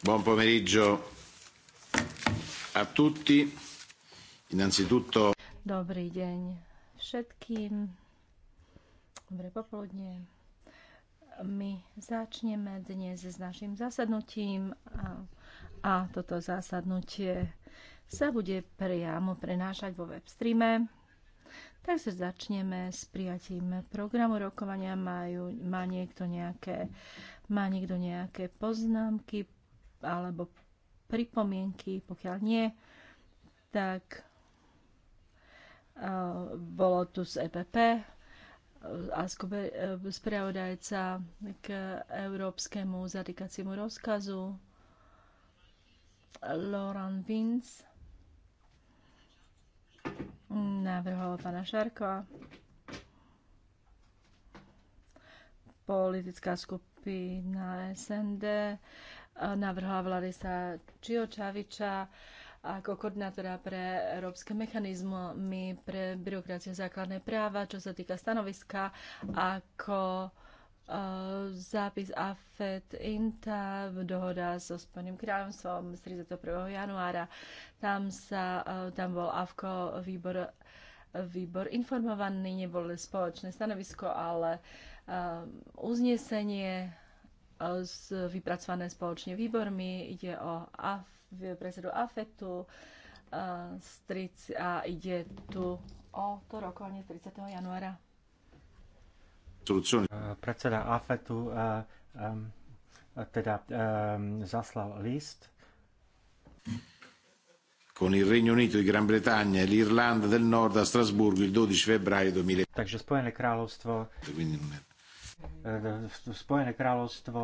Buon pomeriggio a tutti. Innanzitutto... Dobrý deň všetkým. Dobre popoludne. My začneme dnes s našim zasadnutím a, a toto zasadnutie sa bude priamo prenášať vo webstreame. Takže začneme s prijatím programu rokovania. Majú, má, niekto nejaké, má niekto nejaké poznámky alebo pripomienky? Pokiaľ nie, tak eh, bolo tu z EPP eh, a eh, spravodajca k európskemu zatýkaciemu rozkazu Laurent Vince navrhovala pána Šarkova. Politická skupina SND eh, navrhla Vladisa Čiočaviča ako koordinátora pre európske mechanizmy pre byrokraciu základné práva, čo sa týka stanoviska, ako Eh, zápis AFET INTA, dohoda so Spojeným kráľovstvom z 31. januára. Tam, sa, eh, tam bol AFKO výbor, výbor informovaný, nebolo spoločné stanovisko, ale eh, uznesenie z, vypracované spoločne výbormi. Ide o AF, predsedu AFETu a ide tu o to rokovanie 30. januára. Eh, predseda AFETu uh, um, teda um, zaslal list con il Regno Unito di Gran Bretagna e l'Irlanda del Nord a Strasburgo il 12 febbraio 2000. Takže Spojené kráľovstvo eh, Spojené kráľovstvo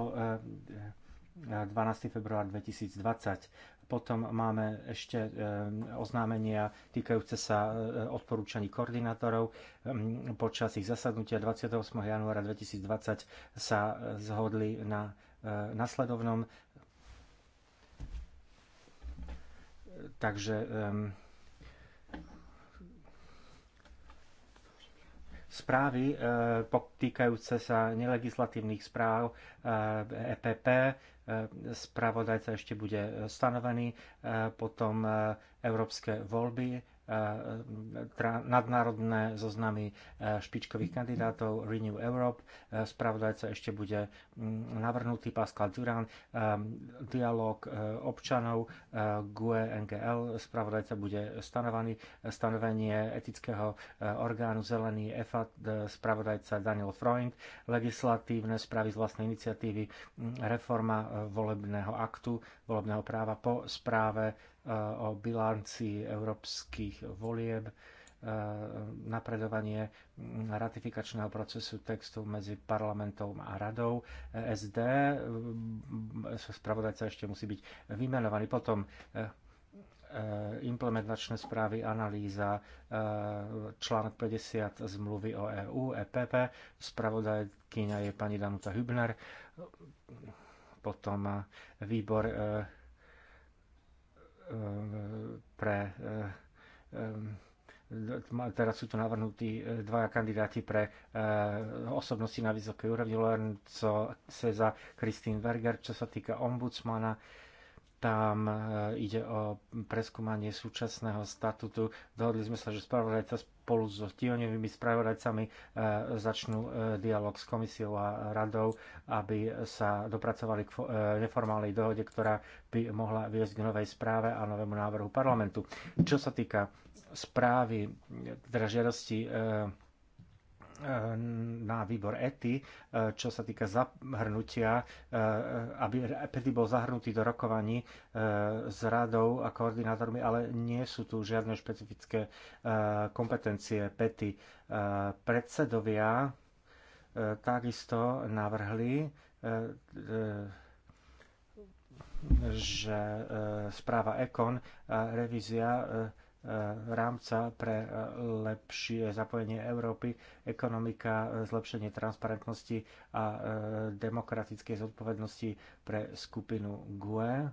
12. február 2020 potom máme ešte eh, oznámenia týkajúce sa eh, odporúčaní koordinátorov. Mm, počas ich zasadnutia 28. januára 2020 sa eh, zhodli na nasledovnom. Takže ehm, správy e, týkajúce sa nelegislatívnych správ EPP. E e, spravodajca ešte bude stanovený, potom európske voľby E, nadnárodné zoznamy e, špičkových kandidátov Renew Europe. E, spravodajca ešte bude navrhnutý Pascal Durán. Dialóg občanov GUE NGL. Spravodajca bude stanovaný. Stanovenie etického orgánu Zelený EFA. Spravodajca Daniel Freund. Legislatívne správy z vlastnej iniciatívy. Reforma volebného aktu, volebného práva po správe o bilanci európskych volieb, napredovanie ratifikačného procesu textu medzi parlamentom a radou e SD. Spravodajca ešte musí byť vymenovaný. Potom e, e, implementačné správy, analýza, článok 50 zmluvy o EU, EPP, spravodajkyňa je pani Danuta Hübner, potom výbor E, pre e, e, teraz sú tu navrhnutí dvaja kandidáti pre osobnosti na vysokej úrovni, Lorenzo Ceza, Christine Berger, čo sa týka ombudsmana. Tam ide o preskúmanie súčasného statutu. Dohodli sme sa, že spravodajca spolu so tieňovými spravodajcami e, začnú e, dialog s komisiou a radou, aby sa dopracovali k e, neformálnej dohode, ktorá by mohla viesť k novej správe a novému návrhu parlamentu. Čo sa týka správy, teda žiadosti Eh, na výbor ETI, eh, čo sa týka zahrnutia, eh, aby ETI bol zahrnutý do rokovaní s radou a koordinátormi, ale nie sú tu žiadne špecifické kompetencie PETI. Predsedovia takisto navrhli že správa Ekon, revízia E, rámca pre e, lepšie zapojenie Európy, ekonomika, e, zlepšenie transparentnosti a demokratickej zodpovednosti pre skupinu GUE.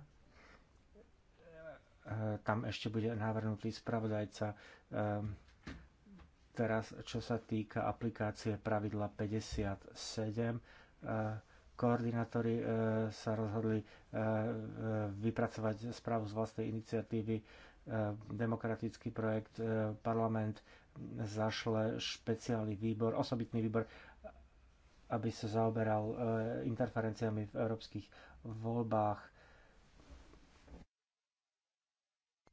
Tam ešte bude navrhnutý spravodajca. Teraz, čo sa týka aplikácie pravidla 57, koordinátori sa rozhodli vypracovať správu z vlastnej iniciatívy E, demokratický projekt, e, parlament zašle špeciálny výbor, osobitný výbor, aby sa zaoberal e, interferenciami v európskych voľbách.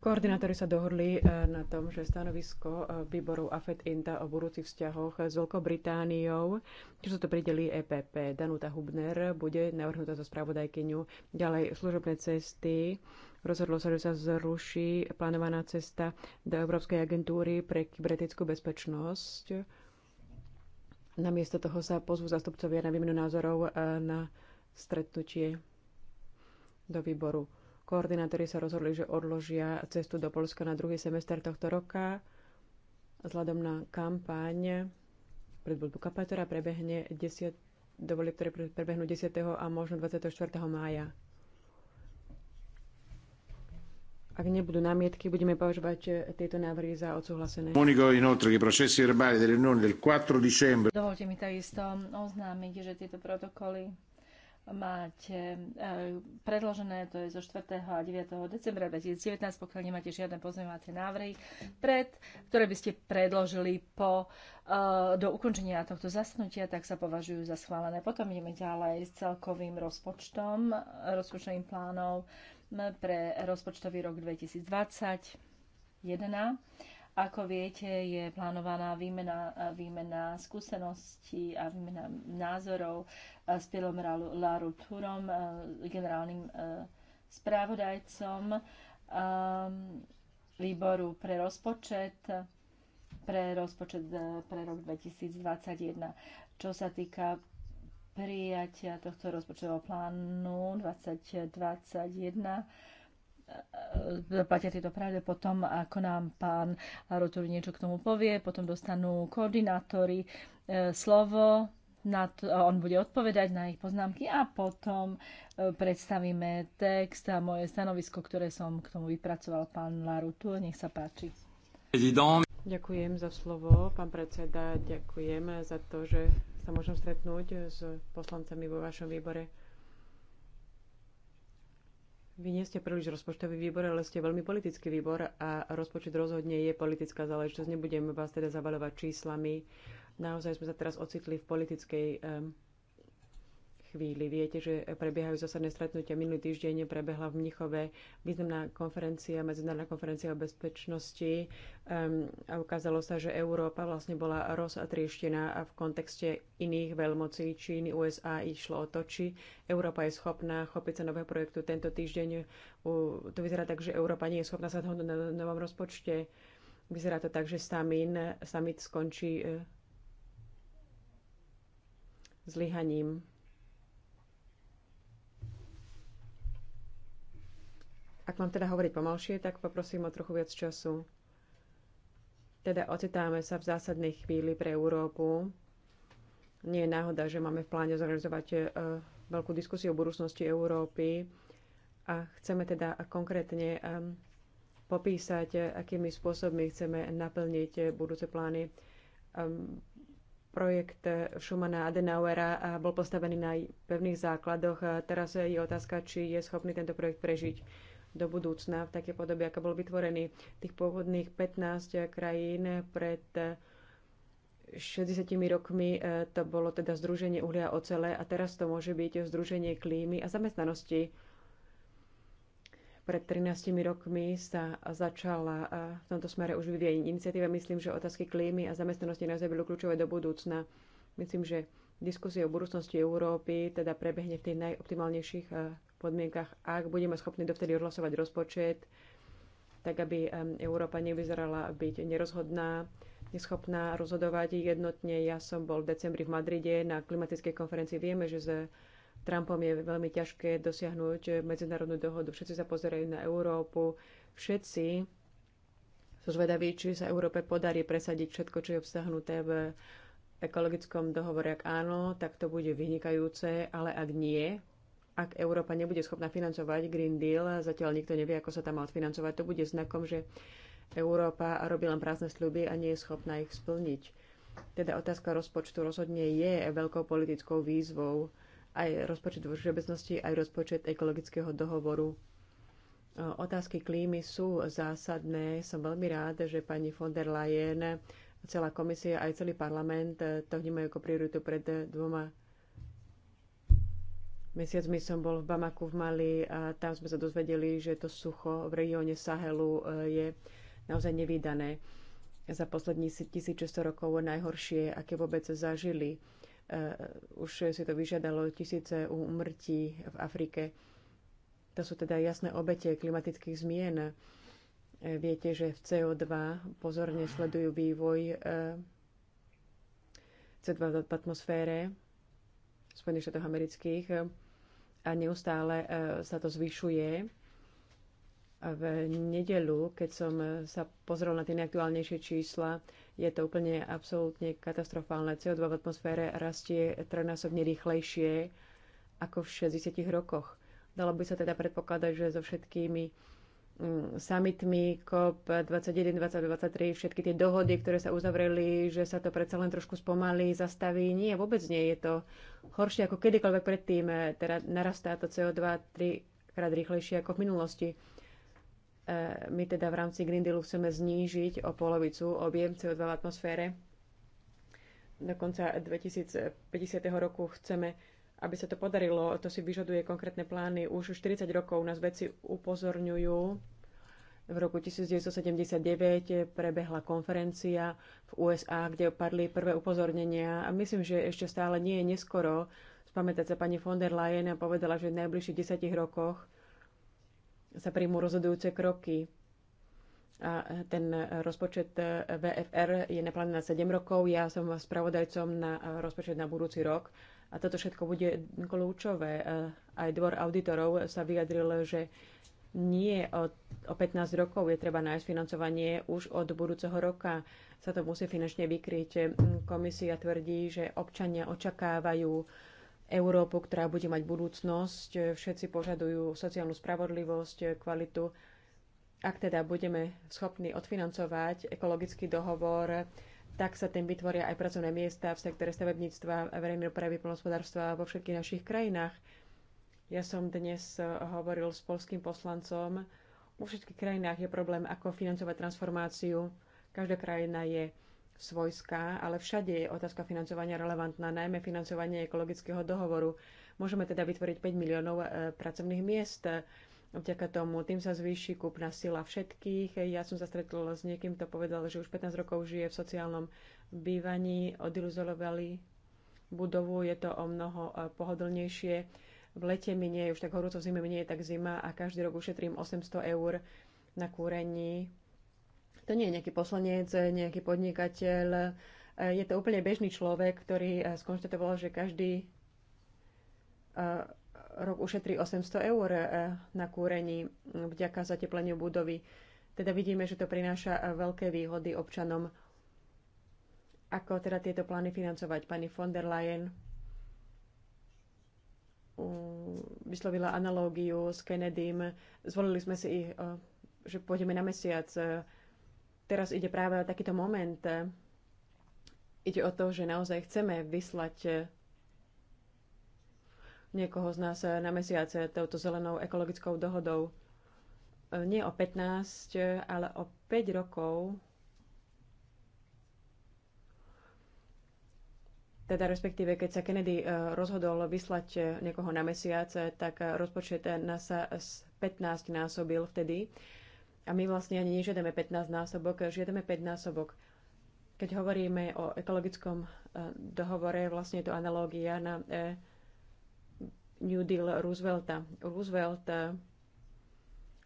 Koordinátori sa dohodli na tom, že stanovisko výboru AFET INTA o budúcich vzťahoch s Veľkou Britániou, čo sa to prideli EPP, Danuta Hubner, bude navrhnutá za spravodajkyňu ďalej služobné cesty Rozhodlo sa, že sa zruší plánovaná cesta do Európskej agentúry pre kybernetickú bezpečnosť. Namiesto toho sa pozvú zastupcovia na výmenu názorov eh, na stretnutie do výboru. Koordinátori sa rozhodli, že odložia cestu do Polska na druhý semester tohto roka. Vzhľadom na kampaň pred voľbu kapátora prebehne 10, dovolie, ktoré prebehnú 10. a možno 24. mája. Ak nebudú námietky, budeme považovať e, tieto návrhy za odsúhlasené. Dovolte mi takisto oznámiť, že tieto protokoly máte e, predložené, to je zo 4. a 9. decembra 2019, pokiaľ nemáte žiadne pozmeňovacie návrhy, pred, ktoré by ste predložili po, e, do ukončenia tohto zasnutia, tak sa považujú za schválené. Potom ideme ďalej s celkovým rozpočtom, rozpočtovým plánom pre rozpočtový rok 2021. Ako viete, je plánovaná výmena, výmena skúseností a výmena názorov eh, s Pilom Laru Turom, eh, generálnym eh, správodajcom výboru pre rozpočet pre rozpočet pre rok 2021. Čo sa týka prijatia tohto rozpočtového plánu 2021 e, e, platia tieto pravidla potom, ako nám pán Rotor niečo k tomu povie, potom dostanú koordinátori e, slovo, na to, on bude odpovedať na ich poznámky a potom predstavíme text a moje stanovisko, ktoré som k tomu vypracoval pán Larutu. Nech sa páči. Ďakujem za slovo, pán predseda. Ďakujem za to, že sa môžem stretnúť eh, s poslancami vo vašom výbore. Vy nie ste príliš rozpočtový výbor, ale ste veľmi politický výbor a rozpočet rozhodne je politická záležitosť. Nebudem vás teda zabalovať číslami. Naozaj sme sa teraz ocitli v politickej um, chvíli. Viete, že prebiehajú zásadné stretnutia. Minulý týždeň prebehla v Mnichove významná konferencia, medzinárodná konferencia o bezpečnosti. Um, a ukázalo sa, že Európa vlastne bola rozatrieštená a v kontexte iných veľmocí Číny, USA išlo o to, či Európa je schopná chopiť sa nového projektu. Tento týždeň uh, to vyzerá tak, že Európa nie je schopná sa dohodnúť na novom rozpočte. Vyzerá to tak, že summit, summit skončí uh, zlyhaním. Ak mám teda hovoriť pomalšie, tak poprosím o trochu viac času. Teda ocitáme sa v zásadnej chvíli pre Európu. Nie je náhoda, že máme v pláne zorganizovať e, veľkú diskusiu o budúcnosti Európy a chceme teda konkrétne e, popísať, e, akými spôsobmi chceme naplniť budúce plány. Projekt Schumana Adenauera bol postavený na pevných základoch. Teraz je otázka, či je schopný tento projekt prežiť do budúcna v takej podobe, ako bol vytvorený. Tých pôvodných 15 eh, krajín pred 60 eh, rokmi eh, to bolo teda Združenie uhlia a ocele a teraz to môže byť Združenie klímy a zamestnanosti. Pred 13 rokmi sa začala v tomto smere už vyvíjať iniciatíva. Myslím, že otázky klímy a zamestnanosti naozaj budú kľúčové do budúcna. Myslím, že diskusie o budúcnosti Európy teda prebehne v tých najoptimálnejších podmienkach, ak budeme schopní dovtedy odhlasovať rozpočet, tak aby Európa nevyzerala byť nerozhodná, neschopná rozhodovať jednotne. Ja som bol v decembri v Madride na klimatickej konferencii. Vieme, že s Trumpom je veľmi ťažké dosiahnuť medzinárodnú dohodu. Všetci sa pozerajú na Európu. Všetci sú zvedaví, či sa Európe podarí presadiť všetko, čo je obsahnuté v ekologickom dohovore. Ak áno, tak to bude vynikajúce, ale ak nie, ak Európa nebude schopná financovať Green Deal, zatiaľ nikto nevie, ako sa tam má odfinancovať, to bude znakom, že Európa robí len prázdne sľuby a nie je schopná ich splniť. Teda otázka rozpočtu rozhodne je veľkou politickou výzvou aj rozpočet vo všeobecnosti, aj rozpočet ekologického dohovoru. Otázky klímy sú zásadné. Som veľmi rád, že pani von der Leyen, celá komisia aj celý parlament to vnímajú ako prioritu pred dvoma mesiacmi som bol v Bamaku v Mali a tam sme sa dozvedeli, že to sucho v regióne Sahelu e, je naozaj nevýdané. Za poslední 1600 rokov najhoršie, aké vôbec zažili. E, už si to vyžiadalo tisíce úmrtí v Afrike. To sú teda jasné obete klimatických zmien. E, viete, že v CO2 pozorne sledujú vývoj CO2 v atmosfére Spojených štátov amerických a neustále e, sa to zvyšuje. V nedelu, keď som e, sa pozrel na tie najaktuálnejšie čísla, je to úplne absolútne katastrofálne. CO2 v atmosfére rastie trojnásobne rýchlejšie ako v 60 rokoch. Dalo by sa teda predpokladať, že so všetkými Mm, summitmi COP 21, 22, 23, všetky tie dohody, ktoré sa uzavreli, že sa to predsa len trošku spomalí, zastaví. Nie, vôbec nie. Je to horšie ako kedykoľvek predtým. E, teda narastá to CO2 trikrát rýchlejšie ako v minulosti. E, my teda v rámci Green Dealu chceme znížiť o polovicu objem CO2 v atmosfére. Do konca 2050. roku chceme aby sa to podarilo, to si vyžaduje konkrétne plány. Už 40 rokov nás veci upozorňujú. V roku 1979 prebehla konferencia v USA, kde padli prvé upozornenia a myslím, že ešte stále nie je neskoro. Spamätať sa pani von der Leyen a povedala, že v najbližších 10 rokoch sa príjmú rozhodujúce kroky. A ten rozpočet VFR je naplánovaný na 7 rokov. Ja som spravodajcom na rozpočet na budúci rok a toto všetko bude kľúčové. Aj dvor auditorov sa vyjadril, že nie od, o 15 rokov je treba nájsť financovanie, už od budúceho roka sa to musí finančne vykryť. Komisia tvrdí, že občania očakávajú Európu, ktorá bude mať budúcnosť. Všetci požadujú sociálnu spravodlivosť, kvalitu. Ak teda budeme schopní odfinancovať ekologický dohovor, tak sa tým vytvoria aj pracovné miesta v sektore stavebníctva, verejnej dopravy, plnospodárstva vo všetkých našich krajinách. Ja som dnes eh, hovoril s polským poslancom. Vo všetkých krajinách je problém, ako financovať transformáciu. Každá krajina je svojská, ale všade je otázka financovania relevantná, najmä financovanie ekologického dohovoru. Môžeme teda vytvoriť 5 miliónov eh, pracovných miest Vďaka tomu tým sa zvýši kúpna sila všetkých. Ja som sa stretla s niekým, kto povedal, že už 15 rokov žije v sociálnom bývaní, odiluzolovali budovu, je to o mnoho e, pohodlnejšie. V lete mi nie je už tak horúco, v zime mi nie je tak zima a každý rok ušetrím 800 eur na kúrení. To nie je nejaký poslanec, nejaký podnikateľ, e, je to úplne bežný človek, ktorý e, skonštatoval, že každý rok ušetrí 800 eur eh, na kúrení vďaka zatepleniu budovy. Teda vidíme, že to prináša eh, veľké výhody občanom. Ako teda tieto plány financovať? Pani von der Leyen vyslovila analógiu s Kennedym. Zvolili sme si ich, eh, že pôjdeme na mesiac. Teraz ide práve o takýto moment. Ide o to, že naozaj chceme vyslať niekoho z nás eh, na mesiace eh, touto zelenou ekologickou dohodou. Eh, nie o 15, ale o 5 rokov. Teda respektíve, keď sa Kennedy rozhodol vyslať niekoho na mesiace, tak rozpočet NASA z 15 násobil vtedy. A my vlastne ani nežiadame 15 násobok, žiadame 5 násobok. Keď hovoríme o ekologickom dohovore, vlastne je to analógia na New Deal Roosevelta. Roosevelt eh,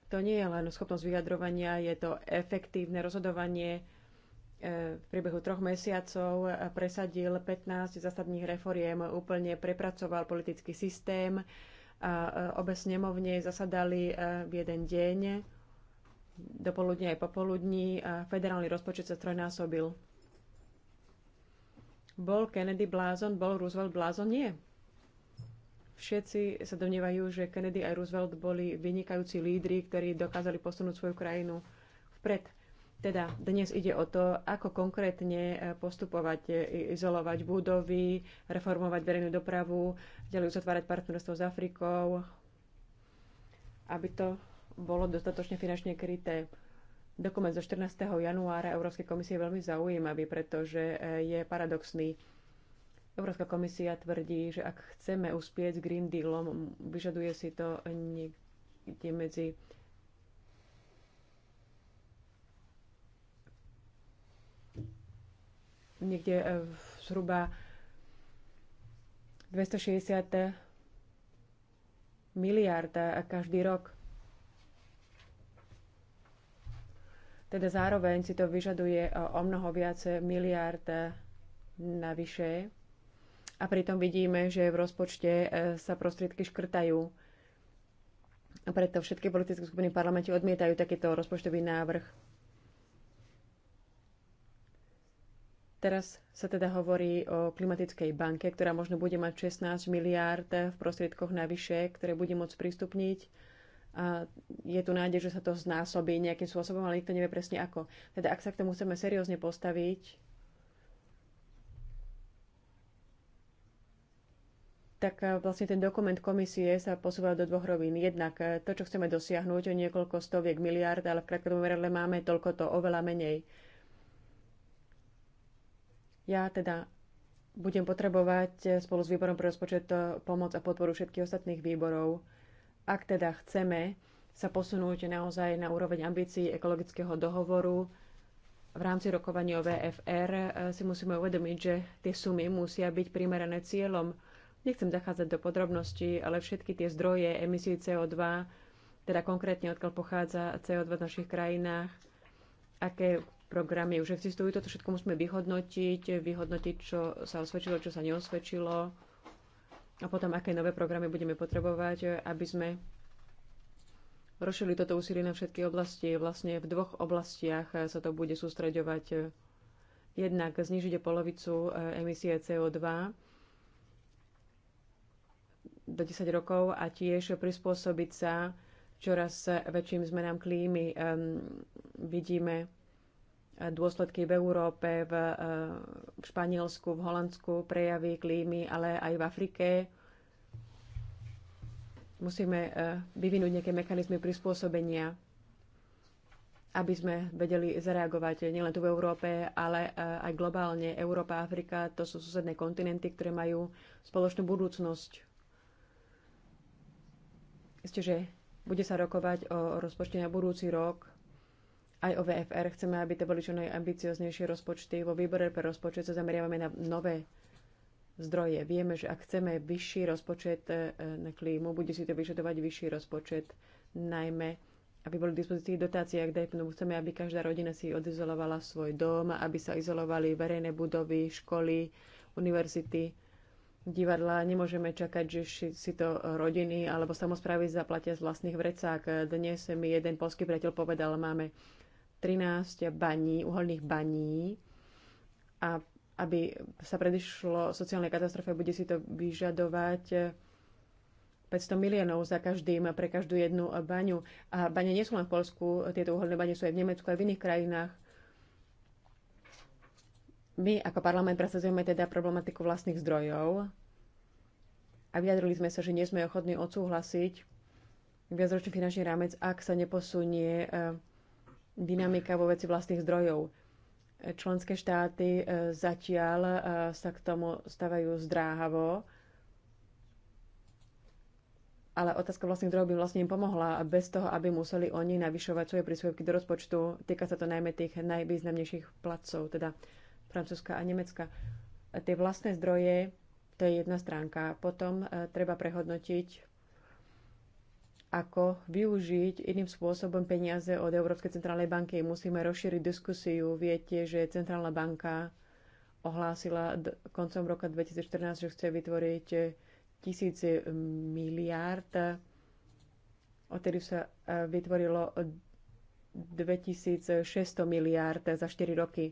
to nie je len schopnosť vyjadrovania, je to efektívne rozhodovanie. Eh, v priebehu troch mesiacov eh, presadil 15 zásadných reforiem, úplne prepracoval politický systém a obe snemovne zasadali v jeden deň, dopoludne aj popoludní a federálny rozpočet sa trojnásobil. Bol Kennedy blázon, bol Roosevelt blázon? Nie. Všetci sa domnievajú, že Kennedy a Roosevelt boli vynikajúci lídry, ktorí dokázali posunúť svoju krajinu vpred. Teda dnes ide o to, ako konkrétne e, postupovať, e, izolovať budovy, reformovať verejnú dopravu, ďalej uzatvárať partnerstvo s Afrikou, aby to bolo dostatočne finančne kryté. Dokument zo 14. januára Európskej komisie je veľmi zaujímavý, pretože e, je paradoxný Európska komisia tvrdí, že ak chceme uspieť s Green Dealom, vyžaduje si to niekde medzi niekde eh, zhruba 260 miliard eh, každý rok. Teda zároveň si to vyžaduje eh, o mnoho viac miliard navyše a pritom vidíme, že v rozpočte e, sa prostriedky škrtajú. A preto všetky politické skupiny v parlamente odmietajú takýto rozpočtový návrh. Teraz sa teda hovorí o klimatickej banke, ktorá možno bude mať 16 miliárd v prostriedkoch navyše, ktoré bude môcť prístupniť. A je tu nádej, že sa to znásobí nejakým spôsobom, ale nikto nevie presne ako. Teda ak sa k tomu chceme seriózne postaviť, tak eh, vlastne ten dokument komisie sa posúva do dvoch rovín. Jednak eh, to, čo chceme dosiahnuť, o niekoľko stoviek miliard, ale v krátkom merele máme toľko to oveľa menej. Ja teda budem potrebovať eh, spolu s výborom pre rozpočet pomoc a podporu všetkých ostatných výborov, ak teda chceme sa posunúť naozaj na úroveň ambícií ekologického dohovoru, v rámci rokovania o VFR si musíme uvedomiť, že tie sumy musia byť primerané cieľom Nechcem zachádzať do podrobností, ale všetky tie zdroje emisí CO2, teda konkrétne odkiaľ pochádza CO2 v našich krajinách, aké programy už existujú, toto všetko musíme vyhodnotiť, vyhodnotiť, čo sa osvedčilo, čo sa neosvedčilo a potom, aké nové programy budeme potrebovať, aby sme rozšili toto úsilie na všetky oblasti. Vlastne v dvoch oblastiach sa to bude sústreďovať. Jednak znižiť polovicu eh, emisie CO2 do 10 rokov a tiež prispôsobiť sa čoraz väčším zmenám klímy. Vidíme dôsledky v Európe, v, eh, v Španielsku, v Holandsku, prejavy klímy, ale aj v Afrike. Musíme eh, vyvinúť nejaké mechanizmy prispôsobenia, aby sme vedeli zareagovať nielen tu v Európe, ale eh, aj globálne. Európa, Afrika, to sú susedné kontinenty, ktoré majú spoločnú budúcnosť. Ste, že bude sa rokovať o rozpočte na budúci rok, aj o VFR. Chceme, aby to boli čo najambicioznejšie rozpočty. Vo výbore pre rozpočet sa zameriavame na nové zdroje. Vieme, že ak chceme vyšší rozpočet eh, na klímu, bude si to vyžadovať vyšší rozpočet, najmä aby boli k dispozícii dotácie, ak dajme, chceme, aby každá rodina si odizolovala svoj dom, aby sa izolovali verejné budovy, školy, univerzity divadla. Nemôžeme čakať, že si to rodiny alebo samozprávy zaplatia z vlastných vrecák. Dnes mi jeden polský priateľ povedal, máme 13 baní, uholných baní a aby sa predišlo sociálnej katastrofe, bude si to vyžadovať 500 miliónov za každým, pre každú jednu baňu. A bane nie sú len v Polsku, tieto uholné bane sú aj v Nemecku, aj v iných krajinách. My ako parlament presadzujeme teda problematiku vlastných zdrojov a vyjadrili sme sa, že nie sme ochotní odsúhlasiť viacročný finančný rámec, ak sa neposunie e, dynamika vo veci vlastných zdrojov. Členské štáty e, zatiaľ e, sa k tomu stavajú zdráhavo, ale otázka vlastných zdrojov by vlastne im pomohla bez toho, aby museli oni navyšovať svoje príspevky do rozpočtu. Týka sa to najmä tých najvýznamnejších placov, teda Francúzska a Nemecka. Tie vlastné zdroje, to je jedna stránka. Potom e, treba prehodnotiť, ako využiť iným spôsobom peniaze od Európskej centrálnej banky. Musíme rozšíriť diskusiu. Viete, že centrálna banka ohlásila koncom roka 2014, že chce vytvoriť e, tisíce miliárd. Odtedy sa e, vytvorilo 2600 miliárd za 4 roky.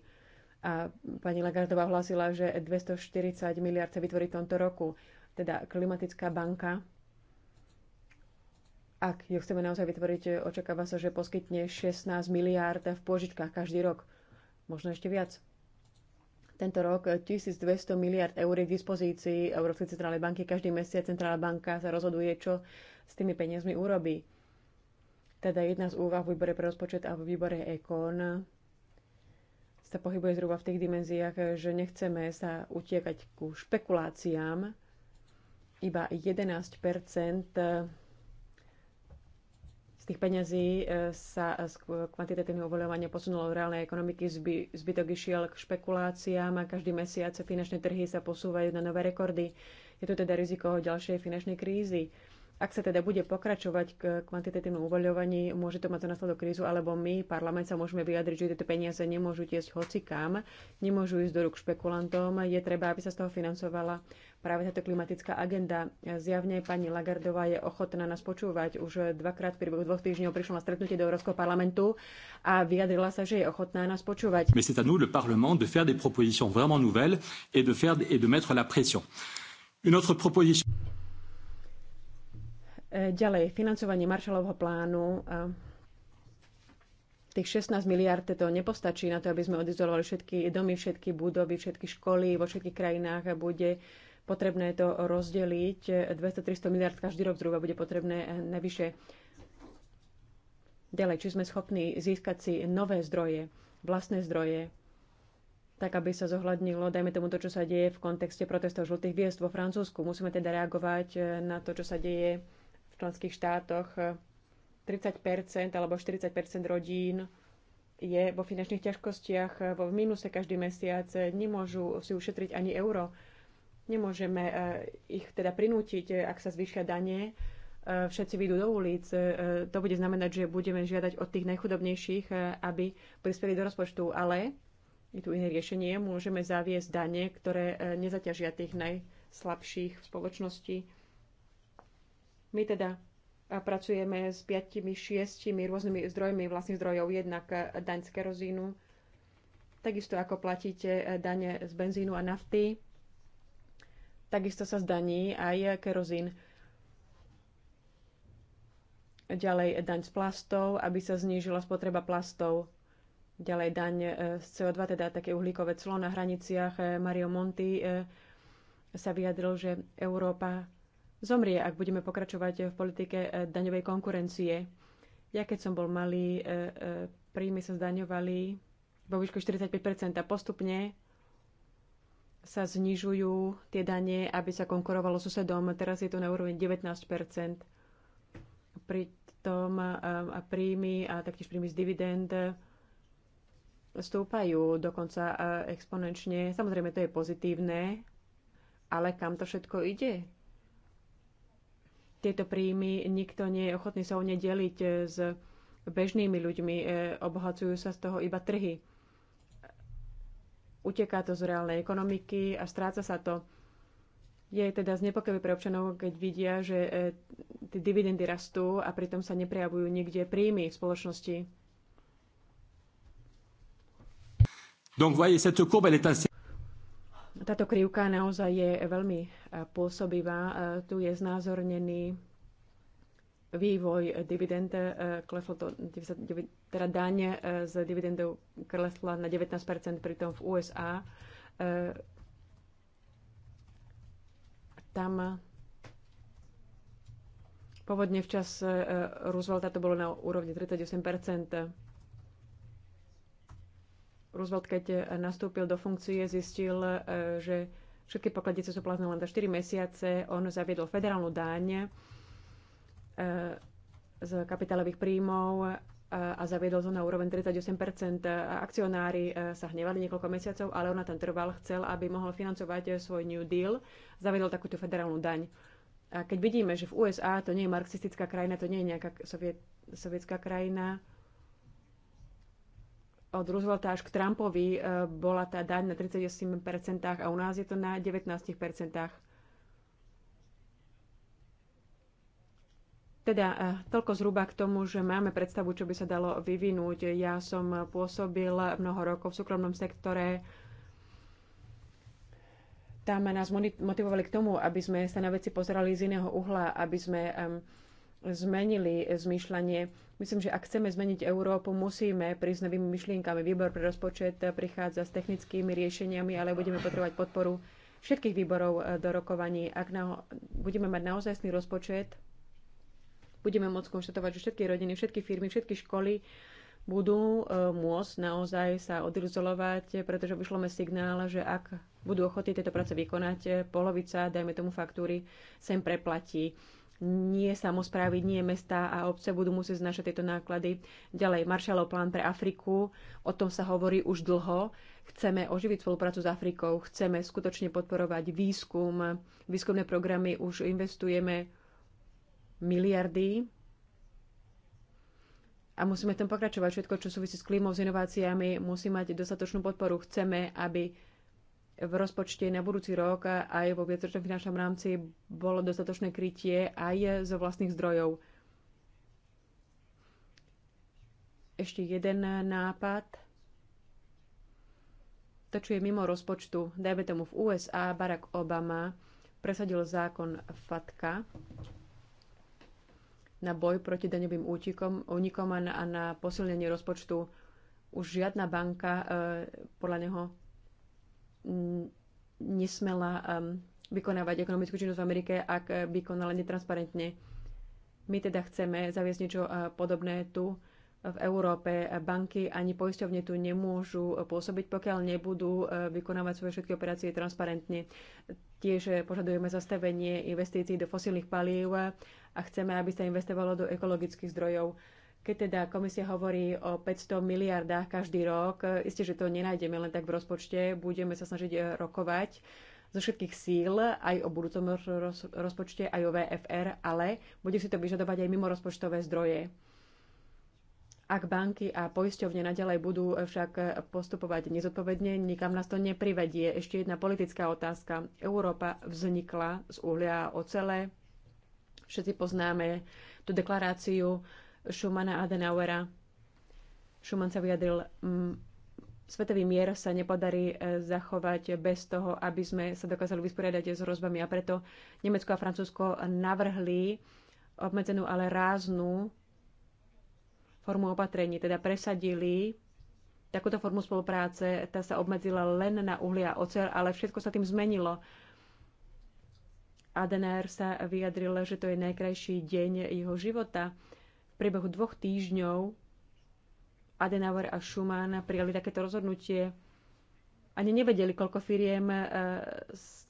A pani Lagardová hlásila, že 240 miliard sa vytvorí v tomto roku. Teda klimatická banka, ak ju chceme naozaj vytvoriť, očakáva sa, že poskytne 16 miliard v požičkách každý rok. Možno ešte viac. Tento rok 1200 miliard eur je k dispozícii Európskej centrálnej banky. Každý mesiac centrálna banka sa rozhoduje, čo s tými peniazmi urobí. Teda jedna z úvah v výbore pre rozpočet a v výbore EKON sa pohybuje zhruba v tých dimenziách, že nechceme sa utiekať ku špekuláciám. Iba 11 eh, z tých peňazí eh, sa z kvantitatívneho uvoľovania posunulo do reálnej ekonomiky, zby, zbytok išiel k špekuláciám a každý mesiac finančné trhy sa posúvajú na nové rekordy. Je to teda riziko ďalšej finančnej krízy. Ak sa teda bude pokračovať k kvantitatívnom uvoľovaní, môže to mať za následok krízu, alebo my, parlament, sa môžeme vyjadriť, že tieto peniaze nemôžu tiesť kam, nemôžu ísť do rúk špekulantom. Je treba, aby sa z toho financovala práve táto klimatická agenda. Zjavne pani Lagardová je ochotná nás počúvať. Už dvakrát v priebehu dvoch týždňov prišla na stretnutie do Európskeho parlamentu a vyjadrila sa, že je ochotná nás počúvať. Mais c'est à nous, le Parlement, de faire des propositions vraiment nouvelles et de, faire, et de mettre la pression. Une autre proposition. E, ďalej, financovanie Marshallovho plánu. Tých 16 miliard to nepostačí na to, aby sme odizolovali všetky domy, všetky budovy, všetky školy vo všetkých krajinách. Bude potrebné to rozdeliť. 200-300 miliard každý rok zhruba bude potrebné e, najvyššie. Ďalej, či sme schopní získať si nové zdroje, vlastné zdroje, tak aby sa zohľadnilo, dajme tomu to, čo sa deje v kontexte protestov žltých viest vo Francúzsku. Musíme teda reagovať e, na to, čo sa deje členských štátoch 30 eh, alebo 40 rodín je vo finančných ťažkostiach, eh, vo mínuse každý mesiac, eh, nemôžu si ušetriť ani euro. Nemôžeme ich teda prinútiť, ak sa zvýšia dane, všetci vyjdú do ulic. To bude znamenať, že budeme žiadať od tých najchudobnejších, aby prispeli do rozpočtu, ale je tu iné riešenie. Môžeme zaviesť dane, ktoré nezaťažia tých najslabších v spoločnosti my teda pracujeme s 5 šiestimi rôznymi zdrojmi vlastných zdrojov, jednak eh, daň z kerozínu, takisto ako platíte eh, dane z benzínu a nafty, takisto sa zdaní aj eh, kerozín. Ďalej daň z plastov, aby sa znížila spotreba plastov. Ďalej daň z CO2, teda také uhlíkové clo na hraniciach. Mario Monti sa vyjadril, že Európa zomrie, ak budeme pokračovať v politike eh, daňovej konkurencie. Ja keď som bol malý, eh, eh, príjmy sa zdaňovali vo výšku 45% a postupne sa znižujú tie dane, aby sa konkurovalo susedom. Teraz je to na úroveň 19%. Pri tom a príjmy a taktiež príjmy z dividend stúpajú dokonca exponenčne. Samozrejme, to je pozitívne, ale kam to všetko ide? tieto príjmy nikto nie je ochotný sa o ne deliť e, s bežnými ľuďmi, e, obohacujú sa z toho iba trhy. Uteká to z reálnej ekonomiky a stráca sa to. Je teda znepokojivé pre občanov, keď vidia, že e, tie dividendy rastú a pritom sa neprejavujú nikde príjmy v spoločnosti. Donc voyez, cette courbe, elle est assez... Táto krivka naozaj je veľmi e, pôsobivá. E, tu je znázornený vývoj dividend, e, kleslo to, teda daň z dividendov klesla na 19%, pritom v USA tam pôvodne v čase Roosevelta to bolo na úrovni 38%. Roosevelt, keď eh, nastúpil do funkcie, zistil, eh, že všetky pokladnice sú platné len za 4 mesiace. On zaviedol federálnu daň eh, z kapitálových príjmov a zaviedol to na úroveň 38 Akcionári sa hnevali niekoľko mesiacov, ale ona tam trval, chcel, aby mohol financovať svoj New Deal. Zaviedol takúto federálnu daň. A keď vidíme, že v USA to nie je marxistická krajina, to nie je nejaká soviet, sovietská krajina, od Roosevelta až k Trumpovi e, bola tá daň na 38% a u nás je to na 19%. Teda e, toľko zhruba k tomu, že máme predstavu, čo by sa dalo vyvinúť. Ja som pôsobil mnoho rokov v súkromnom sektore. Tam nás motivovali k tomu, aby sme sa na veci pozerali z iného uhla, aby sme zmenili zmýšľanie. Myslím, že ak chceme zmeniť Európu, musíme prísť novými myšlienkami. Výbor pre rozpočet prichádza s technickými riešeniami, ale budeme potrebovať podporu všetkých výborov eh, do rokovaní. Ak na, budeme mať naozajstný rozpočet, budeme môcť konštatovať, že všetky rodiny, všetky firmy, všetky školy budú eh, môcť naozaj sa odrizolovať, pretože vyšlome signál, že ak budú ochotní tieto práce vykonať, eh, polovica, dajme tomu faktúry, sem preplatí nie samozprávy, nie mesta a obce budú musieť znašať tieto náklady. Ďalej, Marshallov plán pre Afriku, o tom sa hovorí už dlho. Chceme oživiť spoluprácu s Afrikou, chceme skutočne podporovať výskum, výskumné programy, už investujeme miliardy a musíme tam pokračovať. Všetko, čo súvisí s klímou, s inováciami, musí mať dostatočnú podporu. Chceme, aby v rozpočte na budúci rok aj vo viacročnom finančnom rámci bolo dostatočné krytie aj zo vlastných zdrojov. Ešte jeden nápad. To, čo je mimo rozpočtu, dajme tomu v USA, Barack Obama presadil zákon FATKA na boj proti daňovým útikom, únikom a na, a na posilnenie rozpočtu. Už žiadna banka e, podľa neho Mm, nesmela um, vykonávať ekonomickú činnosť v Amerike, ak by konala netransparentne. My teda chceme zaviesť niečo uh, podobné tu v Európe. Banky ani poisťovne tu nemôžu pôsobiť, pokiaľ nebudú uh, vykonávať svoje všetky operácie transparentne. Tiež uh, požadujeme zastavenie investícií do fosílnych palív a chceme, aby sa investovalo do ekologických zdrojov. Keď teda komisia hovorí o 500 miliardách každý rok, isté, že to nenájdeme len tak v rozpočte, budeme sa snažiť e, rokovať zo všetkých síl, aj o budúcom rozpočte, aj o VFR, ale bude si to vyžadovať aj mimo rozpočtové zdroje. Ak banky a poisťovne naďalej budú však postupovať nezodpovedne, nikam nás to neprivedie. Ešte jedna politická otázka. Európa vznikla z uhlia a ocele. Všetci poznáme tú deklaráciu Schumana a Adenauera. Schuman sa vyjadril, mm, svetový mier sa nepodarí e, zachovať bez toho, aby sme sa dokázali vysporiadať s hrozbami a preto Nemecko a Francúzsko navrhli obmedzenú, ale ráznu formu opatrení, teda presadili takúto formu spolupráce, tá sa obmedzila len na uhlia a oceľ, ale všetko sa tým zmenilo. Adenauer sa vyjadril, že to je najkrajší deň jeho života priebehu dvoch týždňov Adenauer a Schumann prijali takéto rozhodnutie. Ani nevedeli, koľko firiem, e,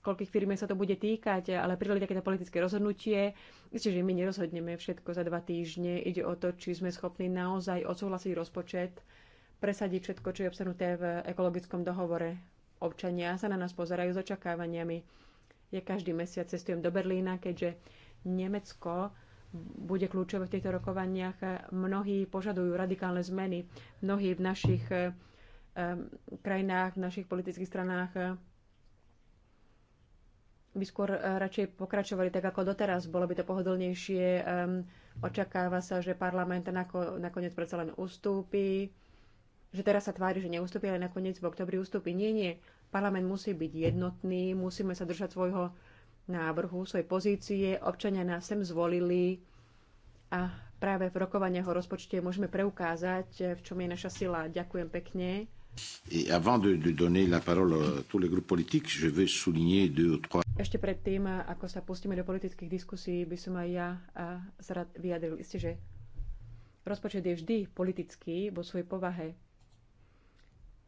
koľkých firiem sa to bude týkať, ale prijali takéto politické rozhodnutie. Myslím, že my nerozhodneme všetko za dva týždne. Ide o to, či sme schopní naozaj odsúhlasiť rozpočet, presadiť všetko, čo je obsahnuté v ekologickom dohovore. Občania sa na nás pozerajú s očakávaniami. Ja každý mesiac cestujem do Berlína, keďže Nemecko bude kľúčové v týchto rokovaniach. Mnohí požadujú radikálne zmeny. Mnohí v našich eh, krajinách, v našich politických stranách eh, by skôr eh, radšej pokračovali tak ako doteraz. Bolo by to pohodlnejšie. Očakáva sa, že parlament nakoniec predsa len ustúpi. Že teraz sa tvári, že neustúpi, ale nakoniec v oktobri ustúpi. Nie, nie. Parlament musí byť jednotný, musíme sa držať svojho návrhu, svojej pozície. Občania nás sem zvolili a práve v rokovaniach o rozpočte môžeme preukázať, v čom je naša sila. Ďakujem pekne. Et avant de, de donner la parole à tous les groupes politiques, je souligner deux ou trois... Ešte predtým, ako sa pustíme do politických diskusí, by som aj ja sa rád vyjadril. Isté, že rozpočet je vždy politický vo svojej povahe.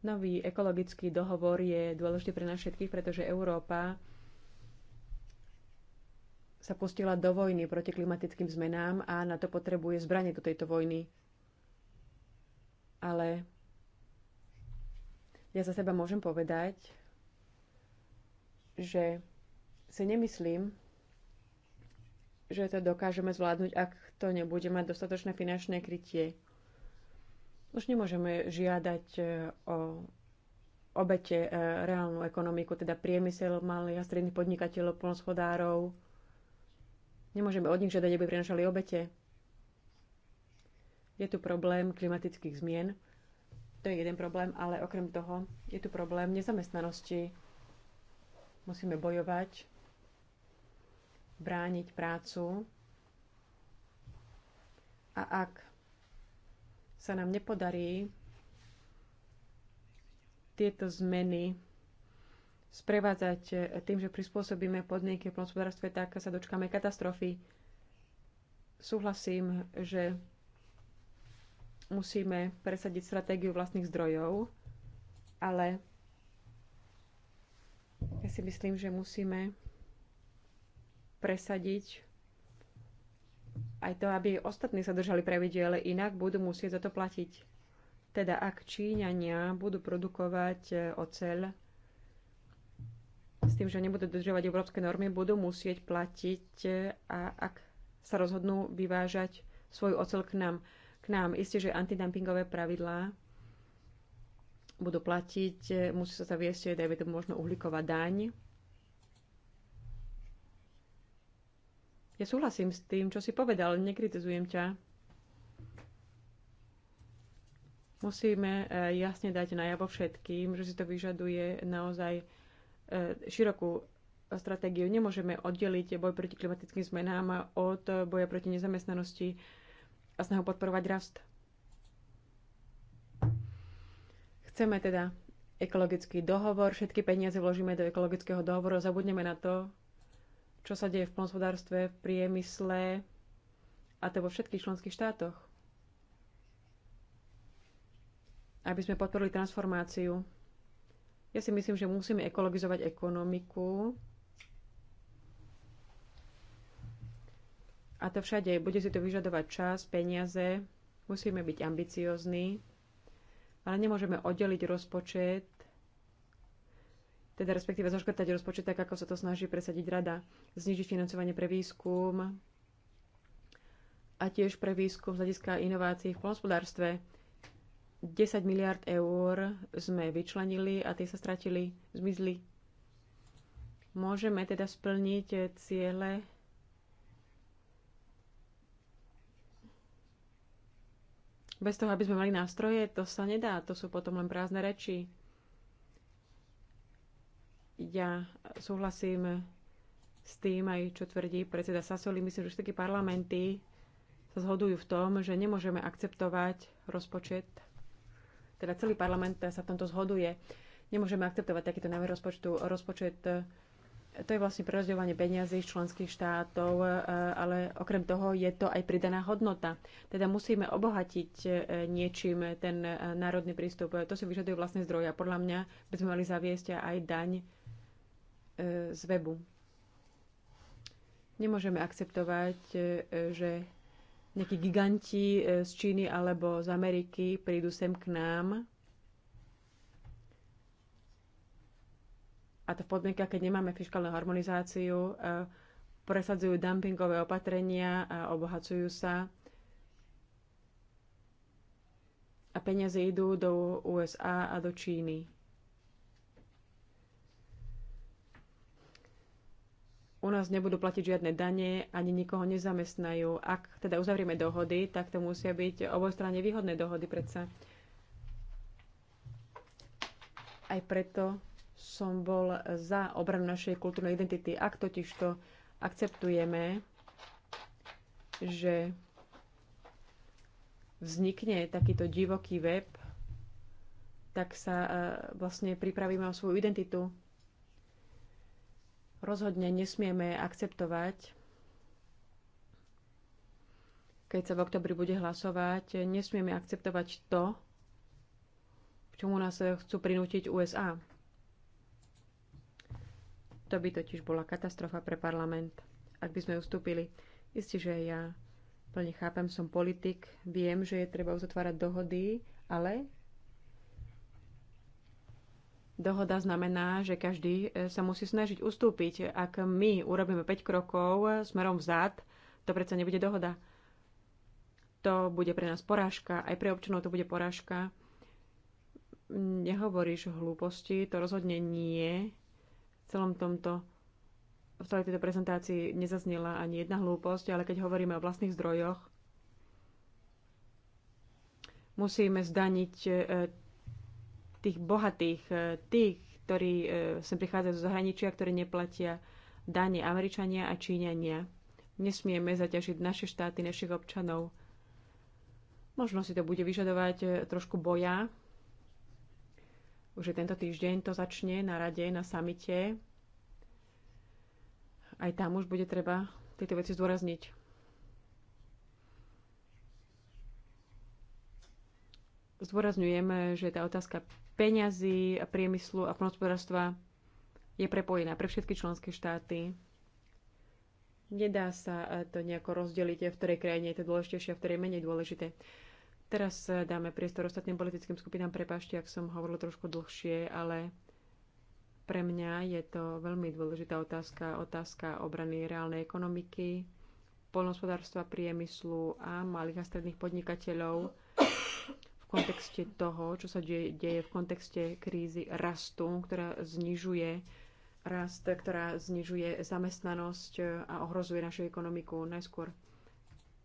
Nový ekologický dohovor je dôležitý pre nás všetkých, pretože Európa sa pustila do vojny proti klimatickým zmenám a na to potrebuje zbranie do tejto vojny. Ale ja za seba môžem povedať, že si nemyslím, že to dokážeme zvládnuť, ak to nebude mať dostatočné finančné krytie. Už nemôžeme žiadať e, o obete e, reálnu ekonomiku, teda priemysel malých a stredných podnikateľov, polnospodárov, Nemôžeme od nich žiadať, aby prinašali obete. Je tu problém klimatických zmien. To je jeden problém, ale okrem toho je tu problém nezamestnanosti. Musíme bojovať, brániť prácu. A ak sa nám nepodarí tieto zmeny sprevádzať e, tým, že prispôsobíme podmienky v plnospodárstve, tak sa dočkáme katastrofy. Súhlasím, že musíme presadiť stratégiu vlastných zdrojov, ale ja si myslím, že musíme presadiť aj to, aby ostatní sa držali pravidiel, inak budú musieť za to platiť. Teda ak Číňania budú produkovať e, oceľ tým, že nebudú dodržiavať európske normy, budú musieť platiť e, a ak sa rozhodnú vyvážať svoj ocel k nám. K nám isté, že antidumpingové pravidlá budú platiť, e, musí sa zaviesť, e, dajme to možno uhlíková daň. Ja súhlasím s tým, čo si povedal, nekritizujem ťa. Musíme jasne dať najavo všetkým, že si to vyžaduje naozaj E, širokú stratégiu. Nemôžeme oddeliť boj proti klimatickým zmenám od boja proti nezamestnanosti a snahu podporovať rast. Chceme teda ekologický dohovor, všetky peniaze vložíme do ekologického dohovoru, zabudneme na to, čo sa deje v plnospodárstve, v priemysle a to vo všetkých členských štátoch. Aby sme podporili transformáciu ja si myslím, že musíme ekologizovať ekonomiku. A to všade. Bude si to vyžadovať čas, peniaze. Musíme byť ambiciozní. Ale nemôžeme oddeliť rozpočet teda respektíve zaškrtať rozpočet tak, ako sa to snaží presadiť rada, znižiť financovanie pre výskum a tiež pre výskum z hľadiska inovácií v polnospodárstve. 10 miliard eur sme vyčlenili a tie sa stratili, zmizli. Môžeme teda splniť eh, ciele bez toho, aby sme mali nástroje, to sa nedá. To sú potom len prázdne reči. Ja súhlasím s tým aj, čo tvrdí predseda Sasoli. Myslím, že všetky parlamenty sa zhodujú v tom, že nemôžeme akceptovať rozpočet teda celý parlament sa v tomto zhoduje. Nemôžeme akceptovať takýto návrh rozpočtu. Rozpočet e, to je vlastne prerozdeľovanie peniazy z členských štátov, e, ale okrem toho je to aj pridaná hodnota. Teda musíme obohatiť e, niečím ten národný prístup. To si vyžaduje vlastné zdroje a podľa mňa by sme mali zaviesť aj daň z webu. Nemôžeme akceptovať, že nejakí giganti e, z Číny alebo z Ameriky prídu sem k nám. A to v podmienkach, keď nemáme fiskálnu harmonizáciu, e, presadzujú dumpingové opatrenia a obohacujú sa. A peniaze idú do USA a do Číny. u nás nebudú platiť žiadne dane, ani nikoho nezamestnajú. Ak teda uzavrieme dohody, tak to musia byť obojstranne výhodné dohody predsa. Aj preto som bol za obranu našej kultúrnej identity. Ak totiž to akceptujeme, že vznikne takýto divoký web, tak sa eh, vlastne pripravíme o svoju identitu Rozhodne nesmieme akceptovať, keď sa v oktobri bude hlasovať, nesmieme akceptovať to, k čomu nás chcú prinútiť USA. To by totiž bola katastrofa pre parlament, ak by sme ustúpili. Isté, že ja plne chápem, som politik, viem, že je treba uzatvárať dohody, ale Dohoda znamená, že každý e, sa musí snažiť ustúpiť. Ak my urobíme 5 krokov e, smerom vzad, to predsa nebude dohoda. To bude pre nás porážka, aj pre občanov to bude porážka. Nehovoríš hlúposti, to rozhodne nie. V celom tomto v celej tejto prezentácii nezaznela ani jedna hlúposť, ale keď hovoríme o vlastných zdrojoch, musíme zdaniť e, tých bohatých, e, tých, ktorí e, sem prichádzajú zo zahraničia, ktorí neplatia dane Američania a Číňania. Nesmieme zaťažiť naše štáty, našich občanov. Možno si to bude vyžadovať e, trošku boja. Už je tento týždeň to začne na rade, na samite. Aj tam už bude treba tieto veci zdôrazniť. zdôrazňujem, že tá otázka peňazí, priemyslu a hospodárstva je prepojená pre všetky členské štáty. Nedá sa eh, to nejako rozdeliť, v ktorej krajine je to dôležitejšie a v ktorej menej dôležité. Teraz eh, dáme priestor ostatným politickým skupinám. Prepašte, ak som hovorila trošku dlhšie, ale pre mňa je to veľmi dôležitá otázka, otázka obrany reálnej ekonomiky, polnospodárstva, priemyslu a malých a stredných podnikateľov kontexte toho, čo sa deje, deje v kontexte krízy rastu, ktorá znižuje rast, ktorá znižuje zamestnanosť a ohrozuje našu ekonomiku najskôr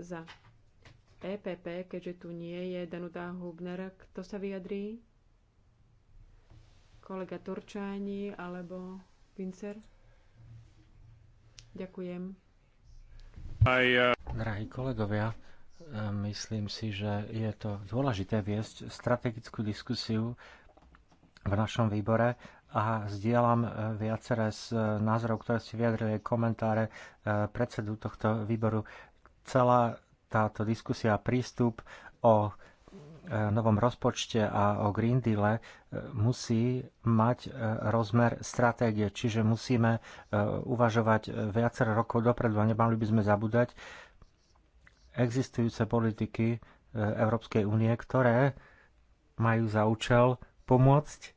za EPP, keďže tu nie je Danuta Hubner. Kto sa vyjadrí? Kolega Turčáni alebo Pincer? Ďakujem. Aj, uh... Drahí kolegovia, Myslím si, že je to dôležité viesť strategickú diskusiu v našom výbore a zdieľam e, viaceré z e, názorov, ktoré ste vyjadrili, komentáre e, predsedu tohto výboru. Celá táto diskusia a prístup o novom rozpočte a o Green Deale musí mať rozmer stratégie, čiže musíme uvažovať viacero rokov dopredu a nemali by sme zabúdať, existujúce politiky e, Európskej únie, ktoré majú za účel pomôcť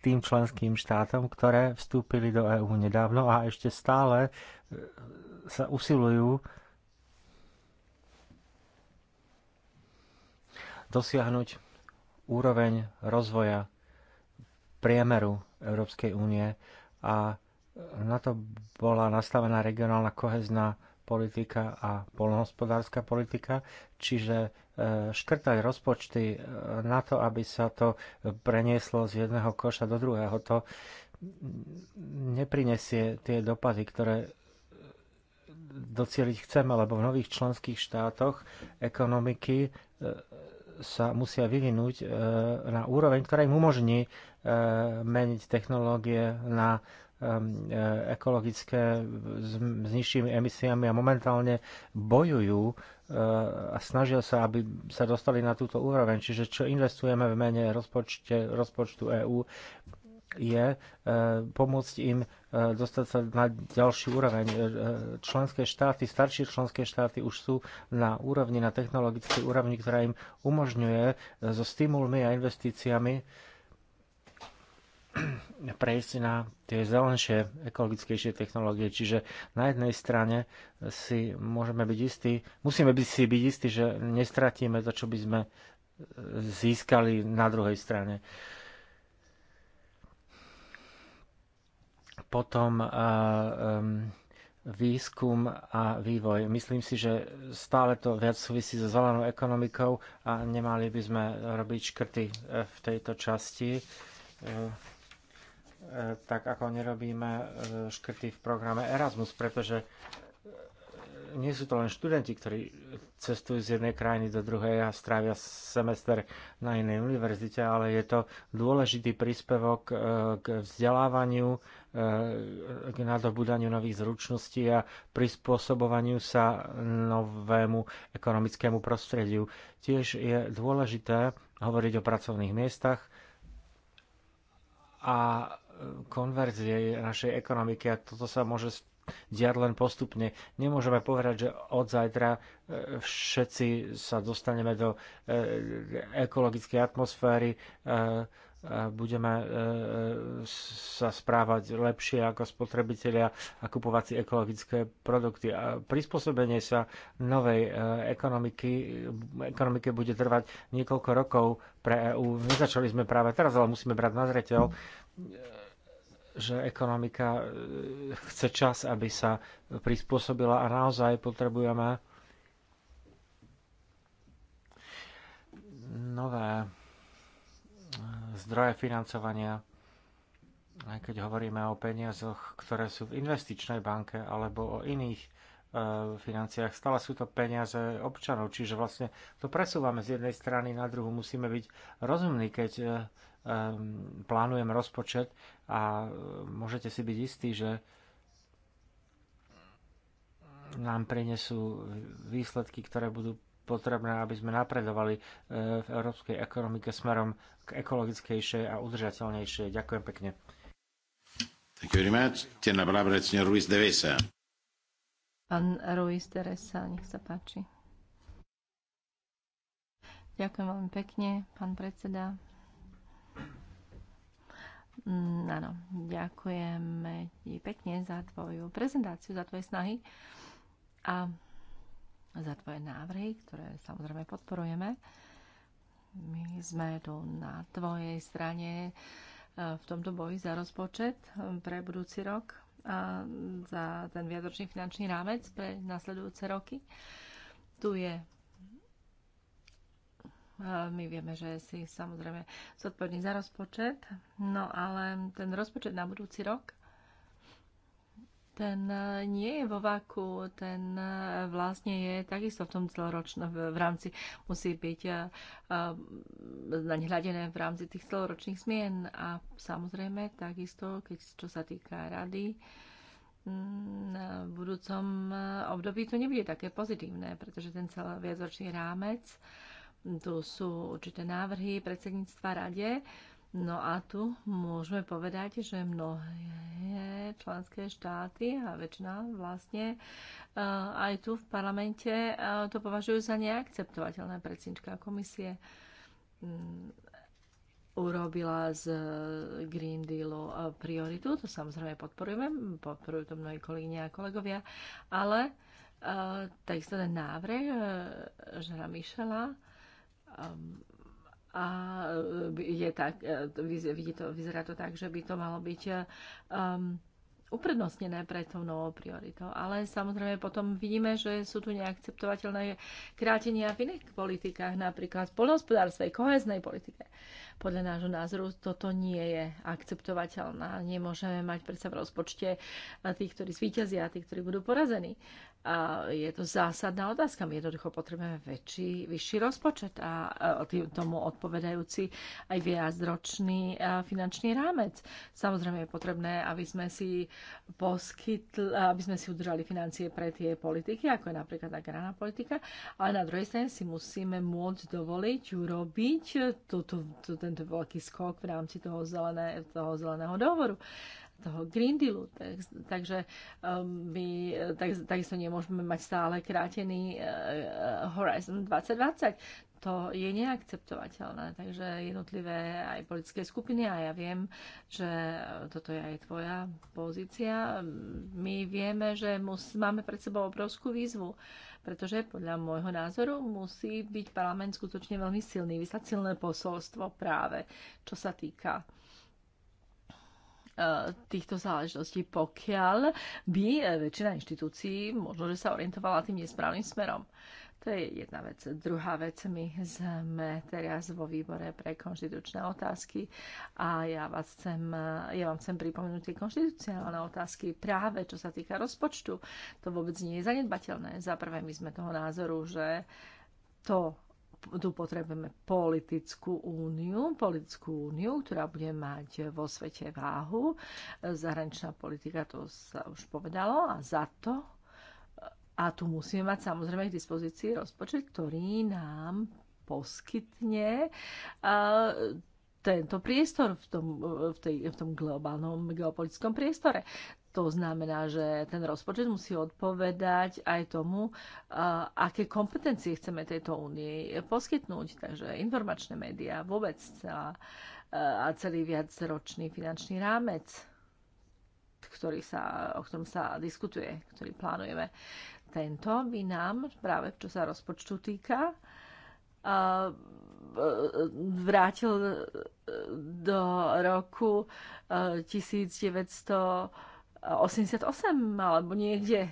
tým členským štátom, ktoré vstúpili do EÚ nedávno a ešte stále e, sa usilujú dosiahnuť úroveň rozvoja priemeru Európskej únie a na to bola nastavená regionálna kohezná politika a polnohospodárska politika, čiže e, škrtať rozpočty e, na to, aby sa to prenieslo z jedného koša do druhého, to neprinesie tie dopady, ktoré docieliť chceme, lebo v nových členských štátoch ekonomiky e, sa musia vyvinúť na úroveň, ktorá im umožní meniť technológie na Um, e, ekologické s nižšími emisiami a momentálne bojujú e, a snažia sa, aby sa dostali na túto úroveň. Čiže čo investujeme v mene rozpočte, rozpočtu EÚ, je e, pomôcť im dostať sa na ďalší úroveň. Členské štáty, staršie členské štáty už sú na úrovni, na technologickej úrovni, ktorá im umožňuje so stimulmi a investíciami prejsť na tie zelenšie, ekologickejšie technológie. Čiže na jednej strane si môžeme byť istí, musíme byť si byť istí, že nestratíme to, čo by sme e, získali na druhej strane. Potom uh, um, výskum a vývoj. Myslím si, že stále to viac súvisí so zelenou ekonomikou a nemali by sme robiť škrty v tejto časti. Uh, tak ako nerobíme e, škrty v programe Erasmus, pretože e, nie sú to len študenti, ktorí cestujú z jednej krajiny do druhej a strávia semester na inej univerzite, ale je to dôležitý príspevok e, k vzdelávaniu, k nadobúdaniu nových zručností a prispôsobovaniu sa novému ekonomickému prostrediu. Tiež je dôležité hovoriť o pracovných miestach a konverzie našej ekonomiky a toto sa môže diať len postupne. Nemôžeme povedať, že od zajtra e, všetci sa dostaneme do e, ekologickej atmosféry, e, budeme sa správať lepšie ako spotrebitelia a kupovať si ekologické produkty. A prispôsobenie sa novej ekonomiky, ekonomike bude trvať niekoľko rokov pre EÚ. Nezačali sme práve teraz, ale musíme brať na zreteľ, že ekonomika e, chce čas, aby sa prispôsobila a naozaj potrebujeme nové e, zdroje financovania, aj keď hovoríme o peniazoch, ktoré sú v investičnej banke alebo o iných e, financiách, stále sú to peniaze občanov, čiže vlastne to presúvame z jednej strany na druhú. Musíme byť rozumní, keď plánujem rozpočet a e, môžete si byť istí, že nám prinesú výsledky, ktoré budú potrebné, aby sme napredovali e, v európskej ekonomike smerom k ekologickejšej a udržateľnejšej. Ďakujem pekne. Thank you very much. Tiene la palabra el señor Ruiz de Pán Ruiz de nech sa páči. Ďakujem veľmi pekne, pán predseda. Mm, áno, ďakujeme ti pekne za tvoju prezentáciu, za tvoje snahy a za tvoje návrhy, ktoré samozrejme podporujeme. My sme tu na tvojej strane e, v tomto boji za rozpočet e, pre budúci rok a za ten viadročný finančný rámec pre nasledujúce roky. Tu je my vieme, že si samozrejme zodpovedný za rozpočet, no ale ten rozpočet na budúci rok ten e, nie je vo váku, ten e, vlastne je takisto v tom celoročnom v, rámci, musí byť e, naňhľadené v rámci tých celoročných zmien a samozrejme takisto, keď čo sa týka rady, v mm, budúcom období to nebude také pozitívne, pretože ten celý viacročný rámec tu sú určité návrhy predsedníctva rade. No a tu môžeme povedať, že mnohé členské štáty a väčšina vlastne e, aj tu v parlamente e, to považujú za neakceptovateľné. Predsednička komisie mm, urobila z Green Dealu e, prioritu. To samozrejme podporujeme, podporujú to mnohí kolegyne a kolegovia, ale takisto ten návrh Žera Mišela a je tak, e, vidí to, vyzerá to tak, že by to malo byť e, um, uprednostnené pre tou novou prioritou. Ale samozrejme potom vidíme, že sú tu neakceptovateľné krátenia v iných politikách, napríklad v poľnohospodárstve, koheznej politike. Podľa nášho názoru toto nie je akceptovateľné. Nemôžeme mať predsa v rozpočte tých, ktorí zvíťazia a tých, ktorí budú porazení. Uh, je to zásadná otázka. My jednoducho potrebujeme väčší, vyšší rozpočet a tým, tomu odpovedajúci aj viacročný finančný rámec. Samozrejme je potrebné, aby sme si poskytli, aby sme si udržali financie pre tie politiky, ako je napríklad tá graná politika, ale na druhej strane si musíme môcť dovoliť urobiť túto, tento veľký skok v rámci toho, zelené, toho zeleného dohovoru toho Green Dealu. Tak, takže um, my tak, takisto nemôžeme mať stále krátený e, e, Horizon 2020. To je neakceptovateľné. Takže jednotlivé aj politické skupiny, a ja viem, že toto je aj tvoja pozícia, my vieme, že mus, máme pred sebou obrovskú výzvu, pretože podľa môjho názoru musí byť parlament skutočne veľmi silný, vyslať silné posolstvo práve, čo sa týka E, týchto záležitostí, pokiaľ by e, väčšina inštitúcií možno, že sa orientovala tým nesprávnym smerom. To je jedna vec. Druhá vec, my sme teraz vo výbore pre konštitučné otázky a ja, vás chcem, ja vám chcem pripomenúť tie konštitucionálne otázky práve čo sa týka rozpočtu. To vôbec nie je zanedbateľné. Za prvé, my sme toho názoru, že to, tu potrebujeme politickú úniu, politickú úniu, ktorá bude mať vo svete váhu. Zahraničná politika, to sa už povedalo, a za to a tu musíme mať samozrejme k dispozícii rozpočet, ktorý nám poskytne tento priestor v tom, v, tej, v tom globálnom geopolitickom priestore. To znamená, že ten rozpočet musí odpovedať aj tomu, aké kompetencie chceme tejto únii poskytnúť. Takže informačné médiá, vôbec celá, a celý viacročný finančný rámec, ktorý sa, o ktorom sa diskutuje, ktorý plánujeme. Tento by nám práve čo sa rozpočtu týka, vrátil do roku 1900 88 alebo niekde.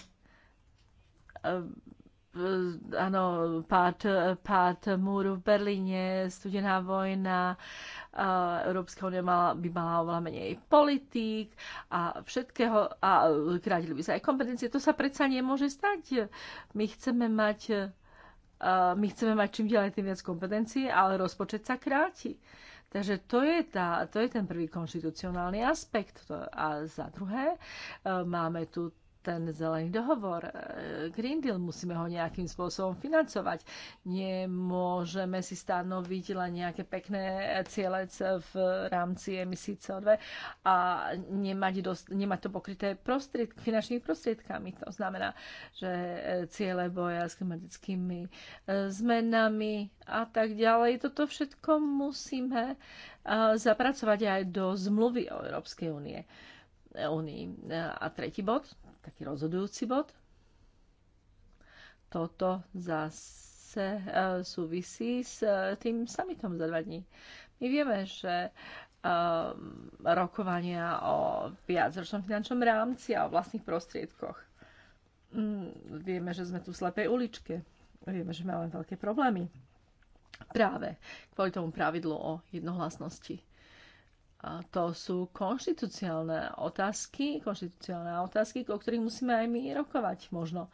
Ehm, áno, pád, pád múru v Berlíne, studená vojna, Európska únia by mala oveľa menej politík a všetkého a krátili by sa aj kompetencie. To sa predsa nemôže stať. My chceme mať my chceme mať čím ďalej tým viac kompetencií, ale rozpočet sa kráti. Takže to je, tá, to je ten prvý konštitucionálny aspekt. A za druhé, e, máme tu ten zelený dohovor, e, Green Deal, musíme ho nejakým spôsobom financovať. Nemôžeme si stanoviť len nejaké pekné ciele v rámci emisí CO2 a nemať, dost, nemať to pokryté prostried, finančnými prostriedkami. To znamená, že e, ciele boja s klimatickými e, zmenami a tak ďalej. Toto všetko musíme zapracovať aj do zmluvy o Európskej únie. Unii. A tretí bod, taký rozhodujúci bod. Toto zase e, súvisí s e, tým samitom za dva dní. My vieme, že e, rokovania o viacročnom finančnom rámci a o vlastných prostriedkoch. Mm, vieme, že sme tu v slepej uličke. Vieme, že máme veľké problémy. Práve kvôli tomu pravidlu o jednohlasnosti to sú konštitucionálne otázky, konštitucionálne otázky, o ktorých musíme aj my rokovať možno.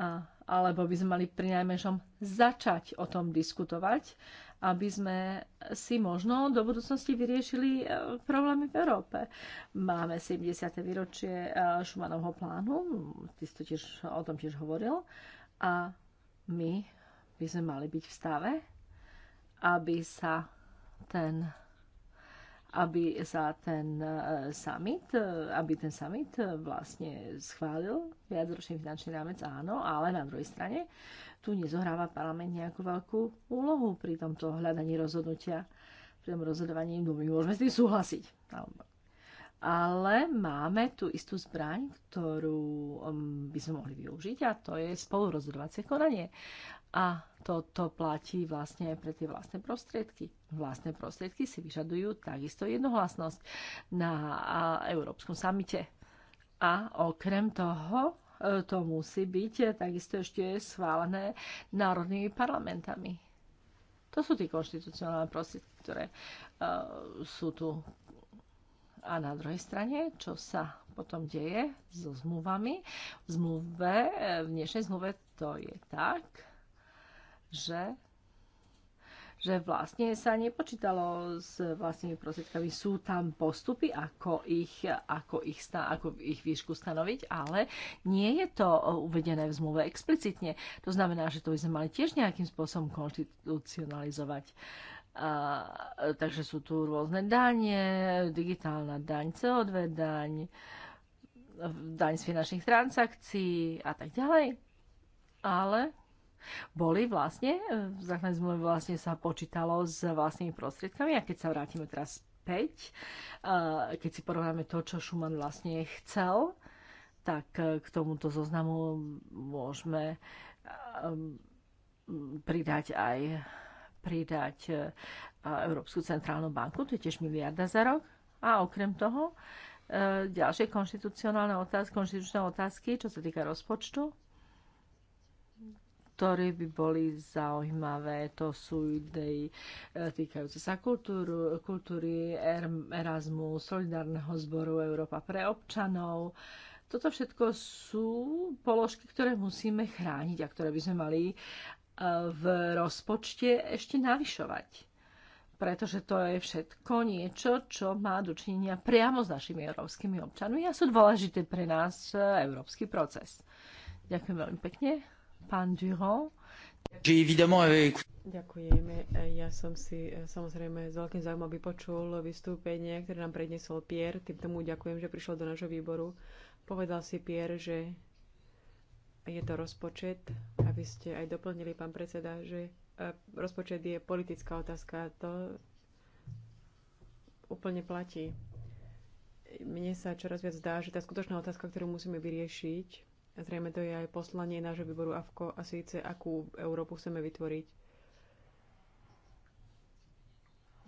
A, alebo by sme mali pri najmenšom začať o tom diskutovať, aby sme si možno do budúcnosti vyriešili e, problémy v Európe. Máme 70. výročie e, Šumanovho plánu, ty si to tiež, o tom tiež hovoril, a my by sme mali byť v stave, aby sa ten aby sa ten eh, summit, eh, aby ten summit eh, vlastne schválil viacročný finančný rámec, áno, ale na druhej strane tu nezohráva parlament nejakú veľkú úlohu pri tomto hľadaní rozhodnutia, pri tom rozhodovaní, no my môžeme s tým súhlasiť. Ale máme tu istú zbraň, ktorú mm, by sme mohli využiť a to je spolurozhodovacie konanie. A toto platí vlastne aj pre tie vlastné prostriedky vlastné prostriedky si vyžadujú takisto jednohlasnosť na Európskom samite. A okrem toho e, to musí byť takisto ešte schválené národnými parlamentami. To sú tie konštitucionálne prostriedky, ktoré uh, sú tu. A na druhej strane, čo sa potom deje so zmluvami? V, zmluve, e, v dnešnej zmluve to je tak, že že vlastne sa nepočítalo s vlastnými prostriedkami. Sú tam postupy, ako ich, ako ich, ako ich výšku stanoviť, ale nie je to uvedené v zmluve explicitne. To znamená, že to by sme mali tiež nejakým spôsobom konštitucionalizovať. A, takže sú tu rôzne dane, digitálna daň, CO2 daň, daň z finančných transakcií a tak ďalej. Ale boli vlastne, v základnej zmluve vlastne sa počítalo s vlastnými prostriedkami a keď sa vrátime teraz späť, e, keď si porovnáme to, čo Schumann vlastne chcel, tak e, k tomuto zoznamu môžeme e, pridať aj pridať Európsku centrálnu banku, to je tiež miliarda za rok. A okrem toho ďalšie konštitucionálne otázky, konštitučné otázky, čo sa týka rozpočtu, ktoré by boli zaujímavé. To sú idei e, týkajúce sa kultúru, kultúry, er, Erasmu, Solidárneho zboru Európa pre občanov. Toto všetko sú položky, ktoré musíme chrániť a ktoré by sme mali e, v rozpočte ešte navyšovať pretože to je všetko niečo, čo má dočinenia priamo s našimi európskymi občanmi a sú dôležité pre nás e, európsky proces. Ďakujem veľmi pekne pán Durand. Eh, Ďakujeme. Eh, ja som si eh, samozrejme s veľkým záujmom vypočul vystúpenie, ktoré nám predniesol Pier. Tým tomu ďakujem, že prišiel do nášho výboru. Povedal si Pier, že je to rozpočet, aby ste aj doplnili, pán predseda, že rozpočet je politická otázka. To úplne platí. Mne sa čoraz viac zdá, že tá skutočná otázka, ktorú musíme vyriešiť, a zrejme to je aj poslanie nášho výboru AFKO a síce akú Európu chceme vytvoriť.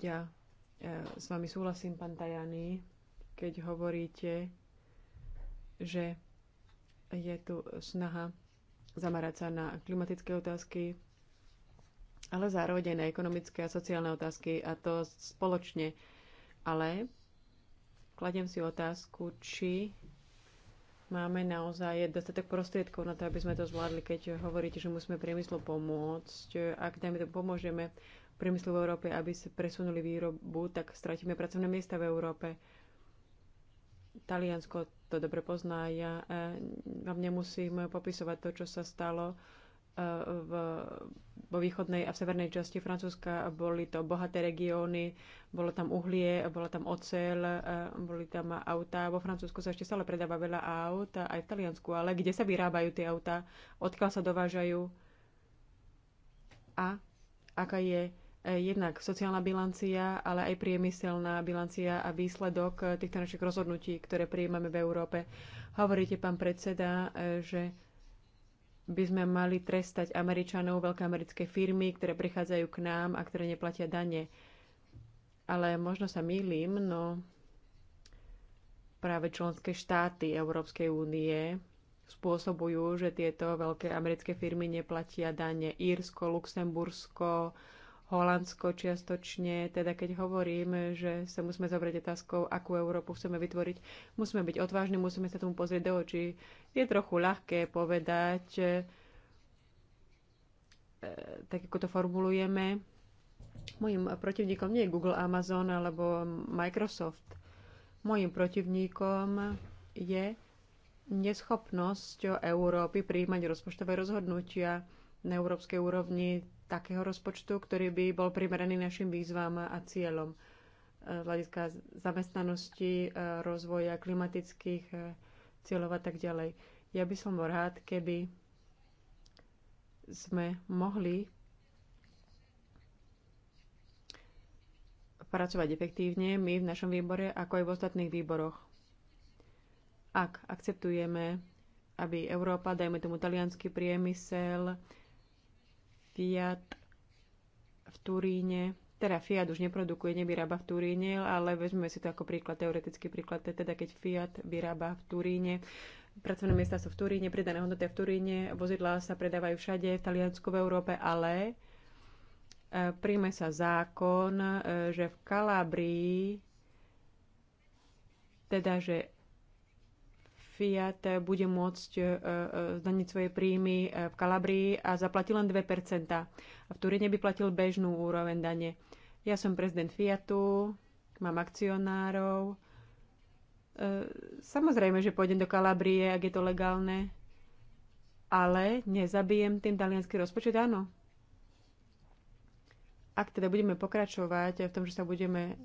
Ja, ja e, s vami súhlasím, pán Tajani, keď hovoríte, že je tu snaha zamerať sa na klimatické otázky, ale zároveň aj na ekonomické a sociálne otázky a to spoločne. Ale kladem si otázku, či máme naozaj dostatok prostriedkov na to, aby sme to zvládli, keď hovoríte, že musíme priemyslu pomôcť. Ak dajme to pomôžeme priemyslu v Európe, aby sa presunuli výrobu, tak stratíme pracovné miesta v Európe. Taliansko to dobre pozná. Ja eh, vám nemusím popisovať to, čo sa stalo E, v, vo východnej a v severnej časti Francúzska. Boli to bohaté regióny, bolo tam uhlie, bola tam oceľ, e, boli tam autá. Vo Francúzsku sa ešte stále predáva veľa aut, aj v Taliansku. Ale kde sa vyrábajú tie autá? Odkiaľ sa dovážajú? A aká je e, jednak sociálna bilancia, ale aj priemyselná bilancia a výsledok týchto našich rozhodnutí, ktoré prijímame v Európe. Hovoríte, pán predseda, že by sme mali trestať Američanov, veľké americké firmy, ktoré prichádzajú k nám a ktoré neplatia dane. Ale možno sa mýlim, no práve členské štáty Európskej únie spôsobujú, že tieto veľké americké firmy neplatia dane. Írsko, Luxembursko, Holandsko čiastočne, teda keď hovorím, že sa musíme zobrať otázkou, akú Európu chceme vytvoriť, musíme byť odvážni, musíme sa tomu pozrieť do očí. Je trochu ľahké povedať, e, tak ako to formulujeme, Mojím protivníkom nie je Google, Amazon alebo Microsoft. Mojím protivníkom je neschopnosť Európy príjmať rozpočtové rozhodnutia na európskej úrovni takého rozpočtu, ktorý by bol primeraný našim výzvam a cieľom e, z hľadiska zamestnanosti, e, rozvoja klimatických e, cieľov a tak ďalej. Ja by som bol rád, keby sme mohli pracovať efektívne my v našom výbore, ako aj v ostatných výboroch. Ak akceptujeme, aby Európa, dajme tomu talianský priemysel, Fiat v Turíne, teda Fiat už neprodukuje, nevyrába v Turíne, ale vezmeme si to ako príklad, teoretický príklad, teda keď Fiat vyrába v Turíne, pracovné miesta sú v Turíne, pridané hodnoty v Turíne, vozidlá sa predávajú všade, v Taliansku, v Európe, ale e, príjme sa zákon, e, že v Kalábrii, teda že Fiat bude môcť e, e, zdaniť svoje príjmy e, v Kalabrii a zaplatí len 2%. A v Turíne by platil bežnú úroveň dane. Ja som prezident Fiatu, mám akcionárov. Samozrejme, že pôjdem do Kalabrie, ak je to legálne. Ale nezabijem tým talianský rozpočet, áno. Ak teda budeme pokračovať v tom, že sa budeme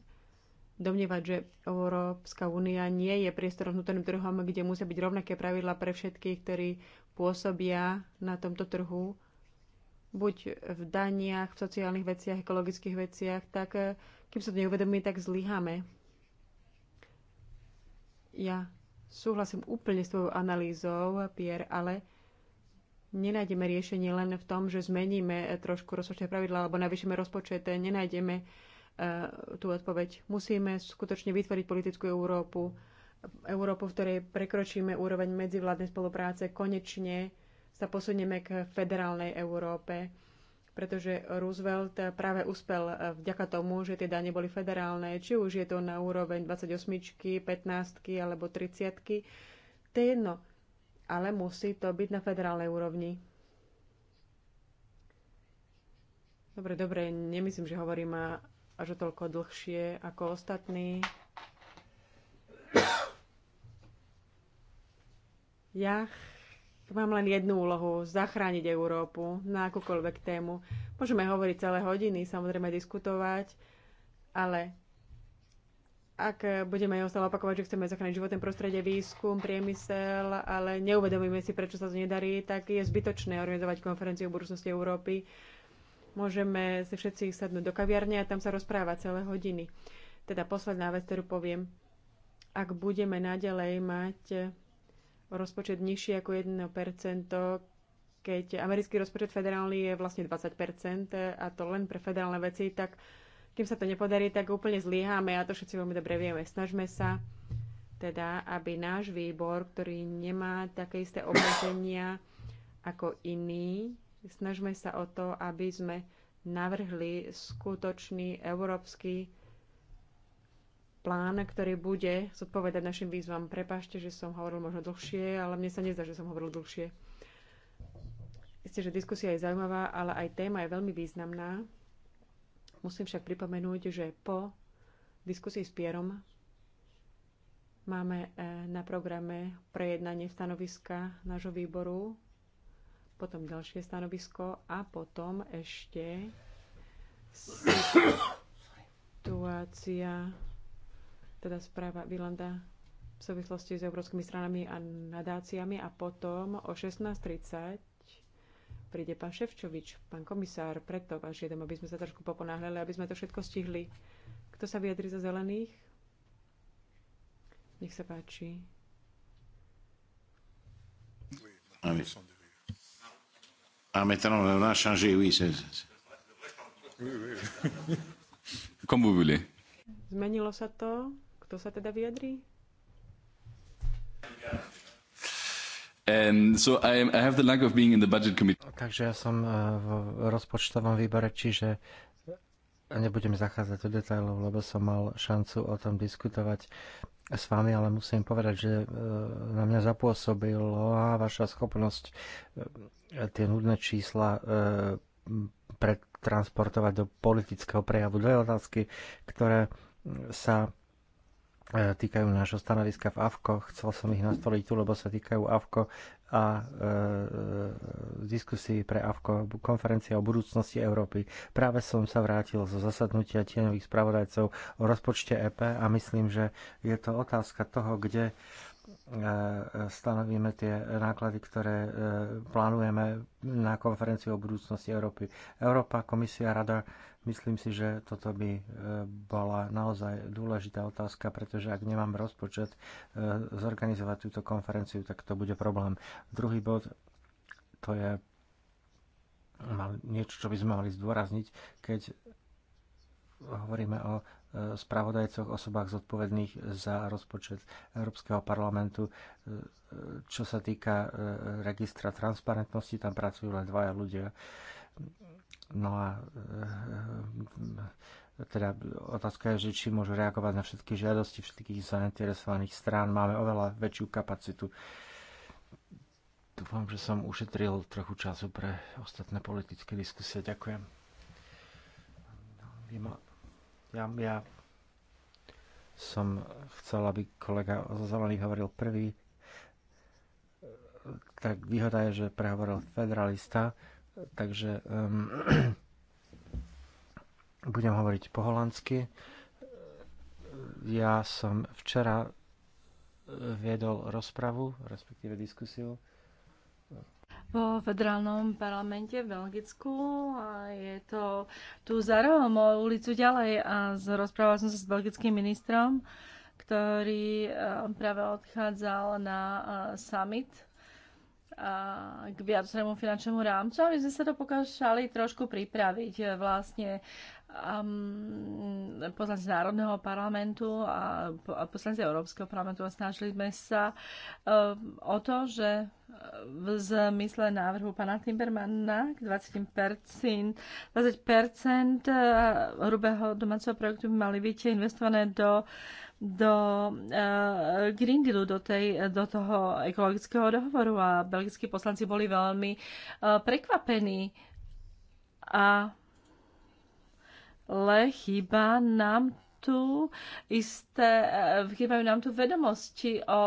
domnievať, že Európska únia nie je priestorom vnútorným trhom, kde musia byť rovnaké pravidla pre všetkých, ktorí pôsobia na tomto trhu, buď v daniach, v sociálnych veciach, ekologických veciach, tak eh, kým sa to neuvedomí, tak zlyhame. Ja súhlasím úplne s tvojou analýzou, Pierre, ale nenájdeme riešenie len v tom, že zmeníme eh, trošku rozpočné pravidla alebo navýšime rozpočet. Nenájdeme tú odpoveď. Musíme skutočne vytvoriť politickú Európu, Európu, v ktorej prekročíme úroveň medzivládnej spolupráce, konečne sa posunieme k federálnej Európe, pretože Roosevelt práve uspel eh, vďaka tomu, že tie dane boli federálne, či už je to na úroveň 28, 15 alebo 30. To je jedno, ale musí to byť na federálnej úrovni. Dobre, dobre, nemyslím, že hovorím eh, až o toľko dlhšie ako ostatní. Ja mám len jednu úlohu, zachrániť Európu na akúkoľvek tému. Môžeme hovoriť celé hodiny, samozrejme diskutovať, ale ak budeme ju stále opakovať, že chceme zachrániť životné prostredie, výskum, priemysel, ale neuvedomíme si, prečo sa to nedarí, tak je zbytočné organizovať konferenciu o budúcnosti Európy Môžeme si všetci sadnúť do kaviarne a tam sa rozpráva celé hodiny. Teda posledná vec, ktorú poviem. Ak budeme naďalej mať rozpočet nižší ako 1%, keď americký rozpočet federálny je vlastne 20% a to len pre federálne veci, tak kým sa to nepodarí, tak úplne zlyháme a to všetci veľmi dobre vieme. Snažme sa teda, aby náš výbor, ktorý nemá také isté obmedzenia ako iný, snažme sa o to, aby sme navrhli skutočný európsky plán, ktorý bude zodpovedať našim výzvam. Prepašte, že som hovoril možno dlhšie, ale mne sa nezdá, že som hovoril dlhšie. Isté, že diskusia je zaujímavá, ale aj téma je veľmi významná. Musím však pripomenúť, že po diskusii s Pierom máme eh, na programe prejednanie stanoviska nášho výboru potom ďalšie stanovisko a potom ešte situácia, teda správa Vilanda v súvislosti s európskymi stranami a nadáciami a potom o 16.30 príde pán Ševčovič, pán komisár, preto vás žiadam, aby sme sa trošku poponáhľali, aby sme to všetko stihli. Kto sa vyjadri za zelených? Nech sa páči. Amen. Ah, maintenant, on a changé, oui. C'est, Comme vous voulez. Zmenilo sa to? Kto sa teda vyjadrí? Um, so I, I have the luck of being in the budget committee. Takže ja som uh, v rozpočtovom výbore, čiže nebudem zacházať do detailov, lebo som mal šancu o tom diskutovať s vami, ale musím povedať, že e, na mňa zapôsobilo a vaša schopnosť e, tie nudné čísla e, pretransportovať do politického prejavu. Dve otázky, ktoré sa E, týkajú nášho stanoviska v AVKO. Chcel som ich nastoliť tu, lebo sa týkajú AVKO a e, e, diskusii pre AVKO, konferencia o budúcnosti Európy. Práve som sa vrátil zo zasadnutia tieňových spravodajcov o rozpočte EP a myslím, že je to otázka toho, kde e, stanovíme tie náklady, ktoré plánujeme na konferenciu o budúcnosti Európy. Európa, komisia, rada Myslím si, že toto by e, bola naozaj dôležitá otázka, pretože ak nemám rozpočet e, zorganizovať túto konferenciu, tak to bude problém. Druhý bod, to je niečo, čo by sme mali zdôrazniť, keď hovoríme o e, spravodajcoch, osobách zodpovedných za rozpočet Európskeho parlamentu. Čo sa týka registra transparentnosti, tam pracujú len dvaja ľudia No a e, e, teda otázka je, že či môžu reagovať na všetky žiadosti všetkých zainteresovaných strán. Máme oveľa väčšiu kapacitu. Dúfam, že som ušetril trochu času pre ostatné politické diskusie. Ďakujem. No, ja, ja som chcel, aby kolega zo Zelených hovoril prvý. Tak výhoda je, že prehovoril federalista Takže um, budem hovoriť po holandsky. Ja som včera eh, viedol rozpravu, respektíve diskusiu vo federálnom parlamente v Belgicku a je to tu za rohom o ulicu ďalej a rozprával som sa s belgickým ministrom, ktorý eh, práve odchádzal na eh, summit k viacnému finančnému rámcu, aby sme sa to pokúšali trošku pripraviť. Vlastne um, poslanci Národného parlamentu a, a poslanci Európskeho parlamentu a snažili sme sa um, o to, že v zmysle návrhu pana Timbermana k 20%, 20% uh, hrubého domáceho projektu by mali byť investované do uh, do uh, Green Dealu, do, tej, do toho ekologického dohovoru a belgickí poslanci boli veľmi uh, prekvapení. A ale chýba nám tu isté, eh, chýbajú nám tu vedomosti o, o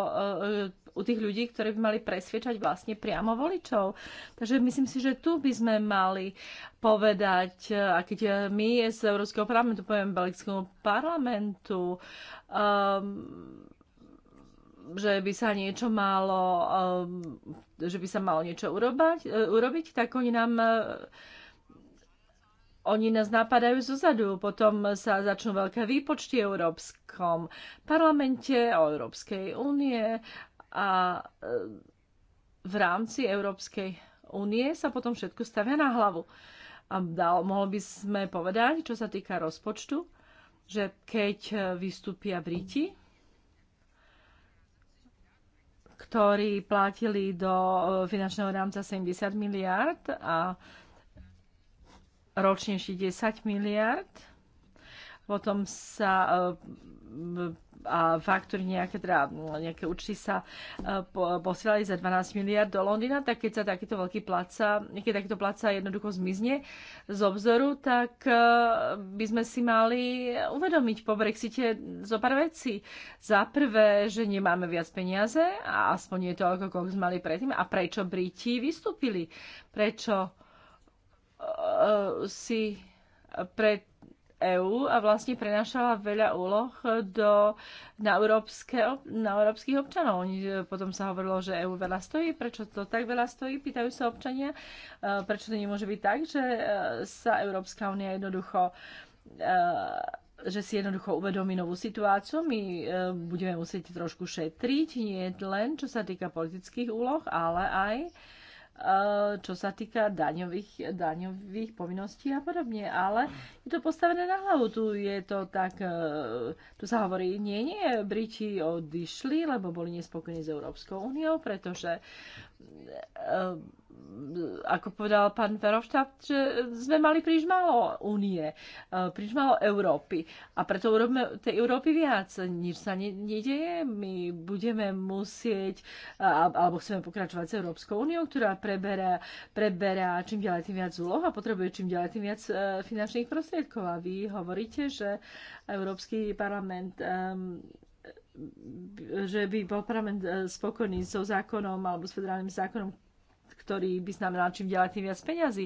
u tých ľudí, ktorí by mali presviečať vlastne priamo voličov. Takže myslím si, že tu by sme mali povedať, e, a keď my z Európskeho parlamentu poviem Belgickému parlamentu, um, že by sa niečo malo, ehm, že by sa malo niečo urobať, e, urobiť, tak oni nám e, oni nás napadajú zozadu, potom sa začnú veľké výpočty v Európskom parlamente, o Európskej únie, a e, v rámci Európskej únie sa potom všetko stavia na hlavu. A dal, mohlo by sme povedať, čo sa týka rozpočtu, že keď e, vystúpia Briti, ktorí platili do e, finančného rámca 70 miliard a ročnejší 10 miliard, potom sa a faktúry nejaké, teda nejaké účty sa e, posielali za 12 miliard do Londýna, tak keď sa takýto veľký placa, keď takýto placa jednoducho zmizne z obzoru, tak e, by sme si mali uvedomiť po Brexite zo pár vecí. Za prvé, že nemáme viac peniaze a aspoň je to, ako koľko sme mali predtým. A prečo Briti vystúpili? Prečo uh, si pred EÚ a vlastne prenašala veľa úloh do, na, európske, na európskych občanov. E, potom sa hovorilo, že EÚ veľa stojí, prečo to tak veľa stojí, pýtajú sa občania, e, prečo to nemôže byť tak, že e, sa Európska únia jednoducho že si jednoducho uvedomí novú situáciu. My budeme musieť trošku šetriť, nie len čo sa týka politických úloh, ale aj Eh, čo sa týka daňových, daňových povinností a podobne, ale je to postavené na hlavu. Tu je to tak, eh, tu sa hovorí, nie, nie, Briti odišli, lebo boli nespokojní s Európskou úniou, pretože eh, ako povedal pán Verhofstadt, že sme mali príliš málo únie, e, príliš málo Európy. A preto urobíme tej Európy viac. Nič sa ne, nedeje. My budeme musieť, alebo chceme pokračovať s Európskou úniou, ktorá preberá, preberá čím ďalej tým viac úloh a potrebuje čím ďalej tým viac e, finančných prostriedkov. A vy hovoríte, že Európsky parlament um, že by bol parlament e, spokojný so zákonom alebo s federálnym zákonom, ktorý by znamenal čím ďalej tým viac peňazí.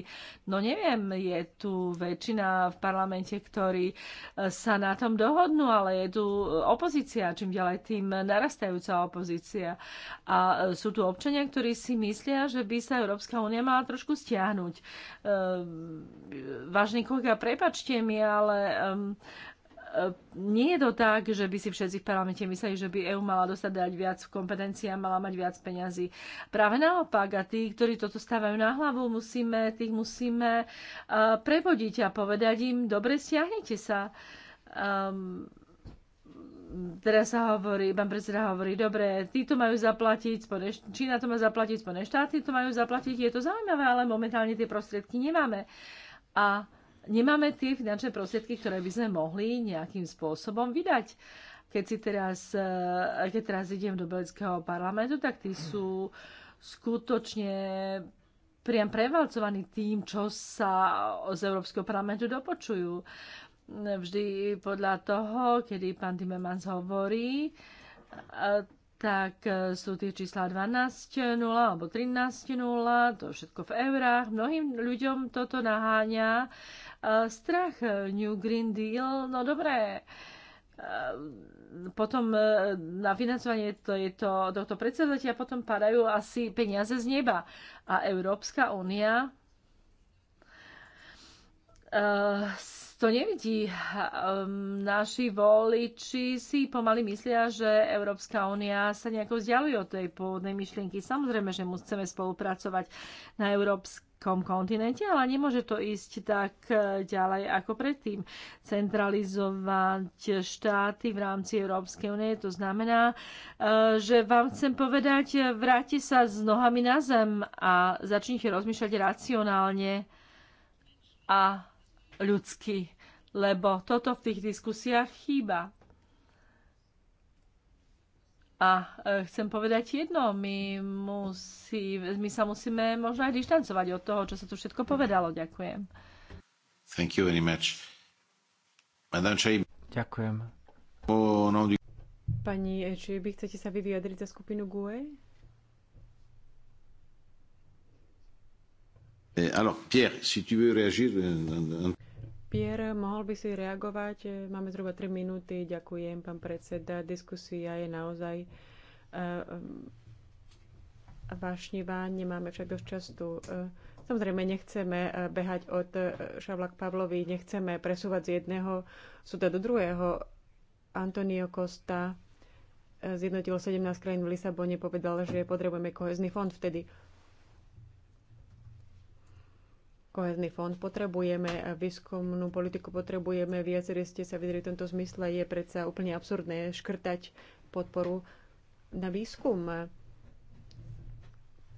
No neviem, je tu väčšina v parlamente, ktorí e, sa na tom dohodnú, ale je tu opozícia, čím ďalej tým narastajúca opozícia. A e, sú tu občania, ktorí si myslia, že by sa Európska únia mala trošku stiahnuť. E, Vážny kolega, prepačte mi, ale E, nie je to tak, že by si všetci v parlamente mysleli, že by EU mala dostať dať viac kompetencií a mala mať viac peňazí. Práve naopak, a tí, ktorí toto stávajú na hlavu, musíme, tých musíme uh, prevodiť a povedať im, dobre, stiahnite sa. Um, teraz sa hovorí, pán predseda hovorí, dobre, tí to majú zaplatiť, spone, Čína to má zaplatiť, Spojené štáty to majú zaplatiť, je to zaujímavé, ale momentálne tie prostriedky nemáme. A nemáme tie finančné prostriedky, ktoré by sme mohli nejakým spôsobom vydať. Keď, si teraz, eh, keď teraz idem do Belgického parlamentu, tak tí sú skutočne priam prevalcovaní tým, čo sa z Európskeho parlamentu dopočujú. Vždy podľa toho, kedy pán Timmermans hovorí, eh, tak eh, sú tie čísla 12.0 alebo 13.0, to všetko v eurách. Mnohým ľuďom toto naháňa E, strach, e, New Green Deal, no dobré, e, potom na financovanie to je to, tohto predsednutia potom padajú asi peniaze z neba. A Európska únia to nevidí. Naši voliči si pomaly myslia, že Európska únia sa nejako vzdialuje od tej pôvodnej myšlienky. Samozrejme, že musíme spolupracovať na európskej kom kontinente, ale nemôže to ísť tak e, ďalej ako predtým. Centralizovať štáty v rámci Európskej únie, to znamená, e, že vám chcem povedať, vráti sa s nohami na zem a začnite rozmýšľať racionálne a ľudsky, lebo toto v tých diskusiách chýba. A e, chcem povedať jedno, my, musí, my sa musíme možno aj distancovať od toho, čo sa tu všetko povedalo. Ďakujem. Thank you very much. Ďakujem. Pani e, Čiby, chcete sa vy vyjadriť za skupinu GUE? Eh, alors, Pierre, si tu veux réagir... Euh, un, un... Pierre, mohol by si reagovať? E, máme zhruba 3 minúty. Ďakujem, pán predseda. Diskusia je naozaj e, e, vášnivá, nemáme však dosť času. Samozrejme, nechceme behať od Šavlak Pavlovi, nechceme presúvať z jedného súda do druhého. Antonio Costa zjednotil 17 krajín v Lisabone, povedal, že potrebujeme kohezný fond vtedy. kohezný fond, potrebujeme výskumnú politiku, potrebujeme viacerí ste sa vydali v tomto zmysle, je predsa úplne absurdné škrtať podporu na výskum.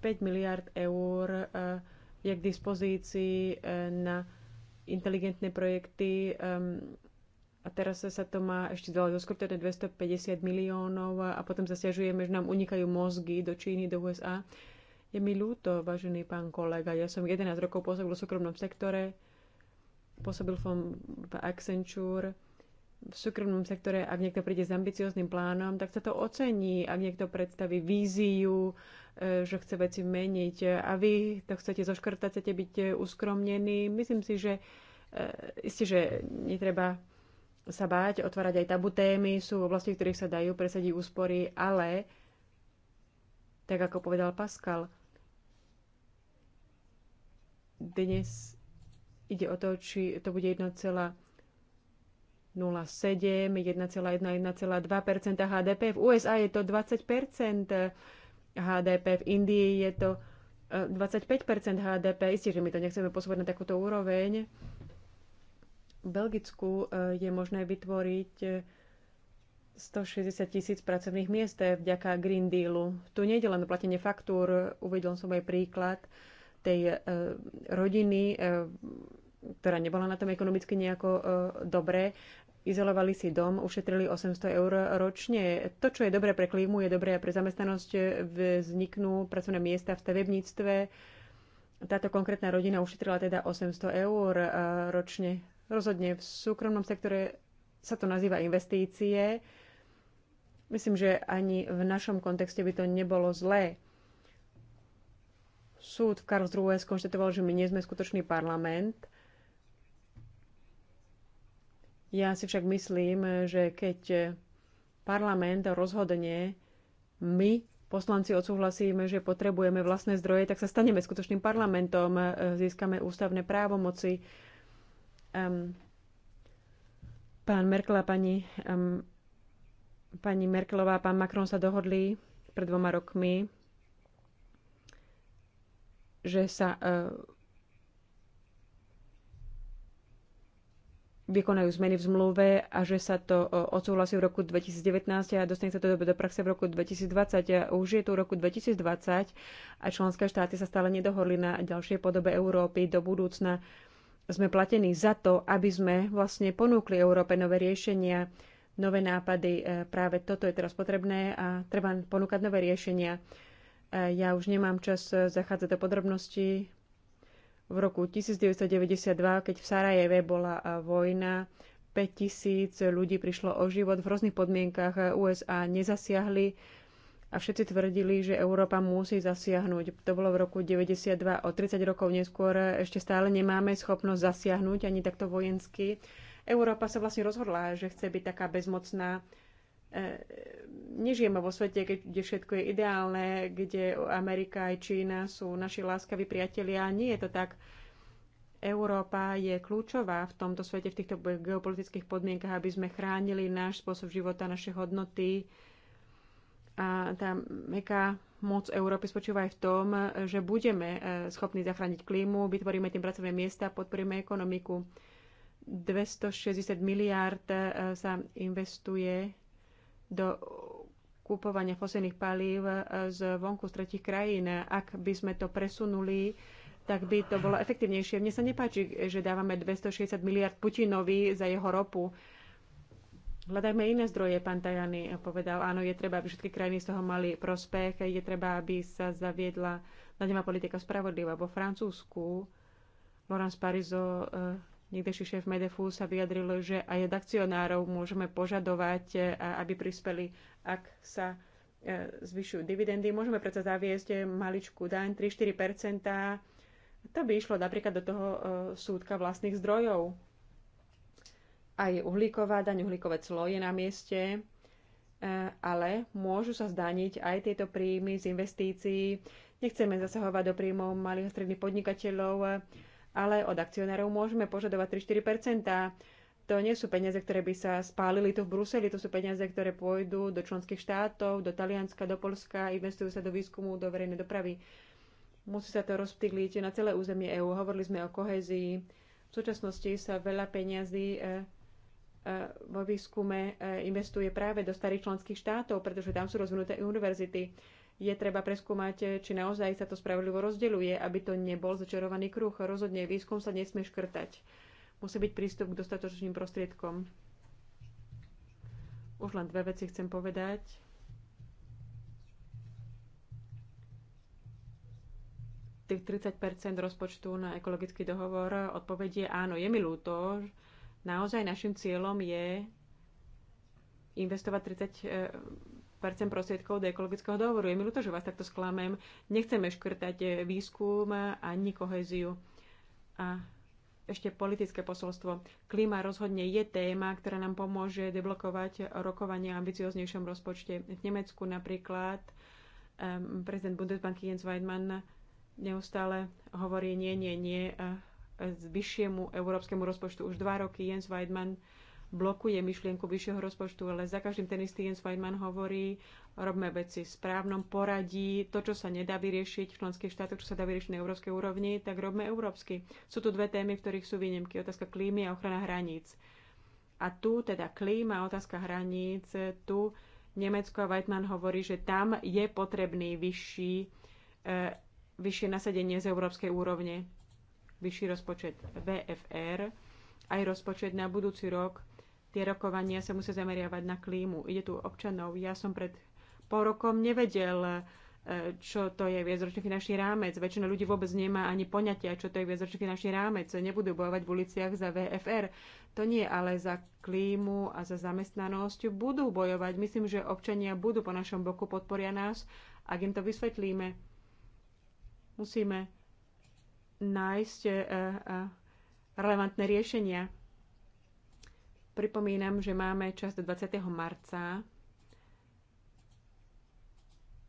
5 miliard eur eh, je k dispozícii eh, na inteligentné projekty ehm, a teraz sa to má ešte ďalej doskrutať 250 miliónov a potom zasiažujeme, že nám unikajú mozgy do Číny, do USA. Je mi ľúto, vážený pán kolega, ja som 11 rokov pôsobil v súkromnom sektore, pôsobil som v Accenture, v súkromnom sektore, ak niekto príde s ambiciozným plánom, tak sa to ocení, ak niekto predstaví víziu, e, že chce veci meniť a vy to chcete zoškrtať, chcete byť e, uskromnení. Myslím si, že e, isté, že netreba sa báť, otvárať aj tabu témy, sú oblasti, v ktorých sa dajú presadiť úspory, ale tak ako povedal Pascal. Dnes ide o to, či to bude 1,07, 1,1, 1,2 HDP. V USA je to 20 HDP, v Indii je to 25 e, HDP. Isté, že my to nechceme posúvať na takúto úroveň. V Belgicku e, je možné vytvoriť e, 160 tisíc pracovných miest vďaka Green Dealu. Tu je len platenie faktúr, uvedel som aj príklad tej e, rodiny, e, ktorá nebola na tom ekonomicky nejako e, dobré. Izolovali si dom, ušetrili 800 eur ročne. To, čo je dobré pre klímu, je dobré aj pre zamestnanosť. Vzniknú pracovné miesta v stavebníctve. Táto konkrétna rodina ušetrila teda 800 eur ročne. Rozhodne v súkromnom sektore sa to nazýva investície. Myslím, že ani v našom kontexte by to nebolo zlé. Súd v Karlsruhe skonštatoval, že my nie sme skutočný parlament. Ja si však myslím, že keď parlament rozhodne, my poslanci odsúhlasíme, že potrebujeme vlastné zdroje, tak sa staneme skutočným parlamentom, získame ústavné právomoci. Um, pán Merkel a pani um, Pani Merkelová a pán Macron sa dohodli pred dvoma rokmi, že sa e, vykonajú zmeny v zmluve a že sa to e, odsúhlasí v roku 2019 a dostane sa to do praxe v roku 2020. A už je tu v roku 2020 a členské štáty sa stále nedohodli na ďalšej podobe Európy do budúcna. Sme platení za to, aby sme vlastne ponúkli Európe nové riešenia nové nápady. E, práve toto je teraz potrebné a treba ponúkať nové riešenia. E, ja už nemám čas zachádzať do podrobností. V roku 1992, keď v Sarajeve bola e, vojna, 5000 ľudí prišlo o život v rôznych podmienkach. USA nezasiahli a všetci tvrdili, že Európa musí zasiahnuť. To bolo v roku 1992 o 30 rokov neskôr ešte stále nemáme schopnosť zasiahnuť ani takto vojensky. Európa sa vlastne rozhodla, že chce byť taká bezmocná. E, nežijeme vo svete, kde všetko je ideálne, kde Amerika aj Čína sú naši láskaví priatelia. Nie je to tak. Európa je kľúčová v tomto svete, v týchto geopolitických podmienkach, aby sme chránili náš spôsob života, naše hodnoty. A tá meká moc Európy spočíva aj v tom, že budeme e, schopní zachrániť klímu, vytvoríme tým pracovné miesta, podporíme ekonomiku. 260 miliárd eh, sa investuje do kúpovania fosilných palív eh, z vonku z tretich krajín. Ak by sme to presunuli, tak by to bolo efektívnejšie. Mne sa nepáči, že dávame 260 miliard Putinovi za jeho ropu. Hľadajme iné zdroje, pán Tajany povedal. Áno, je treba, aby všetky krajiny z toho mali prospech, je treba, aby sa zaviedla na politika spravodlivá. Vo Francúzsku Laurence Parizo eh, Niekdejší šéf Medefu sa vyjadril, že aj od akcionárov môžeme požadovať, e, aby prispeli, ak sa e, zvyšujú dividendy. Môžeme predsa zaviesť e, maličku daň 3-4 To by išlo napríklad do toho súdka vlastných zdrojov. Aj uhlíková daň, uhlíkové clo je na mieste, ale môžu sa zdaniť aj tieto príjmy z investícií. Nechceme zasahovať do príjmov malých a stredných podnikateľov ale od akcionárov môžeme požadovať 3-4 to nie sú peniaze, ktoré by sa spálili tu v Bruseli, to sú peniaze, ktoré pôjdu do členských štátov, do Talianska, do Polska, investujú sa do výskumu, do verejnej dopravy. Musí sa to rozptýliť na celé územie EÚ. Hovorili sme o kohezii. V súčasnosti sa veľa peňazí e, e, vo výskume e, investuje práve do starých členských štátov, pretože tam sú rozvinuté univerzity je treba preskúmať, či naozaj sa to spravodlivo rozdeľuje, aby to nebol začarovaný kruh. Rozhodne výskum sa nesmie škrtať. Musí byť prístup k dostatočným prostriedkom. Už len dve veci chcem povedať. Tých 30 rozpočtu na ekologický dohovor odpovedie áno, je mi ľúto. Naozaj našim cieľom je investovať 30 prostriedkov do ekologického dohovoru. Je mi ľúto, že vás takto sklamem. Nechceme škrtať eh, výskum ani koheziu. A ešte politické posolstvo. Klíma rozhodne je téma, ktorá nám pomôže deblokovať rokovanie ambicioznejšom rozpočte. V Nemecku napríklad um, prezident Bundesbanky Jens Weidmann neustále hovorí nie, nie, nie z eh, vyššiemu európskemu rozpočtu. Už dva roky Jens Weidmann uh, blokuje myšlienku vyššieho rozpočtu, ale za každým ten istý Jens Weidmann hovorí, robme veci v správnom poradí, to, čo sa nedá vyriešiť v členských štátoch, čo sa dá vyriešiť na európskej úrovni, tak robme európsky. Sú tu dve témy, v ktorých sú výnimky, otázka klímy a ochrana hraníc. A tu teda klíma, otázka hraníc, tu Nemecko a Weidmann hovorí, že tam je potrebný vyšší, e, vyššie nasadenie z európskej úrovne, vyšší rozpočet VFR, aj rozpočet na budúci rok Tie rokovania sa musia zameriavať na klímu. Ide tu občanov. Ja som pred pol rokom nevedel, e, čo to je viacročný finančný rámec. Väčšina ľudí vôbec nemá ani poňatia, čo to je viacročný finančný rámec. Nebudú bojovať v uliciach za VFR. To nie, ale za klímu a za zamestnanosť budú bojovať. Myslím, že občania budú po našom boku, podporia nás, ak im to vysvetlíme. Musíme nájsť e, e, relevantné riešenia. Pripomínam, že máme čas do 20. marca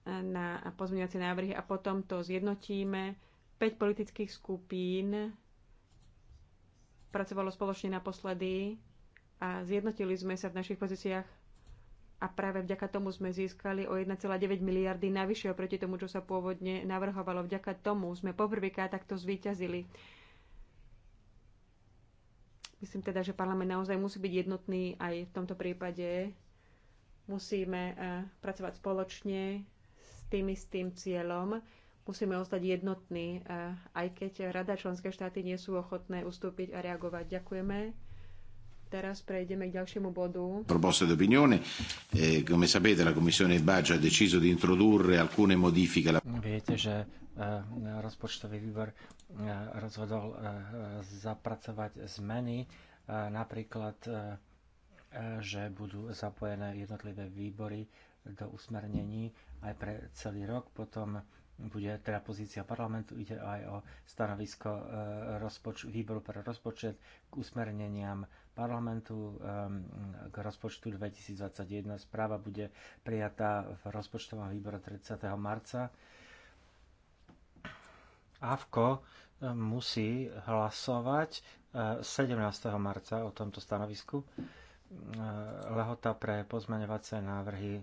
na pozmeňovacie návrhy a potom to zjednotíme. 5 politických skupín pracovalo spoločne naposledy a zjednotili sme sa v našich pozíciách a práve vďaka tomu sme získali o 1,9 miliardy navyše oproti tomu, čo sa pôvodne navrhovalo. Vďaka tomu sme poprvýkrát takto zvíťazili. Myslím teda, že parlament naozaj musí byť jednotný aj v tomto prípade. Musíme eh, pracovať spoločne s tým istým cieľom. Musíme ostať jednotní, eh, aj keď rada členské štáty nie sú ochotné ustúpiť a reagovať. Ďakujeme. Teraz prejdeme k ďalšiemu bodu. Proposta d'opinione, eh, come sapete la Commissione Budget ha deciso di introdurre alcune modifiche. Alla... Viete, že eh, rozpočtový výbor eh, rozhodol eh, zapracovať zmeny, eh, napríklad, eh, eh že budú zapojené jednotlivé výbory do usmernení aj pre celý rok, potom bude teda pozícia parlamentu, ide aj o stanovisko eh, výboru pre rozpočet k usmerneniam parlamentu ehm, k rozpočtu 2021. Správa bude prijatá v rozpočtovom výbore 30. marca. AVKO ehm, musí hlasovať 17. Ehm, marca o tomto stanovisku. Lehota pre pozmeňovacie návrhy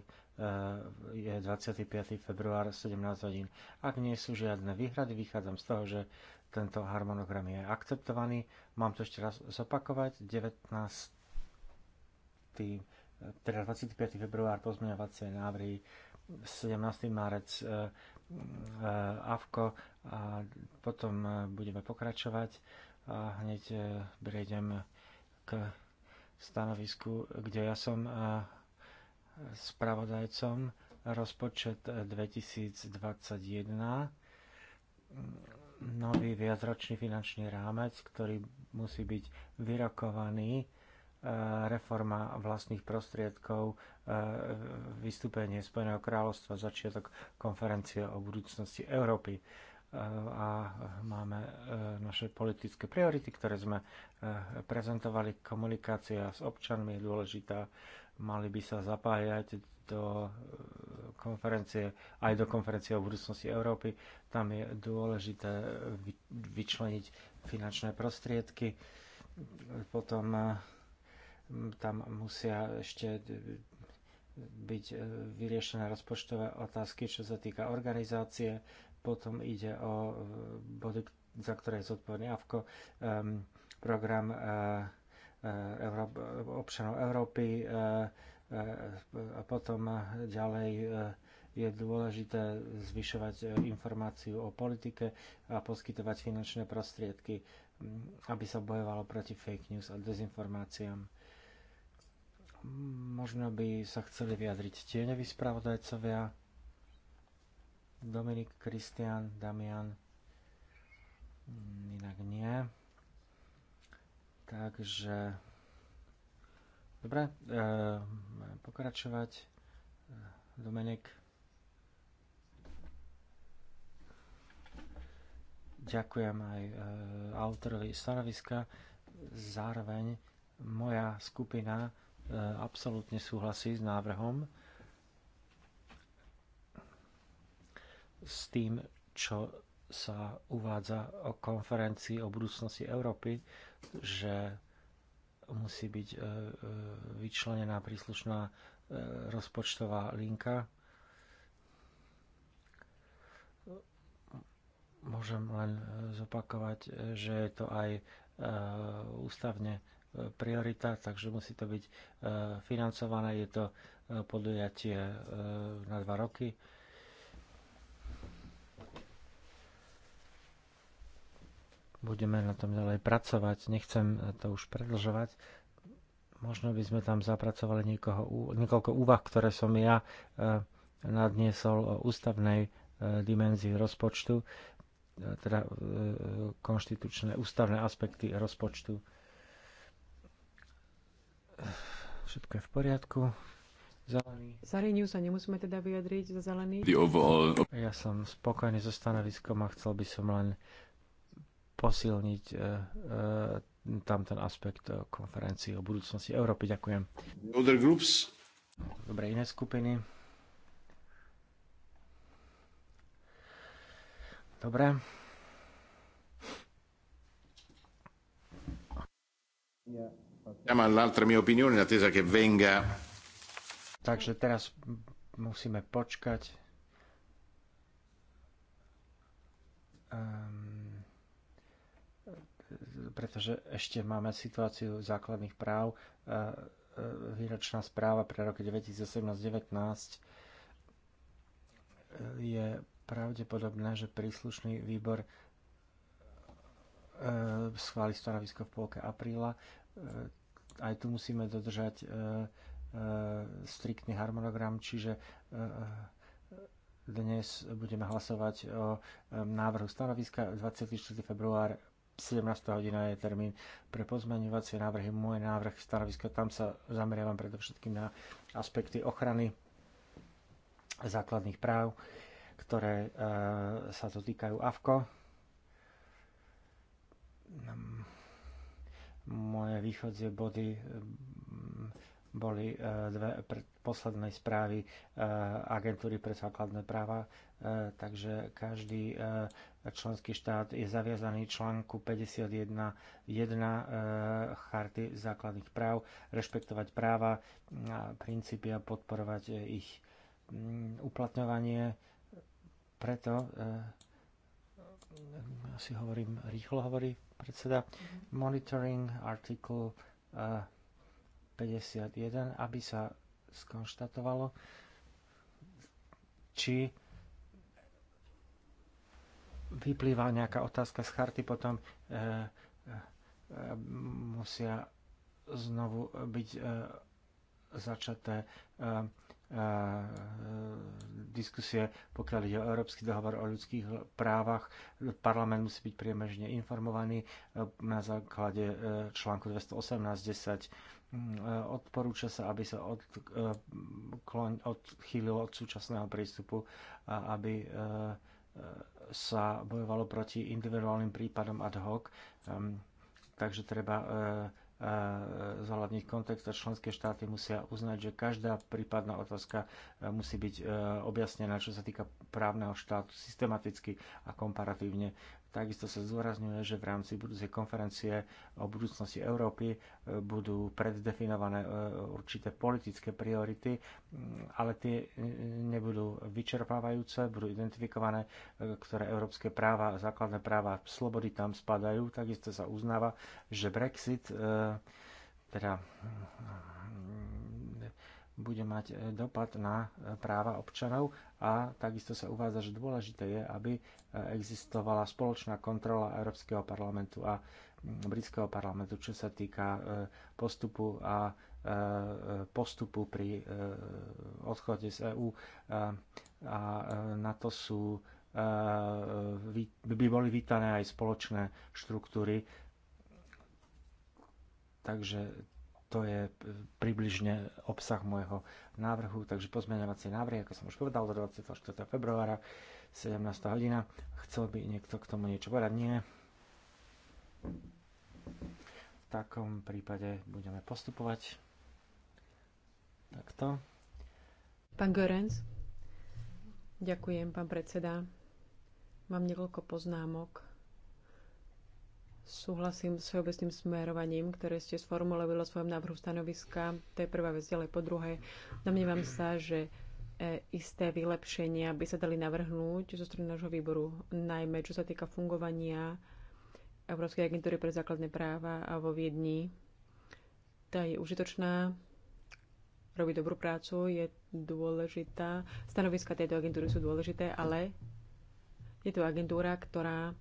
je 25. február 17 hodín. Ak nie sú žiadne výhrady, vychádzam z toho, že tento harmonogram je akceptovaný. Mám to ešte raz zopakovať. 19. teda 25. február pozmeňovacie návrhy 17. márec e, e, AVKO a potom e, budeme pokračovať a hneď prejdem k stanovisku, kde ja som spravodajcom rozpočet 2021 nový viacročný finančný rámec, ktorý musí byť vyrokovaný, e, reforma vlastných prostriedkov, e, vystúpenie Spojeného kráľovstva, začiatok konferencie o budúcnosti Európy. E, a máme naše politické priority, ktoré sme prezentovali. Komunikácia s občanmi je dôležitá. Mali by sa zapájať do eh, konferencie, aj do konferencie o budúcnosti Európy. Tam je dôležité vyčleniť finančné prostriedky. Potom eh, tam musia ešte byť eh, vyriešené rozpočtové otázky, čo sa týka organizácie. Potom ide o body, za ktoré je zodpovedný AVKO, ehm, program občanov Európy, a potom ďalej e, je dôležité zvyšovať e, informáciu o politike a poskytovať finančné prostriedky, mm, aby sa bojovalo proti fake news a dezinformáciám. Možno by sa chceli vyjadriť tieňoví spravodajcovia Dominik, Kristian, Damian. Inak nie. Takže... Dobre, e, Mám pokračovať. Domenek. Ďakujem aj e, autorovi stanoviska. Zároveň moja skupina e, absolútne súhlasí s návrhom, s tým, čo sa uvádza o konferencii o budúcnosti Európy, že musí byť e, e, vyčlenená príslušná e, rozpočtová linka. Môžem len zopakovať, že je to aj ústavne priorita, takže musí to byť financované. Je to podujatie na dva roky budeme na tom ďalej pracovať. Nechcem to už predlžovať. Možno by sme tam zapracovali niekoho, niekoľko úvah, ktoré som ja e, nadniesol o ústavnej e, dimenzii rozpočtu, e, teda konštitučné ústavné aspekty rozpočtu. Všetko je v poriadku. Zelený. Za sa nemusíme teda vyjadriť za zelený. Ja som spokojný so stanoviskom a chcel by som len posilniť e, e, tam ten aspekt e, konferencií o budúcnosti Európy. Ďakujem. Other groups? Dobre, iné skupiny. Dobre. mia opinione attesa che venga. Takže teraz musíme počkať. Um pretože ešte máme situáciu základných práv. E, e, výročná správa pre roky 2018-19 e, je pravdepodobné, že príslušný výbor schváli stanovisko v polke apríla. Aj tu musíme dodržať striktný harmonogram, čiže dnes budeme hlasovať o návrhu stanoviska. 24. február 17. hodina je termín pre pozmeňovacie návrhy. Môj návrh stanoviska, tam sa zameriavam predovšetkým na aspekty ochrany základných práv, ktoré e, sa dotýkajú AVKO. Ehm, moje východzie body boli e, dve posledné správy e, agentúry pre základné práva, e, takže každý členský štát je zaviazaný článku 51.1 Charty základných práv, rešpektovať práva, princípy a podporovať ich mm, uplatňovanie. Preto asi hovorím, rýchlo hovorí predseda, mhm. monitoring article 51, aby sa skonštatovalo, či vyplýva nejaká otázka z charty, potom e, e, musia znovu byť e, začaté e, E, diskusie, pokiaľ ide o Európsky dohovor o ľudských právach. Parlament musí byť priemežne informovaný e, na základe e, článku 218.10 odporúča sa, aby sa od, odchýlilo od súčasného prístupu a aby sa bojovalo proti individuálnym prípadom ad hoc. Ehm, takže treba E, z hlavných kontextov členské štáty musia uznať, že každá prípadná otázka e, musí byť e, objasnená, čo sa týka právneho štátu systematicky a komparatívne. Takisto sa zúrazňuje, že v rámci budúcej konferencie o budúcnosti Európy e, budú preddefinované e, určité politické priority, ale tie e, nebudú vyčerpávajúce, budú identifikované, ktoré európske práva, základné práva, slobody tam spadajú. Takisto sa uznáva, že Brexit teda bude mať e, dopad na e, práva občanov a takisto sa uvádza, že dôležité je, aby e, existovala spoločná kontrola Európskeho parlamentu a mm, britského parlamentu, čo sa týka postupu a postupu pri odchode z EÚ a na to sú by boli vítané aj spoločné štruktúry. Takže to je približne obsah môjho návrhu, takže pozmeňovacie návrhy, ako som už povedal, do 24. februára, 17. hodina. Chcel by niekto k tomu niečo povedať? Nie. V takom prípade budeme postupovať takto. Pán Görenc. Ďakujem, pán predseda. Mám niekoľko poznámok Súhlasím s všeobecným smerovaním, ktoré ste sformulovali vo svojom návrhu stanoviska. To je prvá vec, ale po druhé. Domnievam sa, že e, isté vylepšenia by sa dali navrhnúť zo strany nášho výboru, najmä čo sa týka fungovania Európskej agentúry pre základné práva a vo Viedni. Tá je užitočná, robí dobrú prácu, je dôležitá. Stanoviska tejto agentúry sú dôležité, ale je to agentúra, ktorá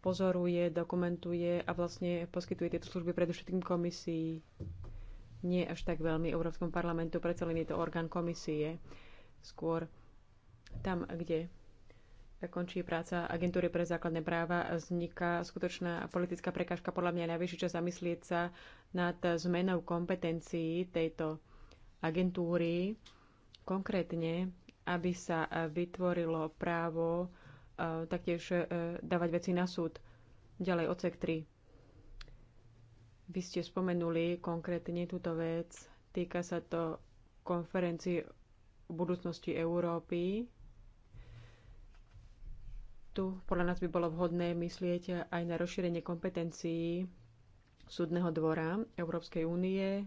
pozoruje, dokumentuje a vlastne poskytuje tieto služby predovšetkým komisii. Nie až tak veľmi Európskom parlamentu, predsa len je to orgán komisie. Skôr tam, kde končí práca agentúry pre základné práva, vzniká skutočná politická prekážka. Podľa mňa najvyšší čas zamyslieť sa nad zmenou kompetencií tejto agentúry, konkrétne, aby sa vytvorilo právo taktiež e, dávať veci na súd. Ďalej odsek 3. Vy ste spomenuli konkrétne túto vec. Týka sa to konferencii o budúcnosti Európy. Tu podľa nás by bolo vhodné myslieť aj na rozšírenie kompetencií súdneho dvora Európskej únie,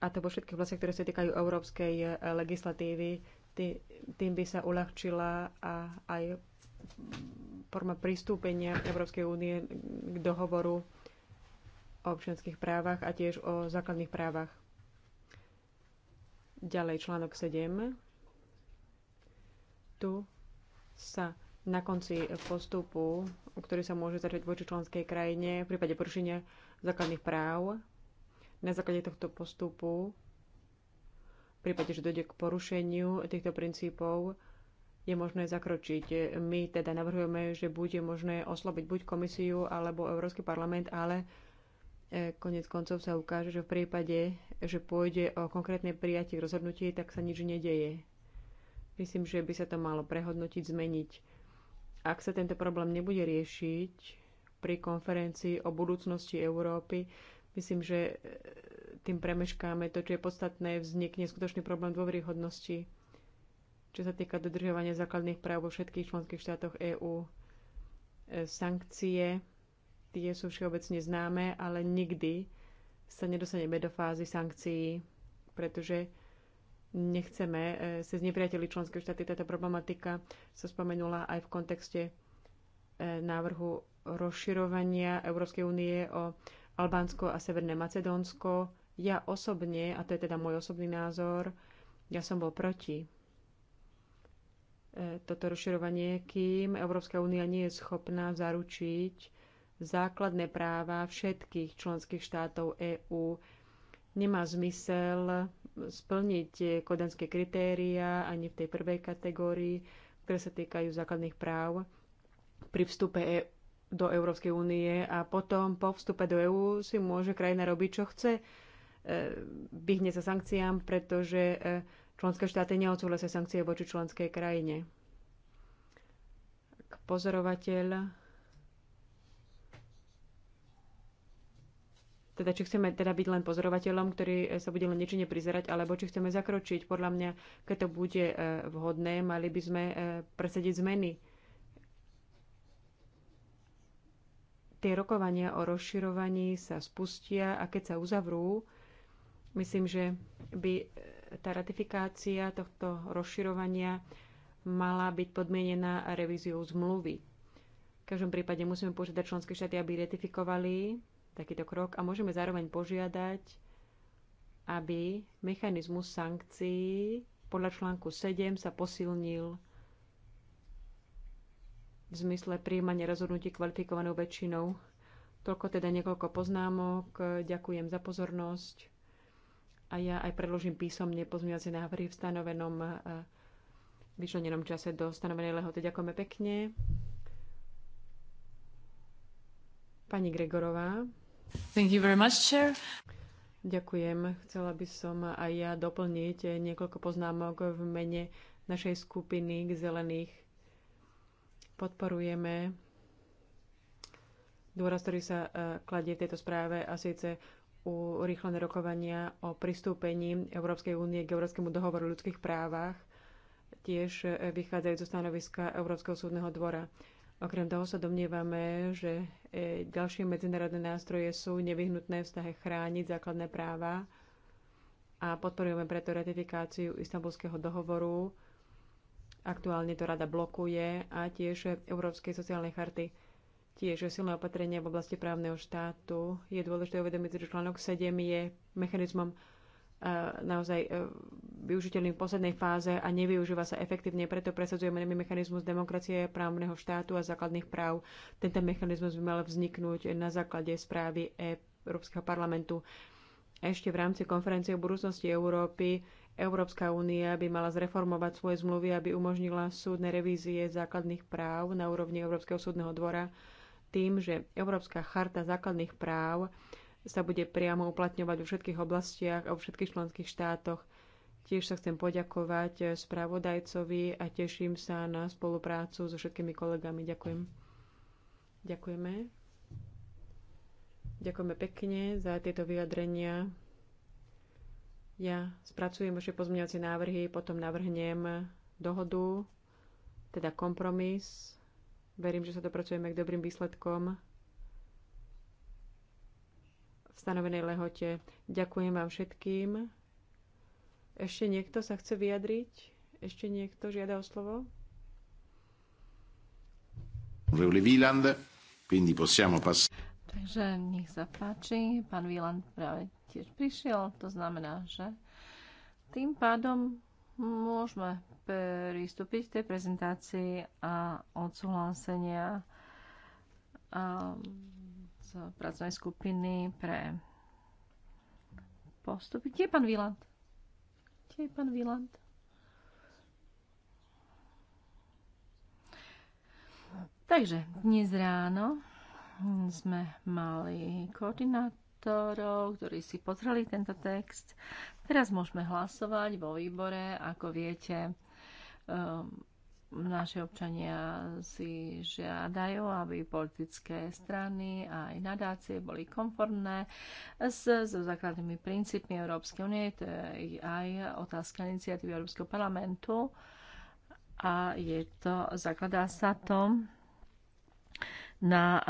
a to vo všetkých vlastiach, ktoré sa týkajú európskej e, legislatívy Tý, tým by sa uľahčila a aj forma pristúpenia Európskej únie k dohovoru o občianských právach a tiež o základných právach. Ďalej článok 7. Tu sa na konci postupu, ktorý sa môže začať voči členskej krajine v prípade porušenia základných práv, na základe tohto postupu v prípade, že dojde k porušeniu týchto princípov, je možné zakročiť. My teda navrhujeme, že bude možné oslobiť buď komisiu alebo Európsky parlament, ale e, konec koncov sa ukáže, že v prípade, že pôjde o konkrétne prijatie rozhodnutí, tak sa nič nedeje. Myslím, že by sa to malo prehodnotiť, zmeniť. Ak sa tento problém nebude riešiť pri konferencii o budúcnosti Európy, myslím, že e, tým premeškáme to, čo je podstatné, vznikne skutočný problém dôveryhodnosti, čo sa týka dodržovania základných práv vo všetkých členských štátoch EÚ. E, sankcie, tie sú všeobecne známe, ale nikdy sa nedostaneme do fázy sankcií, pretože nechceme e, sa znepriateli členské štáty. Táto problematika sa spomenula aj v kontexte e, návrhu rozširovania Európskej únie o Albánsko a Severné Macedónsko. Ja osobne, a to je teda môj osobný názor, ja som bol proti e, toto rozširovanie, kým Európska únia nie je schopná zaručiť základné práva všetkých členských štátov EÚ. Nemá zmysel splniť kodenské kritéria ani v tej prvej kategórii, ktoré sa týkajú základných práv pri vstupe e do Európskej únie a potom po vstupe do EÚ si môže krajina robiť, čo chce E, vyhne sa sankciám, pretože e, členské štáty neodsúhlasia sankcie voči členskej krajine. pozorovateľ teda či chceme teda byť len pozorovateľom, ktorý e, sa bude len niečo neprizerať, alebo či chceme zakročiť. Podľa mňa, keď to bude vhodné, mali by sme presediť zmeny. Tie rokovania o rozširovaní sa spustia a keď sa uzavrú, Myslím, že by e, tá ratifikácia tohto rozširovania mala byť podmienená revíziou zmluvy. V každom prípade musíme požiadať členské štáty, aby ratifikovali takýto krok a môžeme zároveň požiadať, aby mechanizmus sankcií podľa článku 7 sa posilnil v zmysle príjmania rozhodnutí kvalifikovanou väčšinou. Toľko teda niekoľko poznámok. Ďakujem za pozornosť a ja aj predložím písomne pozmeňovacie návrhy v stanovenom e, vyčlenenom čase do stanovenej lehoty. Ďakujeme pekne. Pani Gregorová. Thank you very much, chair. Ďakujem. Chcela by som aj ja doplniť niekoľko poznámok v mene našej skupiny k zelených. Podporujeme dôraz, ktorý sa e, kladie v tejto správe a síce urýchlené rokovania o pristúpení Európskej únie k Európskemu dohovoru o ľudských právach tiež e, vychádzajú zo stanoviska Európskeho súdneho dvora. Okrem toho sa domnievame, že e, ďalšie medzinárodné nástroje sú nevyhnutné v snahe chrániť základné práva a podporujeme preto ratifikáciu Istanbulského dohovoru. Aktuálne to rada blokuje a tiež Európskej sociálnej charty tiež silné opatrenia v oblasti právneho štátu. Je dôležité uvedomiť, že článok 7 je mechanizmom e, naozaj e, využiteľným v poslednej fáze a nevyužíva sa efektívne. Preto presadzujeme nemý mechanizmus demokracie, právneho štátu a základných práv. Tento mechanizmus by mal vzniknúť na základe správy e, Európskeho parlamentu. Ešte v rámci konferencie o budúcnosti Európy Európska únia by mala zreformovať svoje zmluvy, aby umožnila súdne revízie základných práv na úrovni Európskeho súdneho dvora tým, že Európska charta základných práv sa bude priamo uplatňovať vo všetkých oblastiach a vo všetkých členských štátoch. Tiež sa chcem poďakovať spravodajcovi a teším sa na spoluprácu so všetkými kolegami. Ďakujem. Ďakujeme. Ďakujeme pekne za tieto vyjadrenia. Ja spracujem ešte pozmeňovacie návrhy, potom navrhnem dohodu, teda kompromis Verím, že sa dopracujeme k dobrým výsledkom v stanovenej lehote. Ďakujem vám všetkým. Ešte niekto sa chce vyjadriť? Ešte niekto žiada o slovo? Takže nech sa páči, pán Wieland práve tiež prišiel, to znamená, že tým pádom môžeme pristúpiť k tej prezentácii a odsúhlasenia a um, z pracovnej skupiny pre postupy. Kde je pán Výland? Kde je pán Výland? Takže dnes ráno sme mali koordinátorov, ktorí si pozreli tento text. Teraz môžeme hlasovať vo výbore. Ako viete, Ehm, naši občania si žiadajú, aby politické strany a aj nadácie boli konformné s, s základnými princípmi Európskej únie, to je aj otázka iniciatívy Európskeho parlamentu a je to, zakladá sa to na e,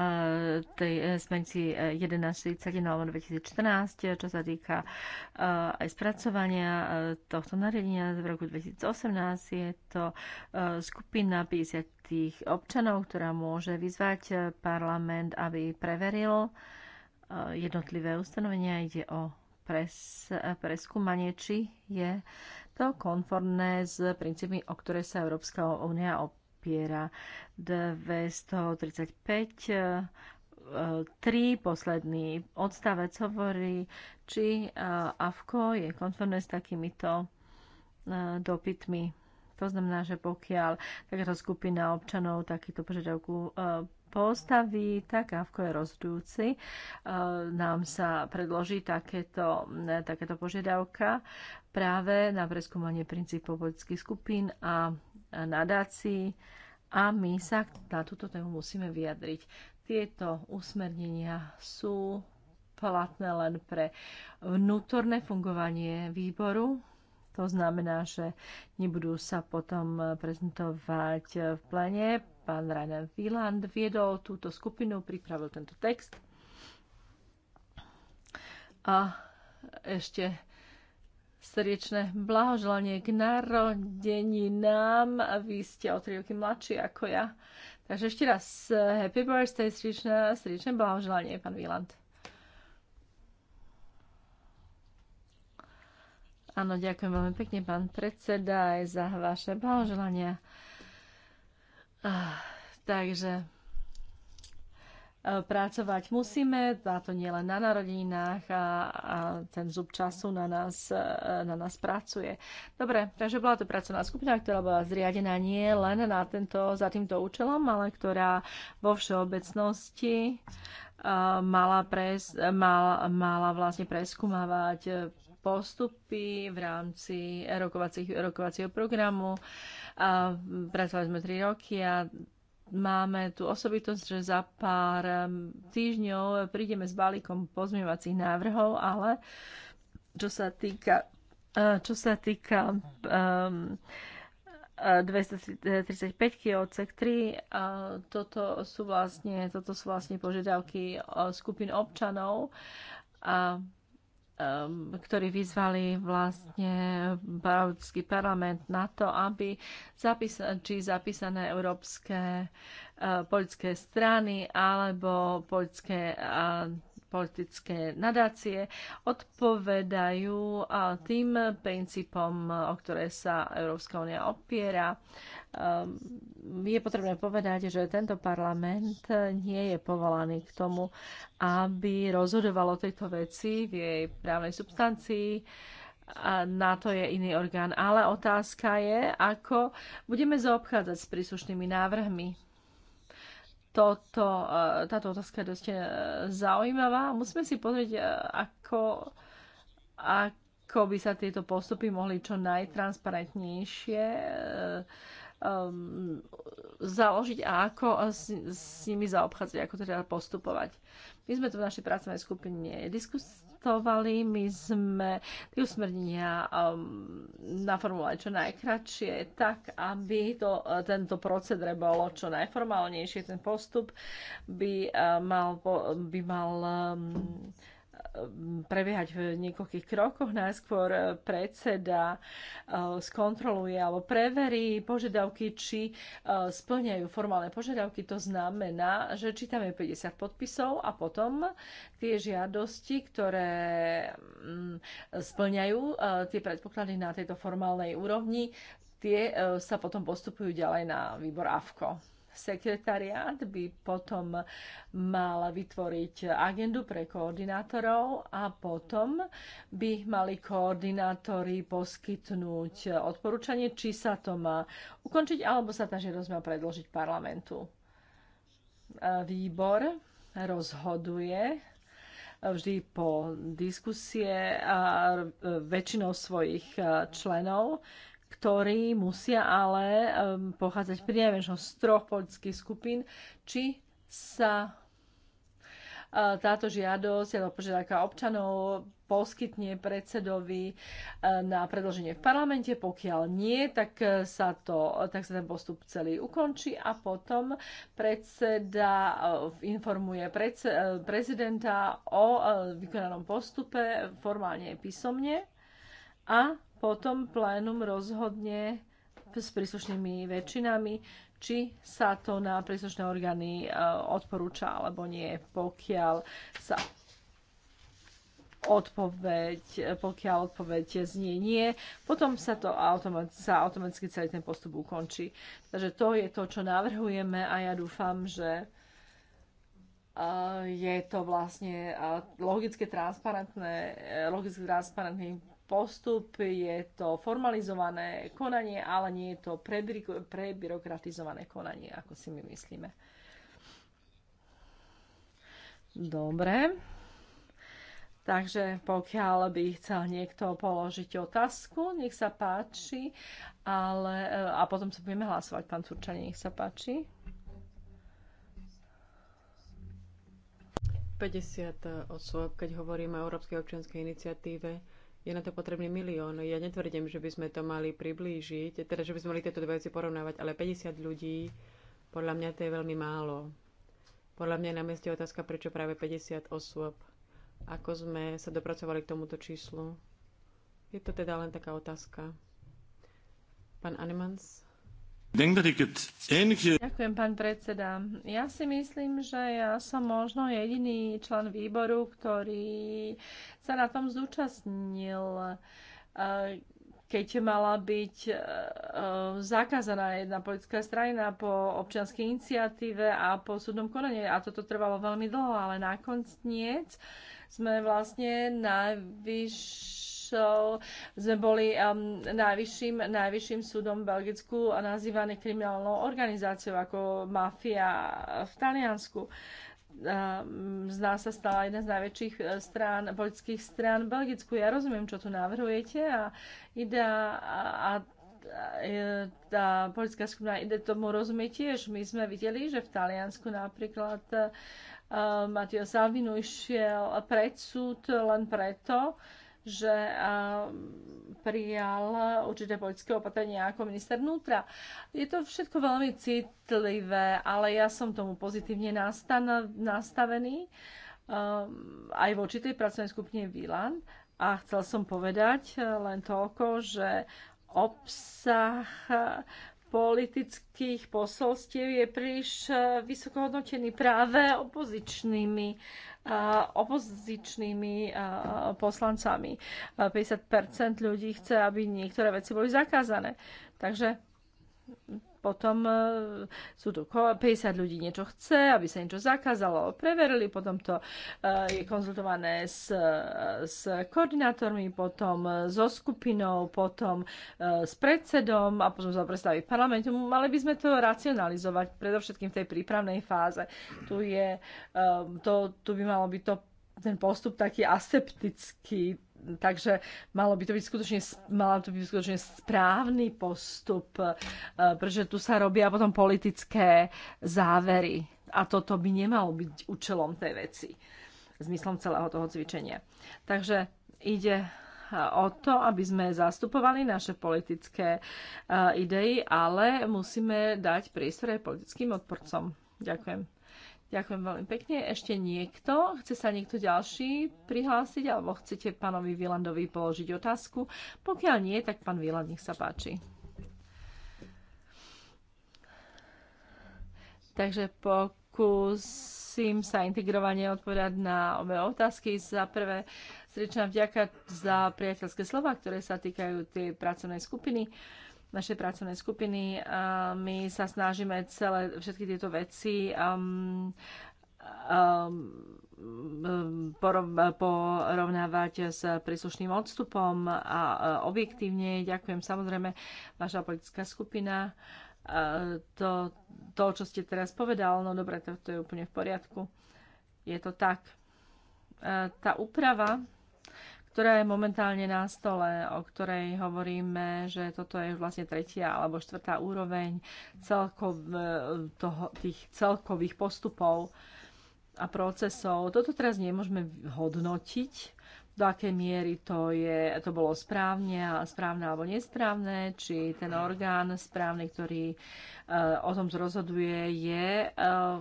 tej 11, 1141 2014, čo sa týka e, aj spracovania e, tohto nariadenia v roku 2018. Je to skupina 50 tých občanov, ktorá môže vyzvať parlament, aby preveril jednotlivé ustanovenia. Ide o pres, preskúmanie, či je to konformné s princípmi, o ktoré sa Európska únia papiera 235 3, posledný odstavec hovorí, či e, AFKO je konformné s takýmito e, dopytmi. To znamená, že pokiaľ takáto skupina občanov takýto požiadavku e, postaví, tak AFKO je rozhodujúci. Nám sa predloží takéto, takéto požiadavka práve na preskúmanie princípov politických skupín a nadácií a my sa na túto tému musíme vyjadriť. Tieto usmernenia sú platné len pre vnútorné fungovanie výboru. To znamená, že nebudú sa potom prezentovať v plene. Pán Rainer Wieland viedol túto skupinu, pripravil tento text. A ešte srdečné blahoželanie k narodeninám. Vy ste o tri roky mladší ako ja. Takže ešte raz happy birthday, srdečné, srdečné blahoželanie, pán Wieland. Áno, ďakujem veľmi pekne, pán predseda, aj za vaše blahoželania. Ah, takže E, pracovať musíme, a to nielen na narodinách a, a ten zub času na nás, e, na nás pracuje. Dobre, takže bola to pracovná skupina, ktorá bola zriadená nie len na tento, za týmto účelom, ale ktorá vo všeobecnosti e, mala, pres, mal, mala vlastne preskúmavať postupy v rámci rokovacieho programu. Pracovali sme tri roky a máme tu osobitosť, že za pár týždňov prídeme s balíkom pozmievacích návrhov, ale čo sa týka, e, čo sa týka um, 235 e, odsek 3, e, toto sú vlastne, toto sú vlastne požiadavky skupín občanov a Um, ktorí vyzvali vlastne Európsky parlament na to, aby zapis- či zapísané európske e, uh, poľské strany alebo poľské politické nadácie odpovedajú tým princípom, o ktoré sa Európska únia opiera. Ehm, je potrebné povedať, že tento parlament nie je povolaný k tomu, aby rozhodoval o tejto veci v jej právnej substancii na to je iný orgán. Ale otázka je, ako budeme zaobchádzať s príslušnými návrhmi toto, eh, táto otázka je dosť eh, zaujímavá. Musíme si pozrieť, eh, ako, ako by sa tieto postupy mohli čo najtransparentnejšie um, založiť a ako s, s nimi zaobchádzať, ako teda postupovať. My sme tu v našej pracovnej skupine diskus, debatovali. My sme tie usmernenia um, naformulovali čo najkračšie, tak aby to, eh, tento procedre bolo čo najformálnejšie. Ten postup by uh, mal, by mal um, prebiehať v niekoľkých krokoch. Najskôr eh, predseda eh, skontroluje alebo preverí požiadavky, či eh, splňajú formálne požiadavky. To znamená, že čítame 50 podpisov a potom tie žiadosti, ktoré mm, splňajú tie predpoklady na tejto formálnej úrovni, tie sa potom postupujú ďalej na výbor AFKO. Sekretariát by potom mal vytvoriť agendu pre koordinátorov a potom by mali koordinátori poskytnúť odporúčanie, či sa to má ukončiť alebo sa tá žiadosť má predložiť parlamentu. Výbor rozhoduje vždy po diskusie a väčšinou svojich členov ktorí musia ale um, pochádzať najmenšom z troch politických skupín, či sa uh, táto žiadosť alebo požiadavka občanov poskytne predsedovi uh, na predloženie v parlamente. Pokiaľ nie, tak e, sa, to, tak sa ten postup celý ukončí a potom predseda informuje prezidenta o vykonanom postupe formálne písomne a potom plénum rozhodne s príslušnými väčšinami, či sa to na príslušné orgány e, odporúča alebo nie, pokiaľ sa odpoveď, pokiaľ odpoveď znie nie, potom sa to automat, sa automaticky celý ten postup ukončí. Takže to je to, čo navrhujeme a ja dúfam, že e, je to vlastne e, logicky transparentné, logicky transparentný postup, je to formalizované konanie, ale nie je to prebyrokratizované konanie, ako si my myslíme. Dobre. Takže pokiaľ by chcel niekto položiť otázku, nech sa páči. Ale, e, a potom sa budeme hlasovať, pán Turčani, nech sa páči. 50 osôb, keď hovoríme o Európskej občianskej iniciatíve, je na to potrebný milión. Ja netvrdím, že by sme to mali priblížiť, teda že by sme mali tieto dve veci porovnávať, ale 50 ľudí, podľa mňa to je veľmi málo. Podľa mňa je na mieste otázka, prečo práve 50 osôb. Ako sme sa dopracovali k tomuto číslu? Je to teda len taká otázka. Pán Anemans? Ďakujem, pán predseda. Ja si myslím, že ja som možno jediný člen výboru, ktorý sa na tom zúčastnil, eh, keď mala byť eh, zakázaná jedna politická strana po občianskej iniciatíve a po súdnom konaní. A toto trvalo veľmi dlho, ale nakoniec sme vlastne najvyššie Belgičov. Sme boli um, najvyšším, najvyšším súdom v Belgicku a nazývaný kriminálnou organizáciou ako mafia v Taliansku. Um, z nás sa stala jedna z najväčších eh, strán, politických strán v Belgicku. Ja rozumiem, čo tu navrhujete a idea a, a eh, tá politická skupina ide tomu rozumie tiež. My sme videli, že v Taliansku napríklad uh, Matteo Salvini išiel pred súd len preto, že prijal určité politické opatrenia ako minister vnútra. Je to všetko veľmi citlivé, ale ja som tomu pozitívne nastavený um, aj voči tej pracovnej skupine Vilan. A chcel som povedať e, len toľko, že obsah politických posolstiev je príliš e, vysoko hodnotený práve opozičnými, e, opozičnými e, poslancami. 50 ľudí chce, aby niektoré veci boli zakázané. Takže potom e, sú tu 50 ľudí niečo chce, aby sa niečo zakázalo, preverili, potom to e, je konzultované s, e, s koordinátormi, potom so skupinou, potom s predsedom a potom sa predstaví parlamentu. Mali by sme to racionalizovať, predovšetkým v tej prípravnej fáze. Tu, je, to, tu by malo byť to ten postup taký aseptický, takže malo by to byť skutočne, malo to byť skutočne správny postup, e, pretože tu sa robia potom politické závery a toto by nemalo byť účelom tej veci, zmyslom celého toho cvičenia. Takže ide e, o to, aby sme zastupovali naše politické e, idei, ale musíme dať priestor aj politickým odporcom. Ďakujem. Ďakujem veľmi pekne. Ešte niekto? Chce sa niekto ďalší prihlásiť? Alebo chcete pánovi Vilandovi položiť otázku? Pokiaľ nie, tak pán Viland, nech sa páči. Takže pokúsim sa integrovane odpovedať na obe otázky. Za prvé, srdečná vďaka za priateľské slova, ktoré sa týkajú tej pracovnej skupiny. Uh, našej pracovnej skupiny. my sa snažíme celé, všetky tieto veci um, um, porovnávať s príslušným odstupom a objektívne. Ďakujem samozrejme vaša politická skupina. To, to, čo ste teraz povedal, no dobre, to, to je úplne v poriadku. Je to tak. Tá úprava ktorá je momentálne na stole, o ktorej hovoríme, že toto je vlastne tretia alebo štvrtá úroveň celkov, toho, tých celkových postupov a procesov. Toto teraz nemôžeme hodnotiť, do akej miery to, je, to bolo správne, správne alebo nesprávne, či ten orgán správny, ktorý uh, o tom rozhoduje, je uh,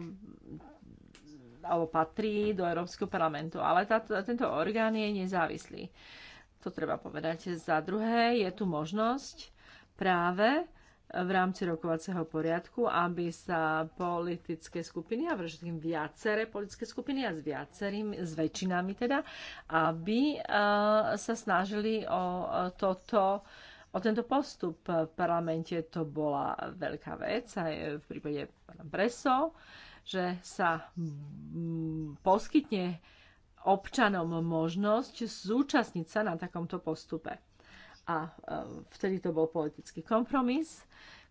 alebo patrí do Európskeho parlamentu, ale tá, tento orgán je nezávislý. To treba povedať. Za druhé, je tu možnosť práve v rámci rokovacieho poriadku, aby sa politické skupiny, a všetkým viaceré politické skupiny a s viacerými s väčšinami teda, aby eh, sa snažili o toto O tento postup v parlamente to bola veľká vec aj v prípade pána Breso že sa poskytne občanom možnosť zúčastniť sa na takomto postupe. A e, vtedy to bol politický kompromis,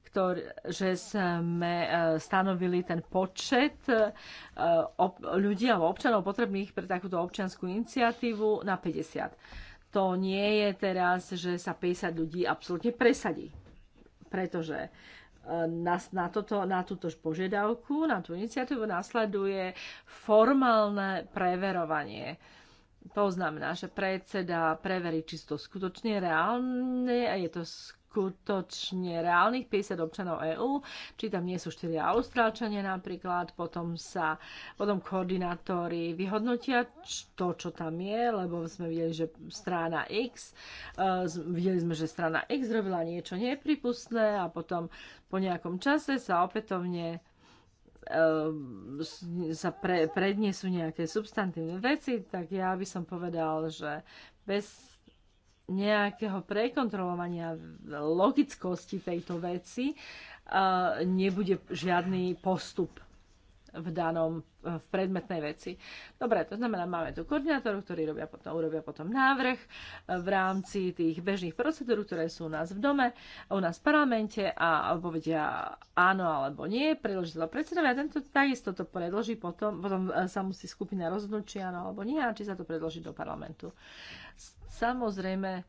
ktorý, že sme e, stanovili ten počet e, ob, ľudí alebo občanov potrebných pre takúto občianskú iniciatívu na 50. To nie je teraz, že sa 50 ľudí absolútne presadí, pretože uh, na, na, toto, na túto požiadavku, na tú iniciatívu nasleduje formálne preverovanie. To znamená, že predseda preverí, či to skutočne reálne a je to skutočne reálnych 50 občanov EÚ, či tam nie sú 4 austrálčania napríklad, potom sa, potom koordinátori vyhodnotia to, čo tam je, lebo sme videli, že strana X, uh, videli sme, že strana X robila niečo nepripustné a potom po nejakom čase sa opätovne e, sa pre, predniesú nejaké substantívne veci, tak ja by som povedal, že bez nejakého prekontrolovania logickosti tejto veci nebude žiadny postup v danom, e, v predmetnej veci. Dobre, to znamená, máme tu koordinátorov, ktorí robia potom, urobia potom návrh e, v rámci tých bežných procedúr, ktoré sú u nás v dome, u nás v parlamente a povedia áno alebo nie, predloží to predsedovi a tento takisto to predloží potom, potom e, sa musí skupina rozhodnúť, či áno alebo nie a či sa to predloží do parlamentu. Samozrejme,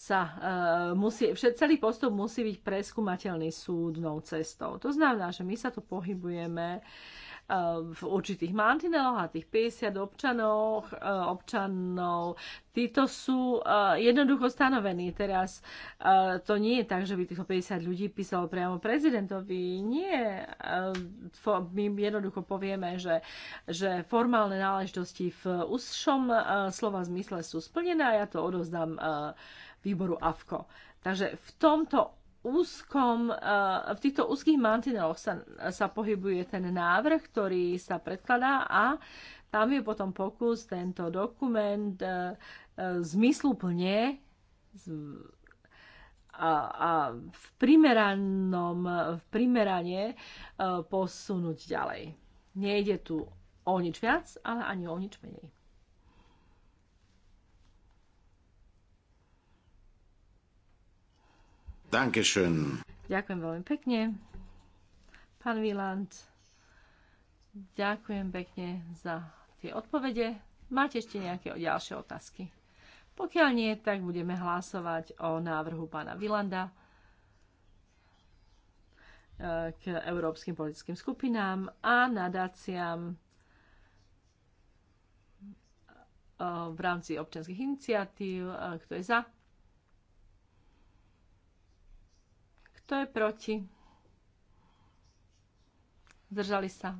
sa uh, musí, všet, celý postup musí byť preskúmateľný súdnou cestou. To znamená, že my sa tu pohybujeme uh, v určitých mantineloch a tých 50 občanov, e, občanov títo sú e, jednoducho stanovení. Teraz e, to nie je tak, že by týchto 50 ľudí písalo priamo prezidentovi. Nie. My jednoducho povieme, že, že formálne náležitosti v úzšom slova zmysle sú splnené a ja to odozdám výboru AFKO. Takže v tomto úzkom, eh, v týchto úzkých mantineloch sa, sa pohybuje ten návrh, ktorý sa predkladá a tam je potom pokus tento dokument eh, eh, zmysluplne a, a v, primeranom, v primerane posunúť ďalej. Nejde tu o nič viac, ale ani o nič menej. Dankeschön. Ďakujem veľmi pekne. Pán Wieland, ďakujem pekne za tie odpovede. Máte ešte nejaké ďalšie otázky? Pokiaľ nie, tak budeme hlasovať o návrhu pána Vilanda eh, k európskym politickým skupinám a nadáciám eh, v rámci občianských iniciatív. Eh, kto je za? Kto je proti? Zdržali sa.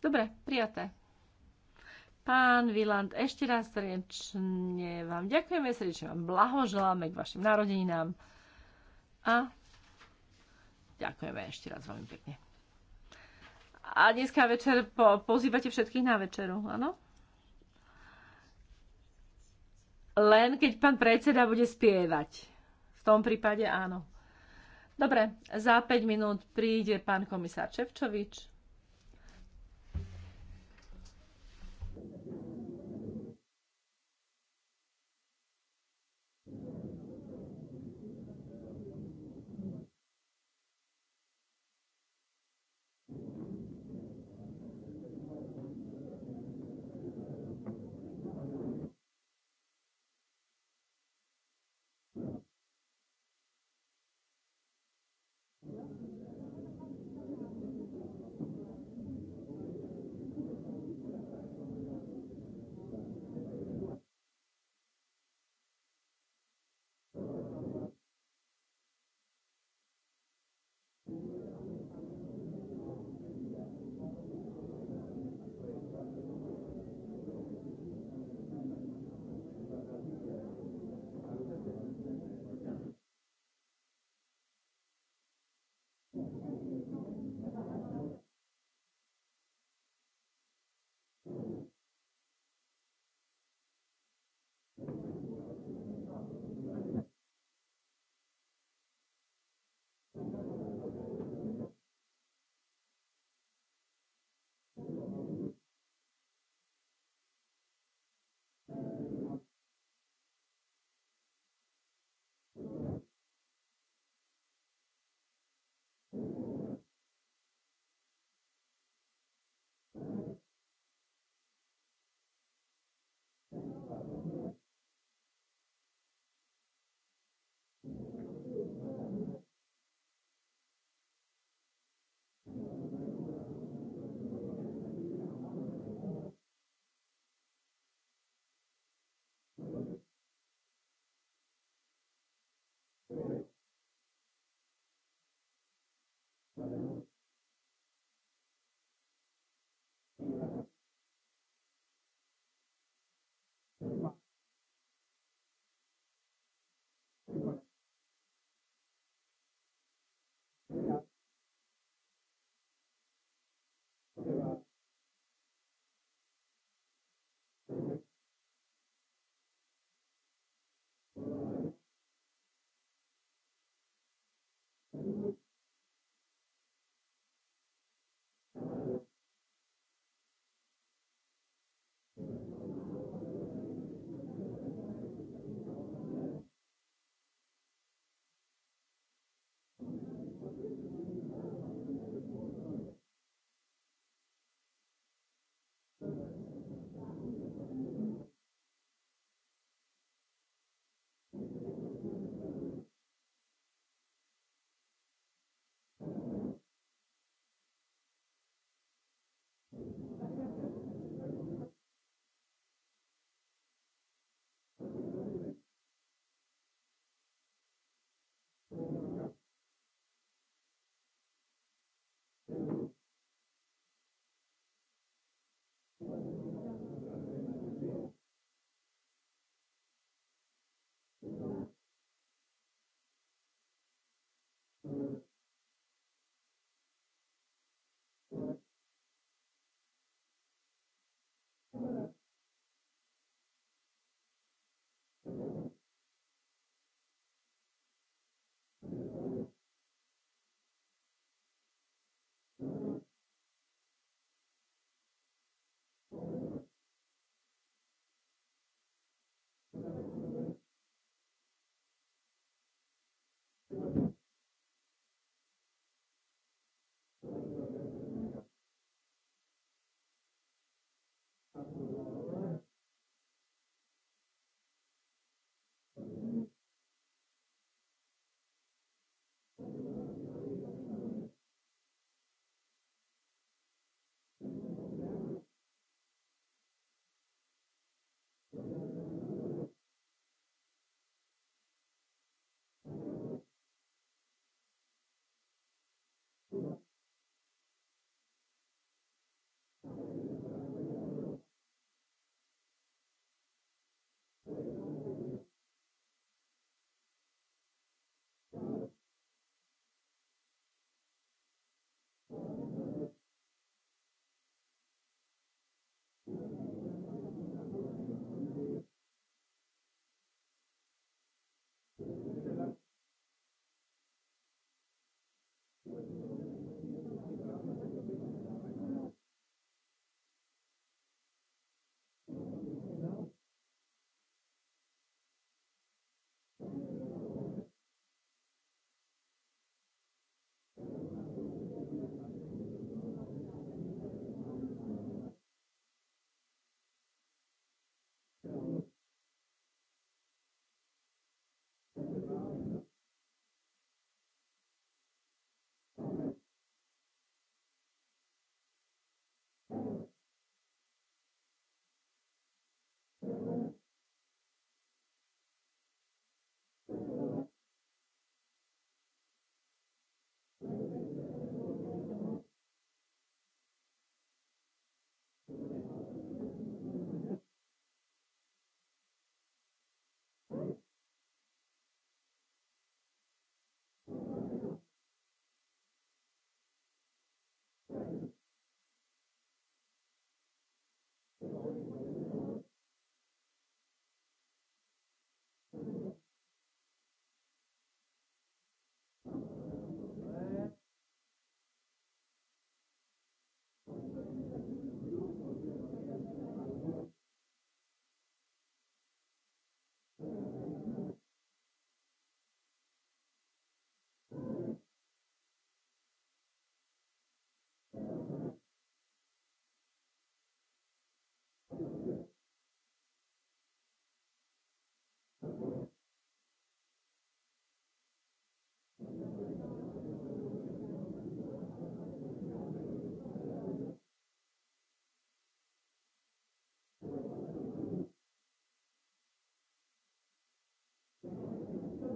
Dobre, prijaté. Pán Viland, ešte raz srdečne vám ďakujeme, srdečne vám blahoželáme k vašim narodeninám a ďakujeme ešte raz veľmi pekne. A dneska večer po, pozývate všetkých na večeru, áno? Len keď pán predseda bude spievať. V tom prípade áno. Dobre, za 5 minút príde pán komisár Čevčovič.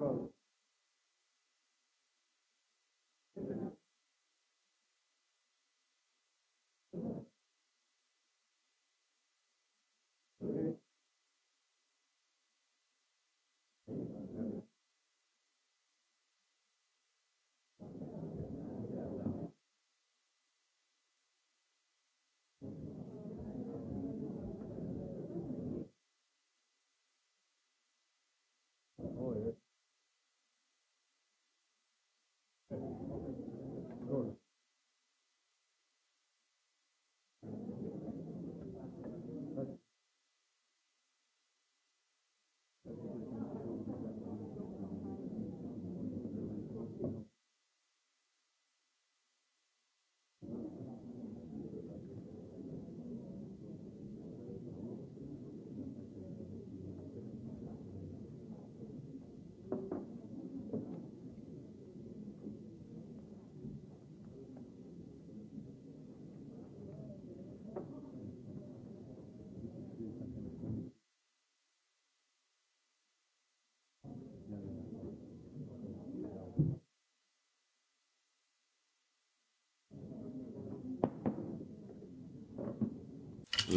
Oh.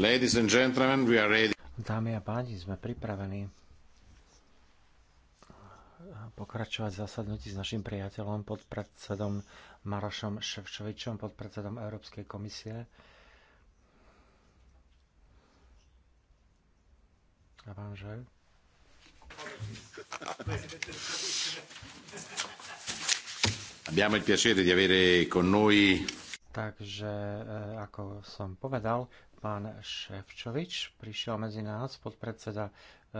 Ladies and gentlemen, we are ready. Dámy a páni, sme pripravení pokračovať zasadnutí s našim priateľom, pod predsedom Marošom Ševčovičom, pod predsedom Európskej komisie. A vám že? Abbiamo il piacere di avere con noi Takže, e, ako som povedal, pán Ševčovič prišiel medzi nás, podpredseda e, e,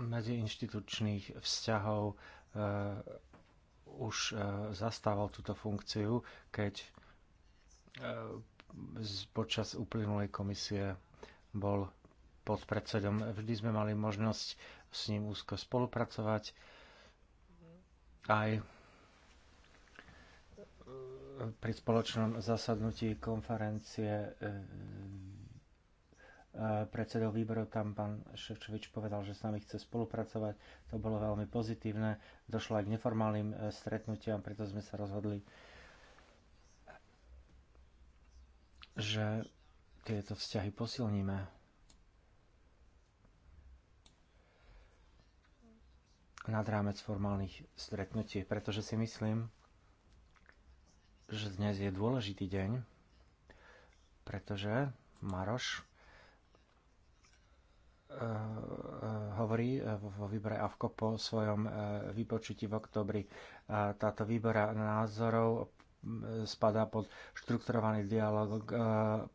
medziinštitučných vzťahov už zastával túto funkciu, keď počas uplynulej komisie bol podpredsedom. Vždy sme mali možnosť s ním úzko spolupracovať. Aj pri spoločnom zasadnutí konferencie e, e, predsedov výboru, tam pán Ševčovič povedal, že s nami chce spolupracovať. To bolo veľmi pozitívne. Došlo aj k neformálnym e, stretnutiam, preto sme sa rozhodli, že tieto vzťahy posilníme. Nad rámec formálnych stretnutí, pretože si myslím, že dnes je dôležitý deň, pretože Maroš e, e, hovorí vo výbore AVKO po svojom e, vypočutí v oktobri. Táto výbora názorov spadá pod štrukturovaný dialog,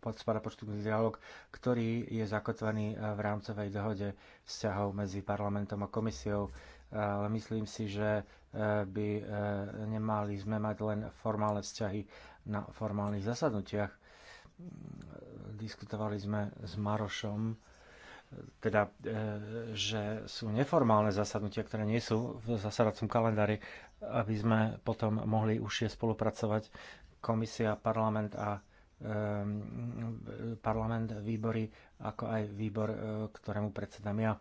pod, spadá pod štrukturovaný dialog, ktorý je zakotvený v rámcovej dohode vzťahov medzi parlamentom a komisiou ale myslím si, že e, by e, nemali sme mať len formálne vzťahy na formálnych zasadnutiach. Diskutovali sme s Marošom, teda, e, že sú neformálne zasadnutia, ktoré nie sú v zasadacom kalendári, aby sme potom mohli užšie spolupracovať komisia, parlament a parlament, výbory, ako aj výbor, ktorému predsedám ja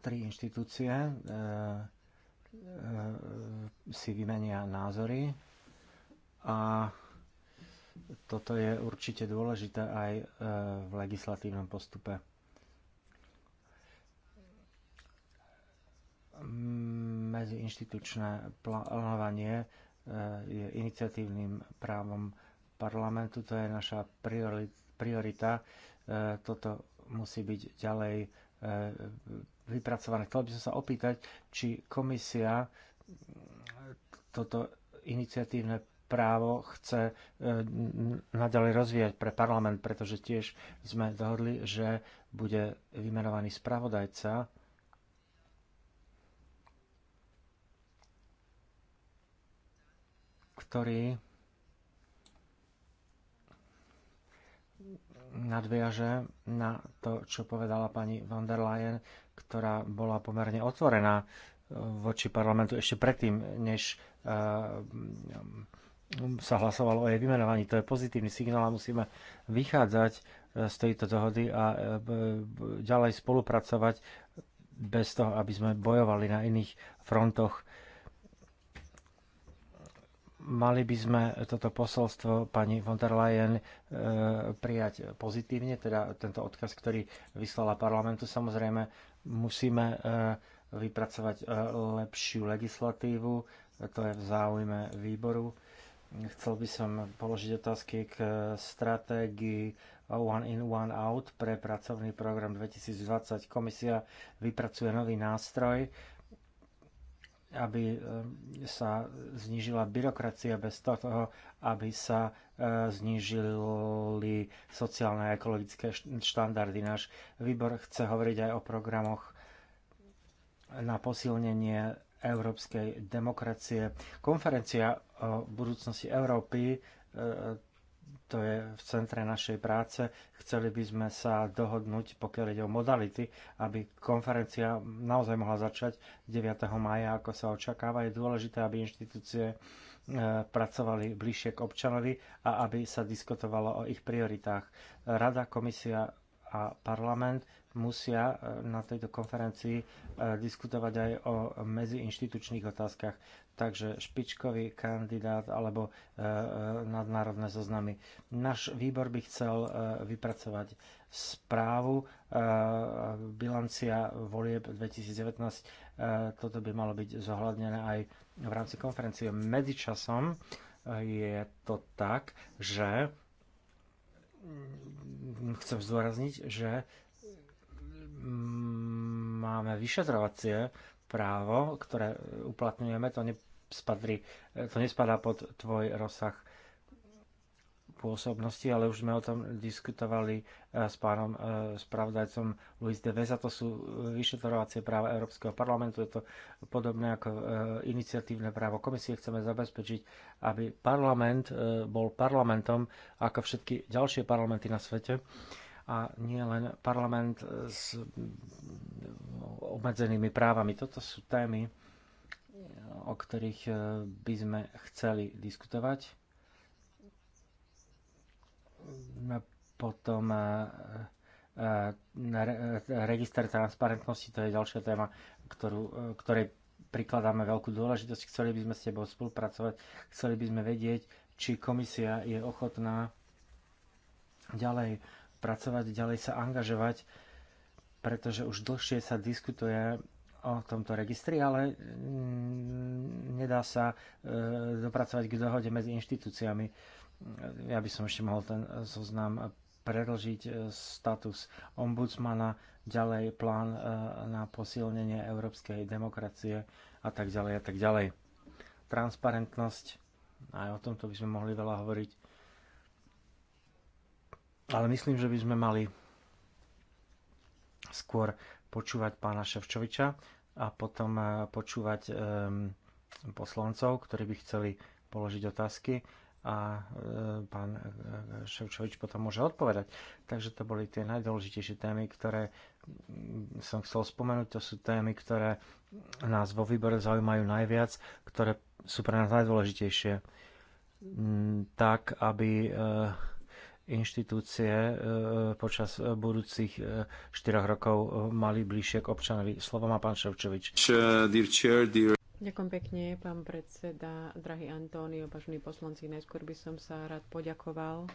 tri inštitúcie e, e, si vymenia názory a toto je určite dôležité aj e, v legislatívnom postupe. Medziinštitučné plánovanie e, je iniciatívnym právom parlamentu, to je naša priorita. E, toto musí byť ďalej E, vypracované. Chcel by som sa opýtať, či komisia toto iniciatívne právo chce e, naďalej rozvíjať pre parlament, pretože tiež sme dohodli, že bude vymenovaný spravodajca. ktorý nadviaže na to, čo povedala pani van der Leyen, ktorá bola pomerne otvorená eh, voči parlamentu ešte predtým, než eh, sa hlasovalo o jej vymenovaní. To je pozitívny signál a musíme vychádzať eh, z tejto dohody a ďalej spolupracovať bez toho, aby sme bojovali na iných frontoch mali by sme toto posolstvo pani von der Leyen e, prijať pozitívne, teda tento odkaz, ktorý vyslala parlamentu. Samozrejme, musíme e, vypracovať e, lepšiu legislatívu, to je v záujme výboru. Chcel by som položiť otázky k stratégii One in, One out pre pracovný program 2020. Komisia vypracuje nový nástroj, aby eh, sa znížila byrokracia bez toho, aby sa eh, znížili sociálne a ekologické štandardy. Náš výbor chce hovoriť aj o programoch na posilnenie európskej demokracie. Konferencia o budúcnosti Európy eh, to je v centre našej práce. Chceli by sme sa dohodnúť, pokiaľ ide o modality, aby konferencia naozaj mohla začať 9. maja, ako sa očakáva. Je dôležité, aby inštitúcie e, pracovali bližšie k občanovi a aby sa diskutovalo o ich prioritách. Rada, komisia a parlament musia e, na tejto konferencii e, diskutovať aj o medziinštitučných otázkach. Takže špičkový kandidát alebo e, nadnárodné zoznamy. Náš výbor by chcel vypracovať správu bilancia volieb 2019. Toto by malo byť zohľadnené aj v rámci konferencie. Medzičasom je to tak, že chcem zdôrazniť, že Mm, máme vyšetrovacie právo, ktoré uplatňujeme, to, nespadri, to nespadá pod tvoj rozsah pôsobnosti, ale už sme o tom diskutovali eh, s pánom eh, spravodajcom Luis de Veza. To sú vyšetrovacie práva Európskeho parlamentu. Je to podobné ako eh, iniciatívne právo komisie. Chceme zabezpečiť, aby parlament bol parlamentom ako všetky ďalšie parlamenty na svete a nie len parlament eh, s eh, obmedzenými právami. Toto sú témy, eh, o ktorých by sme chceli diskutovať. No, potom register transparentnosti, to je ďalšia téma, ktorú, ktorej prikladáme veľkú dôležitosť. Chceli by sme s tebou spolupracovať, chceli by sme vedieť, či komisia je ochotná ďalej pracovať, ďalej sa angažovať, pretože už dlhšie sa diskutuje o tomto registri, ale mm, nedá sa e, dopracovať k dohode medzi inštitúciami. Ja by som ešte mohol ten zoznam predlžiť e, status ombudsmana, ďalej plán e, na posilnenie európskej demokracie a tak ďalej a tak ďalej. Transparentnosť, aj o tomto by sme mohli veľa hovoriť. Ale myslím, že by sme mali skôr počúvať pána Ševčoviča a potom eh, počúvať ehm, poslancov, ktorí by chceli položiť otázky a eh, pán eh, Ševčovič potom môže odpovedať. Takže to boli tie najdôležitejšie témy, ktoré mm, som chcel spomenúť. To sú témy, ktoré nás vo výbore zaujímajú najviac, ktoré sú pre nás najdôležitejšie. Mm, tak, aby inštitúcie e, počas e, budúcich e, štyroch rokov mali bližšie k občanovi. Slovo má pán Ševčovič. Ďakujem pekne, pán predseda, drahý António, vážení poslanci. Najskôr by som sa rád poďakoval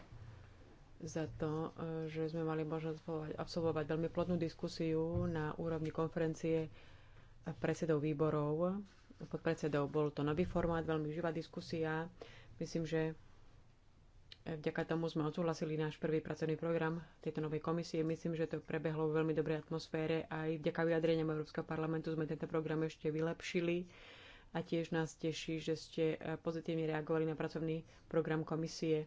za to, že sme mali možnosť absolvovať veľmi plodnú diskusiu na úrovni konferencie predsedov výborov, Pod predsedou Bol to nový formát, veľmi živá diskusia. Myslím, že Vďaka tomu sme odsúhlasili náš prvý pracovný program tejto novej komisie. Myslím, že to prebehlo v veľmi dobrej atmosfére. Aj vďaka vyjadreniam Európskeho parlamentu sme tento program ešte vylepšili. A tiež nás teší, že ste eh, pozitívne reagovali na pracovný program komisie.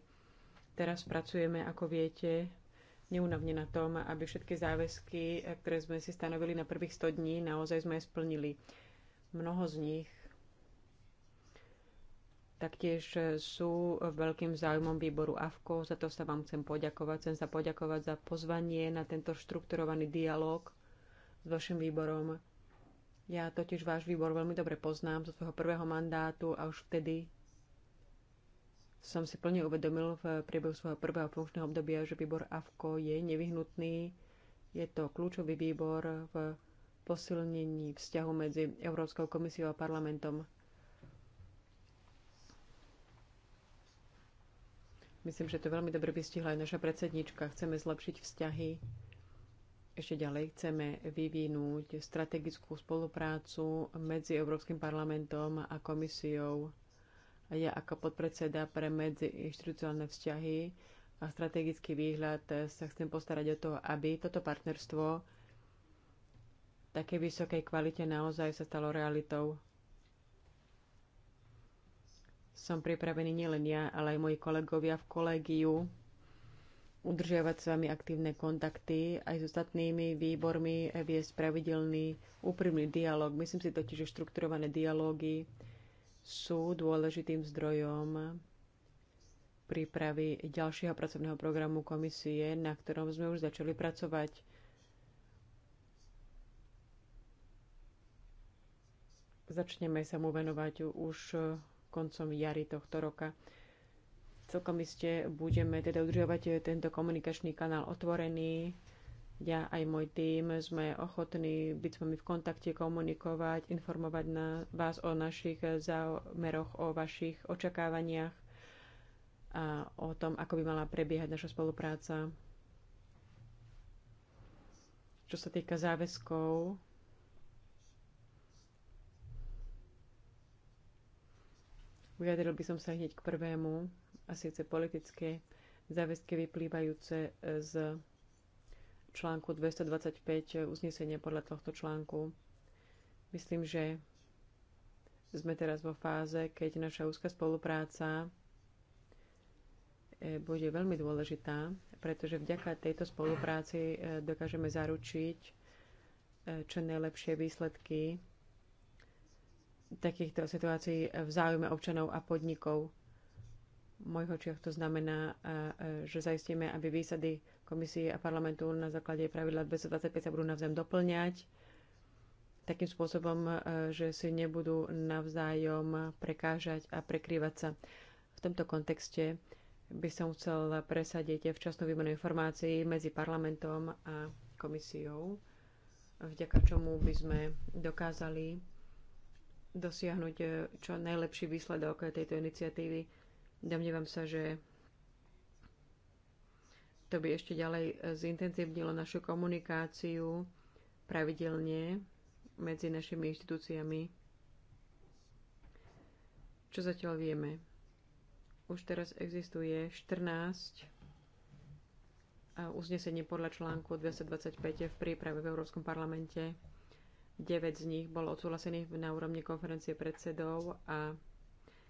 Teraz pracujeme, ako viete, neunavne na tom, aby všetky záväzky, eh, ktoré sme si stanovili na prvých 100 dní, naozaj sme splnili. Mnoho z nich taktiež e, sú veľkým záujmom výboru AFKO. Za to sa vám chcem poďakovať. Chcem sa poďakovať za pozvanie na tento štrukturovaný dialog s vašim výborom. Ja totiž váš výbor veľmi dobre poznám zo svojho prvého mandátu a už vtedy som si plne uvedomil v priebehu svojho prvého funkčného obdobia, že výbor AFKO je nevyhnutný. Je to kľúčový výbor v posilnení vzťahu medzi Európskou komisiou a parlamentom Myslím, že to veľmi dobre vystihla aj naša predsednička. Chceme zlepšiť vzťahy ešte ďalej. Chceme vyvinúť strategickú spoluprácu medzi Európskym parlamentom a komisiou. A ja ako podpredseda pre medziinstitucionálne vzťahy a strategický výhľad sa chcem postarať o to, aby toto partnerstvo také vysokej kvalite naozaj sa stalo realitou som pripravený nielen ja, ale aj moji kolegovia v kolegiu udržiavať s vami aktívne kontakty aj s ostatnými výbormi, viesť pravidelný, úprimný dialog. Myslím si totiž, že štrukturované dialógy sú dôležitým zdrojom prípravy ďalšieho pracovného programu komisie, na ktorom sme už začali pracovať. Začneme sa mu venovať už koncom jary tohto roka. Celkom iste budeme teda udržovať tento komunikačný kanál otvorený. Ja aj môj tým sme ochotní byť s vami v kontakte, komunikovať, informovať na vás o našich zámeroch, o vašich očakávaniach a o tom, ako by mala prebiehať naša spolupráca. Čo sa týka záväzkov, Vyjadril by som sa hneď k prvému, a síce politické záväzky vyplývajúce z článku 225 uznesenia podľa tohto článku. Myslím, že sme teraz vo fáze, keď naša úzka spolupráca e, bude veľmi dôležitá, pretože vďaka tejto spolupráci e, dokážeme zaručiť e, čo najlepšie výsledky takýchto situácií v záujme občanov a podnikov. V mojich očiach to znamená, že zaistíme, aby výsady komisie a parlamentu na základe pravidla 225 sa budú navzájom doplňať takým spôsobom, že si nebudú navzájom prekážať a prekrývať sa. V tomto kontexte by som chcel presadiť včasnú výmenu informácií medzi parlamentom a komisiou, vďaka čomu by sme dokázali dosiahnuť e, čo najlepší výsledok tejto iniciatívy. Domnievam sa, že to by ešte ďalej e, zintenzívnilo našu komunikáciu pravidelne medzi našimi inštitúciami. Čo zatiaľ vieme? Už teraz existuje 14 e, uznesení podľa článku 225 v príprave v Európskom parlamente 9 z nich bolo odsúhlasených na úrovni konferencie predsedov a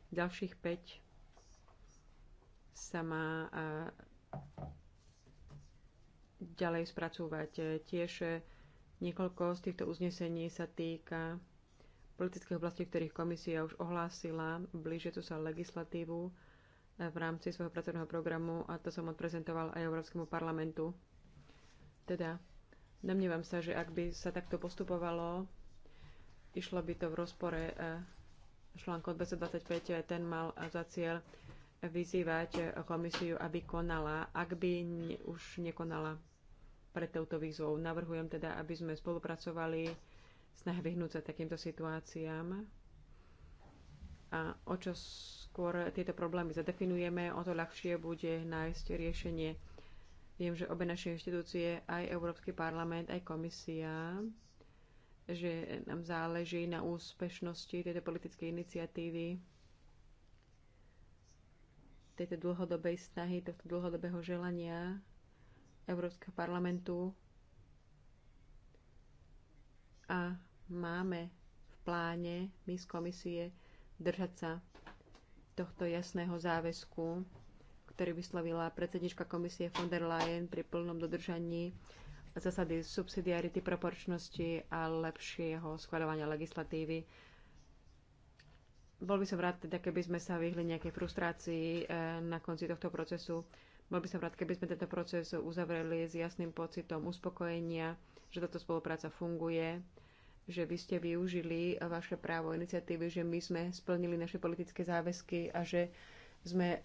ďalších 5 sa má ďalej spracúvať. Tiež niekoľko z týchto uznesení sa týka politických oblastí, ktorých komisia už ohlásila tu sa legislatívu v rámci svojho pracovného programu a to som odprezentoval aj Európskemu parlamentu. Teda Domnievam sa, že ak by sa takto postupovalo, išlo by to v rozpore e, článku 225, ten mal za cieľ vyzývať e, komisiu, aby konala, ak by ne, už nekonala pred touto výzvou. Navrhujem teda, aby sme spolupracovali snahe vyhnúť sa takýmto situáciám a o čo skôr tieto problémy zadefinujeme, o to ľahšie bude nájsť riešenie Viem, že obe naše inštitúcie, aj Európsky parlament, aj komisia, že nám záleží na úspešnosti tejto politickej iniciatívy, tejto dlhodobej snahy, tohto dlhodobého želania Európskeho parlamentu. A máme v pláne my z komisie držať sa tohto jasného záväzku ktorý vyslovila predsednička komisie von der Leyen pri plnom dodržaní zásady subsidiarity, proporčnosti a lepšieho schvaľovania legislatívy. Bol by som rád, teda, keby sme sa vyhli nejakej frustrácii e, na konci tohto procesu. Bol by som rád, keby sme tento proces uzavreli s jasným pocitom uspokojenia, že táto spolupráca funguje, že vy ste využili vaše právo iniciatívy, že my sme splnili naše politické záväzky a že sme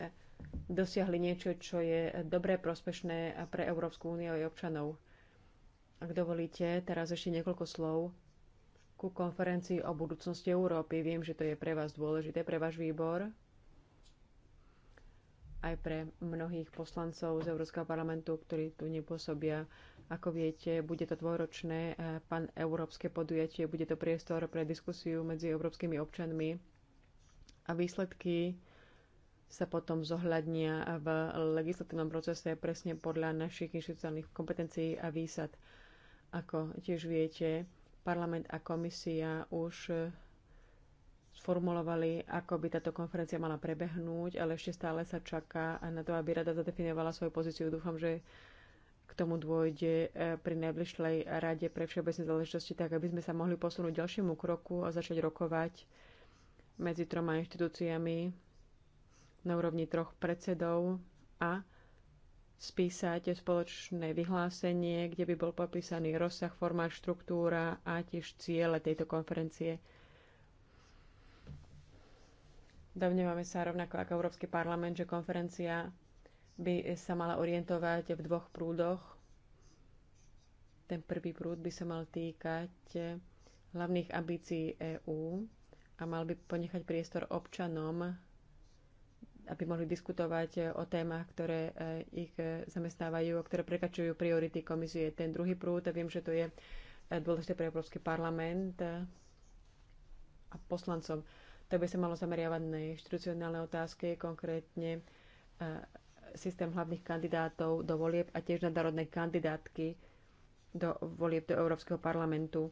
dosiahli niečo, čo je dobré, prospešné pre Európsku úniu a občanov. Ak dovolíte, teraz ešte niekoľko slov ku konferencii o budúcnosti Európy. Viem, že to je pre vás dôležité, pre váš výbor, aj pre mnohých poslancov z Európskeho parlamentu, ktorí tu nepôsobia. Ako viete, bude to dvojročné pan európske podujatie, bude to priestor pre diskusiu medzi európskymi občanmi a výsledky sa potom zohľadnia v legislatívnom procese presne podľa našich inštitucionálnych kompetencií a výsad. Ako tiež viete, parlament a komisia už sformulovali, ako by táto konferencia mala prebehnúť, ale ešte stále sa čaká na to, aby rada zadefinovala svoju pozíciu. Dúfam, že k tomu dôjde eh, pri najbližšej rade pre všeobecné záležitosti, tak aby sme sa mohli posunúť ďalšiemu kroku a začať rokovať medzi troma inštitúciami na úrovni troch predsedov a spísať spoločné vyhlásenie, kde by bol popísaný rozsah, formát, štruktúra a tiež ciele tejto konferencie. Domnievame sa rovnako ako Európsky parlament, že konferencia by sa mala orientovať v dvoch prúdoch. Ten prvý prúd by sa mal týkať hlavných ambícií EÚ a mal by ponechať priestor občanom aby mohli diskutovať eh, o témach, ktoré eh, ich eh, zamestnávajú a ktoré prekačujú priority komisie. Ten druhý prúd, viem, že to je dôležité pre Európsky parlament a poslancom. To by sa malo zameriavať na inštitucionálne otázky, konkrétne systém hlavných kandidátov do volieb a tiež na kandidátky do volieb do Európskeho parlamentu.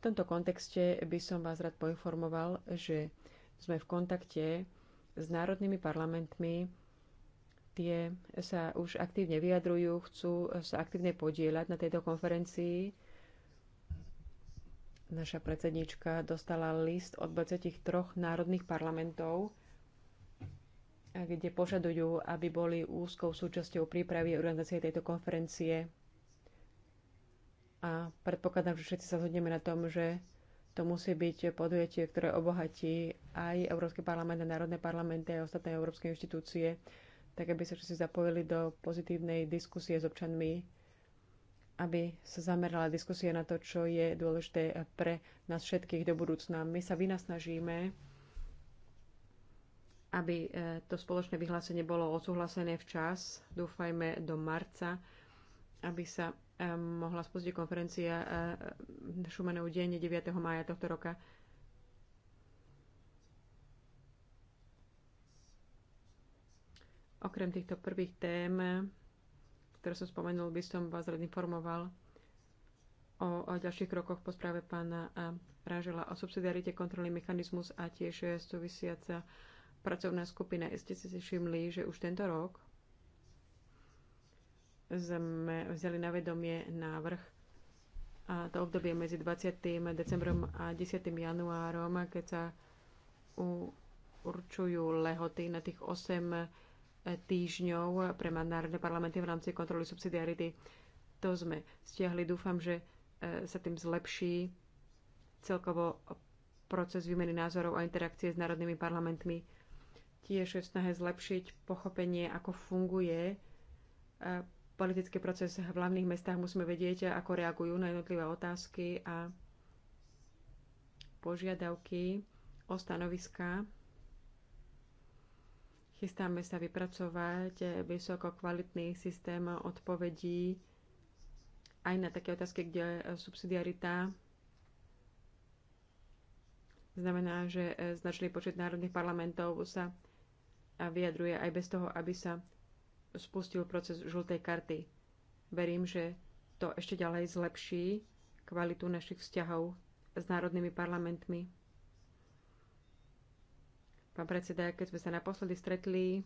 V tomto kontexte by som vás rád poinformoval, že sme v kontakte s národnými parlamentmi. Tie sa už aktívne vyjadrujú, chcú sa aktívne podielať na tejto konferencii. Naša predsednička dostala list od 23 národných parlamentov, kde požadujú, aby boli úzkou súčasťou prípravy organizácie tejto konferencie. A predpokladám, že všetci sa zhodneme na tom, že to musí byť podujatie, ktoré obohatí aj Európsky parlament a národné parlamenty a ostatné európske inštitúcie, tak aby sa všetci zapojili do pozitívnej diskusie s občanmi, aby sa zamerala diskusia na to, čo je dôležité pre nás všetkých do budúcna. My sa vynasnažíme, aby e, to spoločné vyhlásenie bolo odsúhlasené včas, dúfajme do marca, aby sa mohla spustiť konferencia Šumanov eh, eh, deň 9. mája tohto roka. Okrem týchto prvých tém, ktoré som spomenul, by som vás rád informoval o, o ďalších krokoch po správe pána eh, Rážela o subsidiarite kontroly mechanizmus a tiež súvisiaca pracovná skupina. Ste si všimli, že už tento rok sme vzali na vedomie návrh a to obdobie medzi 20. decembrom a 10. januárom, keď sa určujú lehoty na tých 8 týždňov pre národné parlamenty v rámci kontroly subsidiarity. To sme stiahli. Dúfam, že e, sa tým zlepší celkovo proces výmeny názorov a interakcie s národnými parlamentmi. Tiež je v snahe zlepšiť pochopenie, ako funguje e, politický proces v hlavných mestách, musíme vedieť, ako reagujú na jednotlivé otázky a požiadavky o stanoviská. Chystáme sa vypracovať vysoko kvalitný systém odpovedí aj na také otázky, kde subsidiarita znamená, že značný počet národných parlamentov sa vyjadruje aj bez toho, aby sa spustil proces žltej karty. Verím, že to ešte ďalej zlepší kvalitu našich vzťahov s národnými parlamentmi. Pán predseda, keď sme sa naposledy stretli,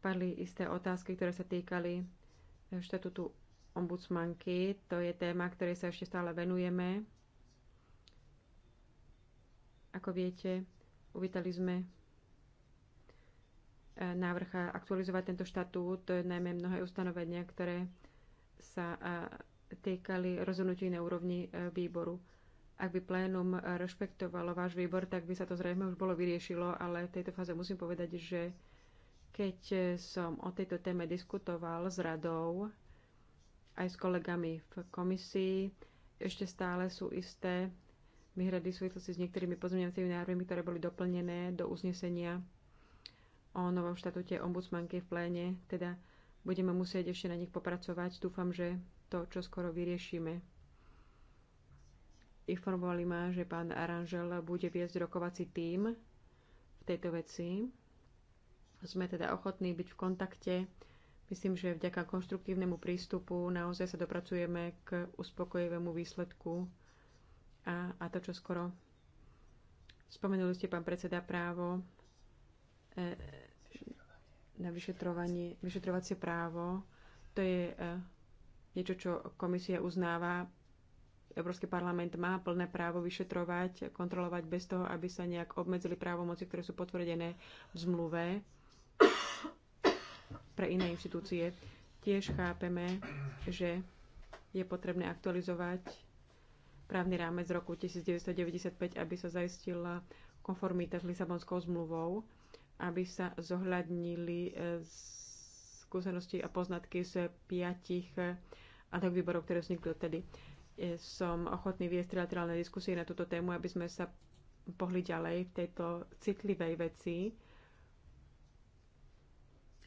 padli isté otázky, ktoré sa týkali štatutu ombudsmanky. To je téma, ktorej sa ešte stále venujeme. Ako viete, uvítali sme E, návrh aktualizovať tento štatút, najmä mnohé ustanovenia, ktoré sa e, týkali rozhodnutí na úrovni e, výboru. Ak by plénum rešpektovalo váš výbor, tak by sa to zrejme už bolo vyriešilo, ale v tejto fáze musím povedať, že keď som o tejto téme diskutoval s radou, aj s kolegami v komisii, ešte stále sú isté výhrady v súvislosti s niektorými pozmeňovacími návrhmi, ktoré boli doplnené do uznesenia o novom štatúte ombudsmanky v pléne, teda budeme musieť ešte na nich popracovať. Dúfam, že to čo skoro vyriešime. Informovali ma, že pán Aranžel bude viesť rokovací tím v tejto veci. Sme teda ochotní byť v kontakte. Myslím, že vďaka konštruktívnemu prístupu naozaj sa dopracujeme k uspokojivému výsledku a, a to čo skoro. Spomenuli ste, pán predseda, právo e, na vyšetrovanie, vyšetrovacie právo. To je e, niečo, čo komisia uznáva. Európsky parlament má plné právo vyšetrovať, kontrolovať bez toho, aby sa nejak obmedzili právomoci, ktoré sú potvrdené v zmluve pre iné inštitúcie. Tiež chápeme, že je potrebné aktualizovať právny rámec z roku 1995, aby sa zaistila konformita s Lisabonskou zmluvou aby sa zohľadnili e, skúsenosti a poznatky z piatich e, a tak výborov, ktoré vznikli odtedy. E, som ochotný viesť trilaterálne diskusie na túto tému, aby sme sa pohli ďalej v tejto citlivej veci.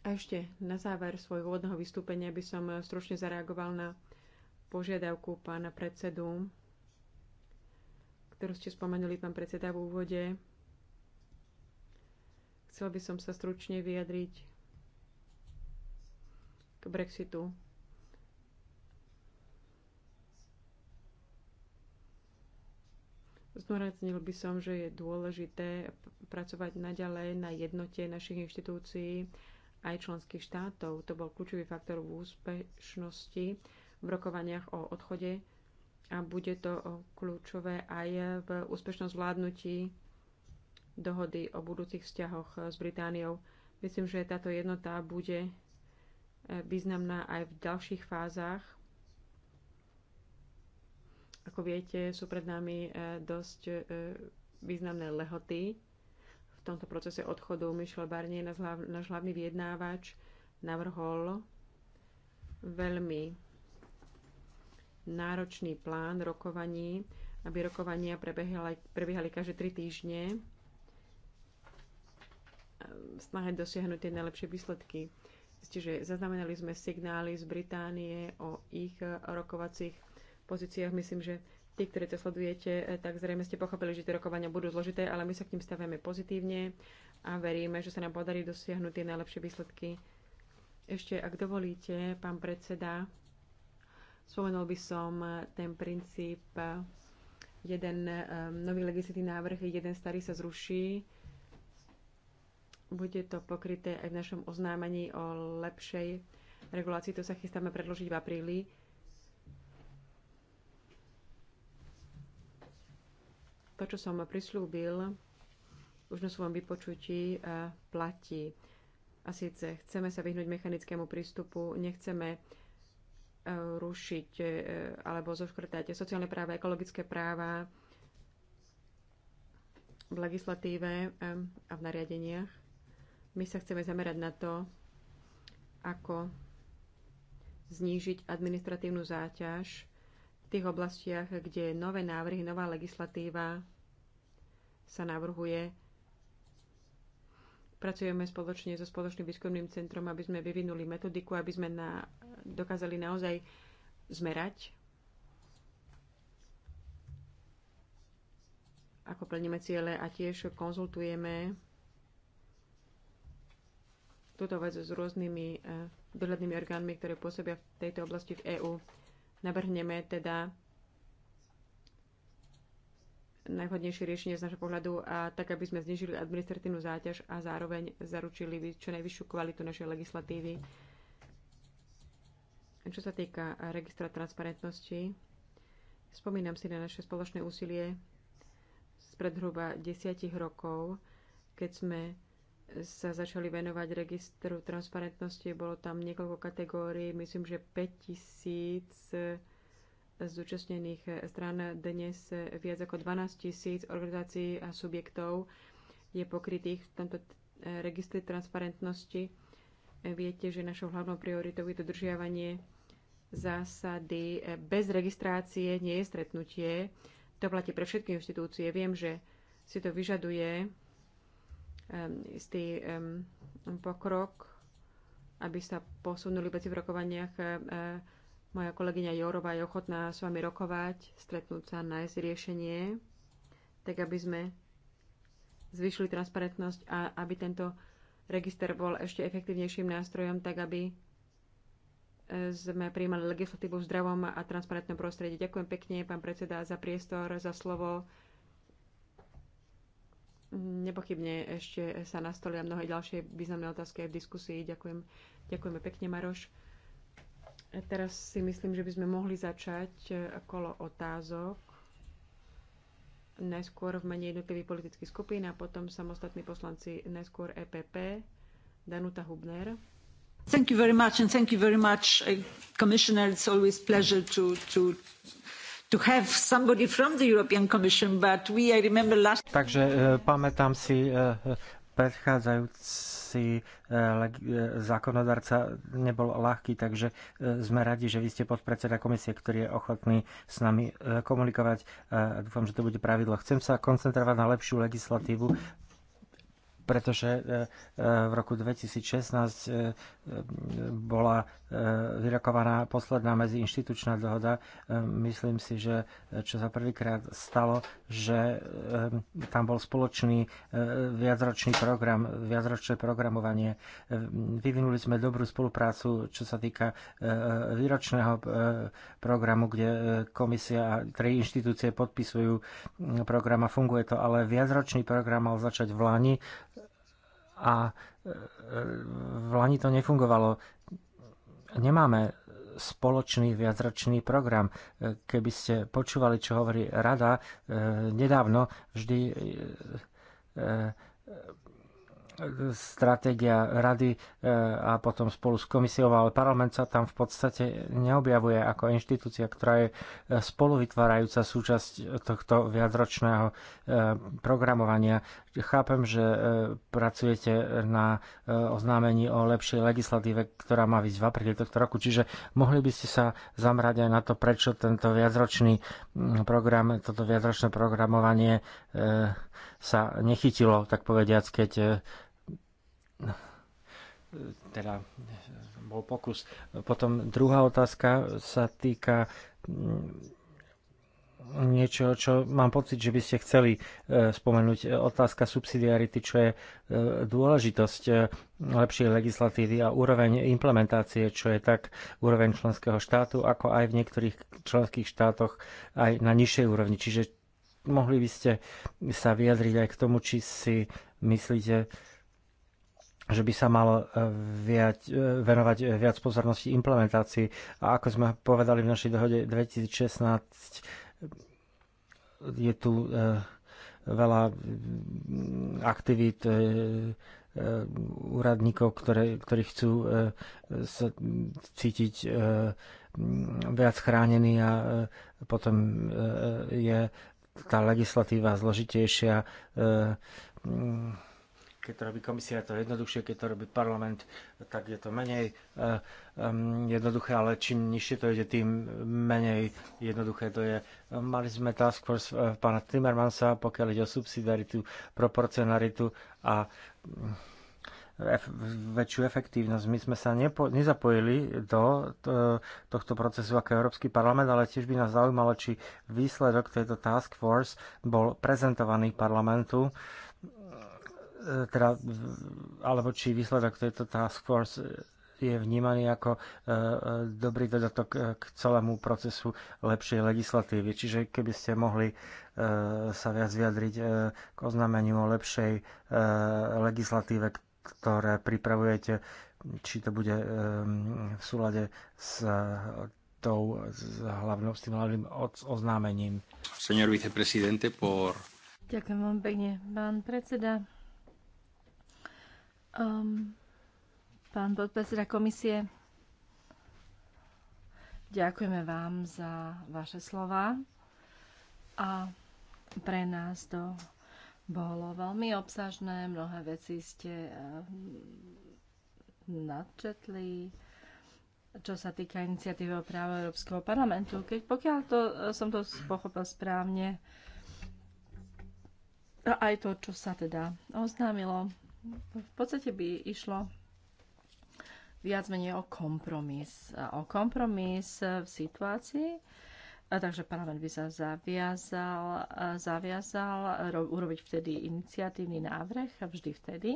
A ešte na záver svojho úvodného vystúpenia by som stručne zareagoval na požiadavku pána predsedu, ktorú ste spomenuli, pán predseda, v úvode. Chcel by som sa stručne vyjadriť k Brexitu. Zdôraznil by som, že je dôležité pracovať naďalej na jednote našich inštitúcií aj členských štátov. To bol kľúčový faktor v úspešnosti v rokovaniach o odchode a bude to kľúčové aj v úspešnom zvládnutí dohody o budúcich vzťahoch eh, s Britániou. Myslím, že táto jednota bude eh, významná aj v ďalších fázach. Ako viete, sú pred nami eh, dosť významné lehoty v tomto procese odchodu. Michel Barnier, náš hlavný vyjednávač, navrhol veľmi náročný plán rokovaní, aby rokovania prebiehali, prebiehali každé tri týždne snahe dosiahnuť tie najlepšie výsledky. Čiže zaznamenali sme signály z Británie o ich rokovacích pozíciách. Myslím, že tí, ktorí to sledujete, eh, tak zrejme ste pochopili, že tie rokovania budú zložité, ale my sa k ním staviame pozitívne a veríme, že sa nám podarí dosiahnuť tie najlepšie výsledky. Ešte, ak dovolíte, pán predseda, spomenul by som eh, ten princíp, eh, jeden nový legislatívny návrh, jeden starý sa zruší bude to pokryté aj v našom oznámení o lepšej regulácii. To sa chystáme predložiť v apríli. To, čo som prislúbil už na svojom vypočutí, eh, platí. A síce chceme sa vyhnúť mechanickému prístupu, nechceme eh, rušiť eh, alebo zoškrtať sociálne práva, ekologické práva v legislatíve a v nariadeniach. My sa chceme zamerať na to, ako znížiť administratívnu záťaž v tých oblastiach, kde nové návrhy, nová legislatíva sa navrhuje. Pracujeme spoločne so Spoločným výskumným centrom, aby sme vyvinuli metodiku, aby sme na, dokázali naozaj zmerať, ako plníme ciele a tiež konzultujeme túto vec s rôznymi e, dohľadnými orgánmi, ktoré pôsobia v tejto oblasti v EÚ. Navrhneme teda najvhodnejšie riešenie z našho pohľadu a tak, aby sme znižili administratívnu záťaž a zároveň zaručili čo najvyššiu kvalitu našej legislatívy. Čo sa týka registra transparentnosti, spomínam si na naše spoločné úsilie spred hruba desiatich rokov, keď sme sa začali venovať registru transparentnosti. Bolo tam niekoľko kategórií, myslím, že 5000 eh, zúčastnených eh, stran dnes eh, viac ako 12 tisíc organizácií a subjektov je pokrytých v tomto registri transparentnosti. Viete, že našou hlavnou prioritou je dodržiavanie zásady. Bez registrácie nie je stretnutie. To platí pre všetky inštitúcie. Viem, že si to vyžaduje istý pokrok, aby sa posunuli veci v rokovaniach. E, e, moja kolegyňa Jorová je ochotná s vami rokovať, stretnúť sa, nájsť riešenie, tak aby sme zvyšili transparentnosť a aby tento register bol ešte efektívnejším nástrojom, tak aby e, sme prijímali legislatívu v zdravom a transparentnom prostredí. Ďakujem pekne, pán predseda, za priestor, za slovo. Nepochybne ešte sa nastolia mnohé ďalšie významné otázky aj v diskusii. Ďakujem, ďakujeme pekne, Maroš. A Teraz si myslím, že by sme mohli začať e, kolo otázok najskôr v mene jednotlivých politických skupín a potom samostatní poslanci najskôr EPP, Danuta Hubner. Thank you very much and thank you very much, uh, Commissioner. It's always pleasure to, to Takže e, pamätám si e, predchádzajúci e, zákonodarca nebol ľahký, takže sme radi, že vy ste podpredseda komisie, ktorý je ochotný s nami komunikovať. Dúfam, že to bude pravidlo. Chcem sa koncentrovať na lepšiu legislatívu, pretože v roku 2016 bola E, vyrokovaná posledná medziinštitučná dohoda. E, myslím si, že e, čo sa prvýkrát stalo, že tam bol spoločný viacročný program, viacročné programovanie. Vyvinuli sme dobrú spoluprácu, čo sa týka výročného programu, kde komisia a tri inštitúcie podpisujú program a funguje to, ale viacročný program mal začať v Lani a v Lani to nefungovalo nemáme e, spoločný viacročný program. E, keby ste počúvali, čo hovorí rada e, nedávno, vždy stratégia rady a potom spolu s komisiou, ale parlament sa tam v podstate neobjavuje ako inštitúcia, ktorá je spoluvytvárajúca súčasť tohto viacročného programovania chápem, že e, pracujete na e, oznámení o lepšej legislatíve, ktorá má byť v apríli tohto roku, čiže mohli by ste sa zamrať aj na to, prečo tento viacročný mm, program, toto viacročné programovanie e, sa nechytilo, tak povediac, keď teda bol pokus. Potom druhá otázka sa týka mm, niečo, čo mám pocit, že by ste chceli e, spomenúť. E, otázka subsidiarity, čo je e, dôležitosť lepšej legislatívy a úroveň implementácie, čo je tak úroveň členského štátu, ako aj v niektorých členských štátoch aj na nižšej úrovni. Čiže mohli by ste sa vyjadriť aj k tomu, či si myslíte, že by sa malo viať, venovať viac pozornosti implementácii. A ako sme povedali v našej dohode 2016, je tu e, veľa aktivít e, e, úradníkov, ktoré, ktorí chcú sa cítiť viac chránení a potom je tá legislatíva zložitejšia keď to robí komisia, je to jednoduchšie, keď to robí parlament, tak je to menej um, jednoduché, ale čím nižšie to ide, tým menej jednoduché to je. Mali sme task force uh, eh, pána Timmermansa, pokiaľ ide o subsidiaritu, proporcionalitu a mm, ef- väčšiu efektívnosť. My sme sa nepo- nezapojili do to- tohto procesu ako Európsky parlament, ale tiež by nás zaujímalo, či výsledok tejto task force bol prezentovaný parlamentu. Uh, E, teda, e, alebo či výsledok tejto task force je vnímaný ako e, dobrý dodatok k celému procesu lepšej legislatívy. Čiže keby ste mohli sa viac vyjadriť k oznámeniu o lepšej legislatíve, ktoré pripravujete, či to bude v súlade s tou s, hlavnou, s tým hlavným oznámením. viceprezidente, por... Ďakujem vám pekne, pán predseda. Um, pán podpredseda komisie, ďakujeme vám za vaše slova a pre nás to bolo veľmi obsažné, mnohé veci ste um, nadčetli, čo sa týka iniciatívy o právo Európskeho parlamentu. Keď pokiaľ to, som to pochopil správne, a aj to, čo sa teda oznámilo v podstate by išlo viac menej o kompromis. O kompromis v situácii, takže parlament by sa zaviazal, zaviazal urobiť vtedy iniciatívny návrh, vždy vtedy,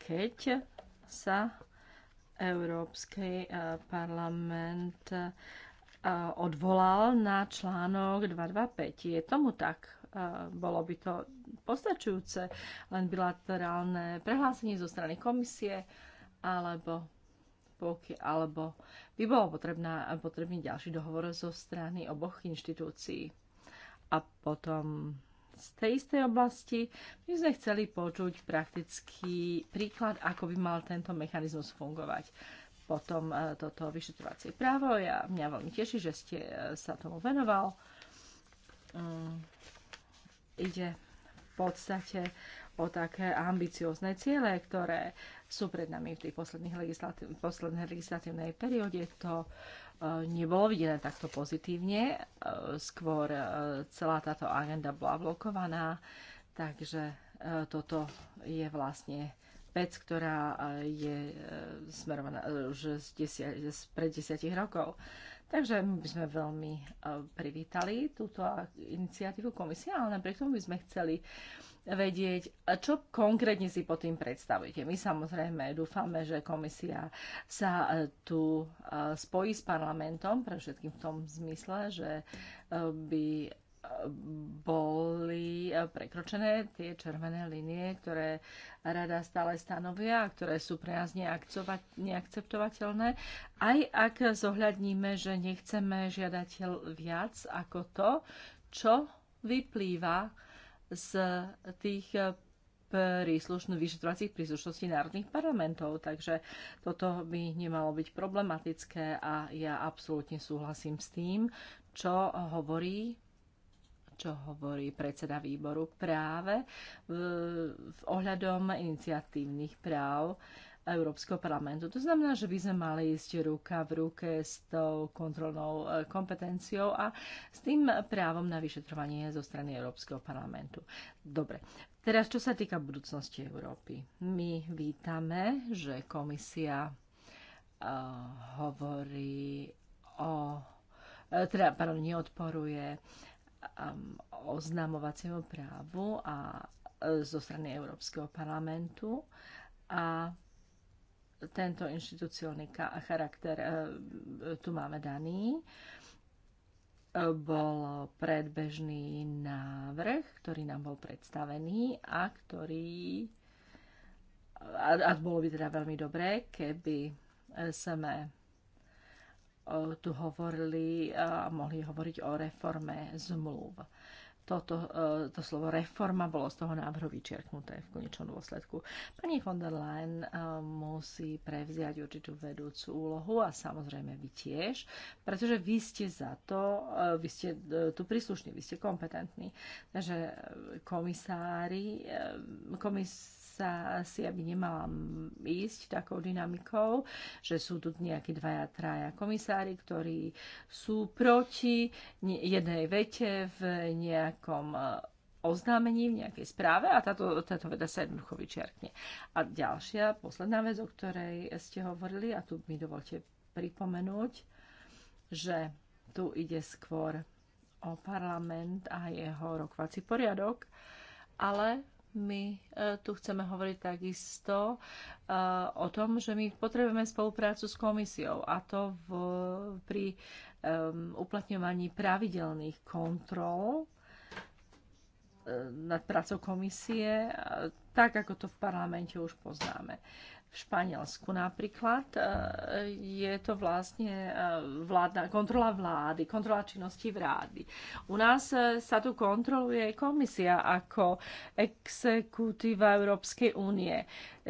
keď sa Európsky e, parlament e, odvolal na článok 225. Je tomu tak? E, bolo by to postačujúce, len bilaterálne prehlásenie zo strany komisie alebo alebo by bolo potrebná, potrebný ďalší dohovor zo strany oboch inštitúcií. A potom z tej istej oblasti my sme chceli počuť praktický príklad, ako by mal tento mechanizmus fungovať. Potom e, toto vyšetrovacie právo. Ja, mňa veľmi teší, že ste e, sa tomu venoval. Um, ide podstate o také ambiciozne ciele, ktoré sú pred nami v tej poslednej legislatív, poslednej legislatívnej perióde. To e, nebolo videné takto pozitívne. E, skôr e, celá táto agenda bola blokovaná, takže toto je vlastne vec, ktorá e, je e, smerovaná už e, z, desia, z pred desiatich rokov. Takže my by sme veľmi privítali túto iniciatívu komisie, ale napriek tomu by sme chceli vedieť, čo konkrétne si pod tým predstavujete. My samozrejme dúfame, že komisia sa tu spojí s parlamentom, pre všetkým v tom zmysle, že by boli eh, prekročené tie červené linie, ktoré rada stále stanovia a ktoré sú pre nás neakceptovateľné. Aj ak zohľadníme, že nechceme žiadať viac ako to, čo vyplýva z tých eh, príslušných vyšetrovacích príslušností národných parlamentov. Takže toto by nemalo byť problematické a ja absolútne súhlasím s tým, čo hovorí čo hovorí predseda výboru práve v, e, v ohľadom iniciatívnych práv Európskeho parlamentu. To znamená, že by sme mali ísť ruka v ruke s tou kontrolnou e, kompetenciou a s tým právom na vyšetrovanie zo strany Európskeho parlamentu. Dobre, teraz čo sa týka budúcnosti Európy. My vítame, že komisia uh, hovorí o teda, pardon, neodporuje uh, Um, oznamovacieho právu a e, zo strany Európskeho parlamentu a tento inštitucionálny charakter e, e, tu máme daný. Bol predbežný návrh, ktorý nám bol predstavený a ktorý a, a bolo by teda veľmi dobré, keby sme E, tu hovorili a mohli hovoriť o reforme zmluv. Toto, e, to slovo reforma bolo z toho návrhu vyčerknuté v konečnom dôsledku. Pani von der Leyen e, musí prevziať určitú vedúcu úlohu a samozrejme vy tiež, pretože vy ste za to, vy ste tu príslušní, vy ste kompetentní. Takže komisári, komis sa asi, aby nemala ísť takou dynamikou, že sú tu nejakí dvaja, traja komisári, ktorí sú proti jednej vete v nejakom e, oznámení v nejakej správe a táto, táto veda sa jednoducho vyčerkne. A ďalšia, posledná vec, o ktorej ste hovorili, a tu mi dovolte pripomenúť, že tu ide skôr o parlament a jeho rokovací poriadok, ale my e, tu chceme hovoriť takisto e, o tom, že my potrebujeme spoluprácu s komisiou a to v, pri um, uplatňovaní pravidelných kontrol e, nad prácou komisie, tak ako to v parlamente už poznáme. V Španielsku napríklad e, je to vlastne e, vládna, kontrola vlády, kontrola činnosti vlády. U nás e, sa tu kontroluje komisia ako exekutíva Európskej únie.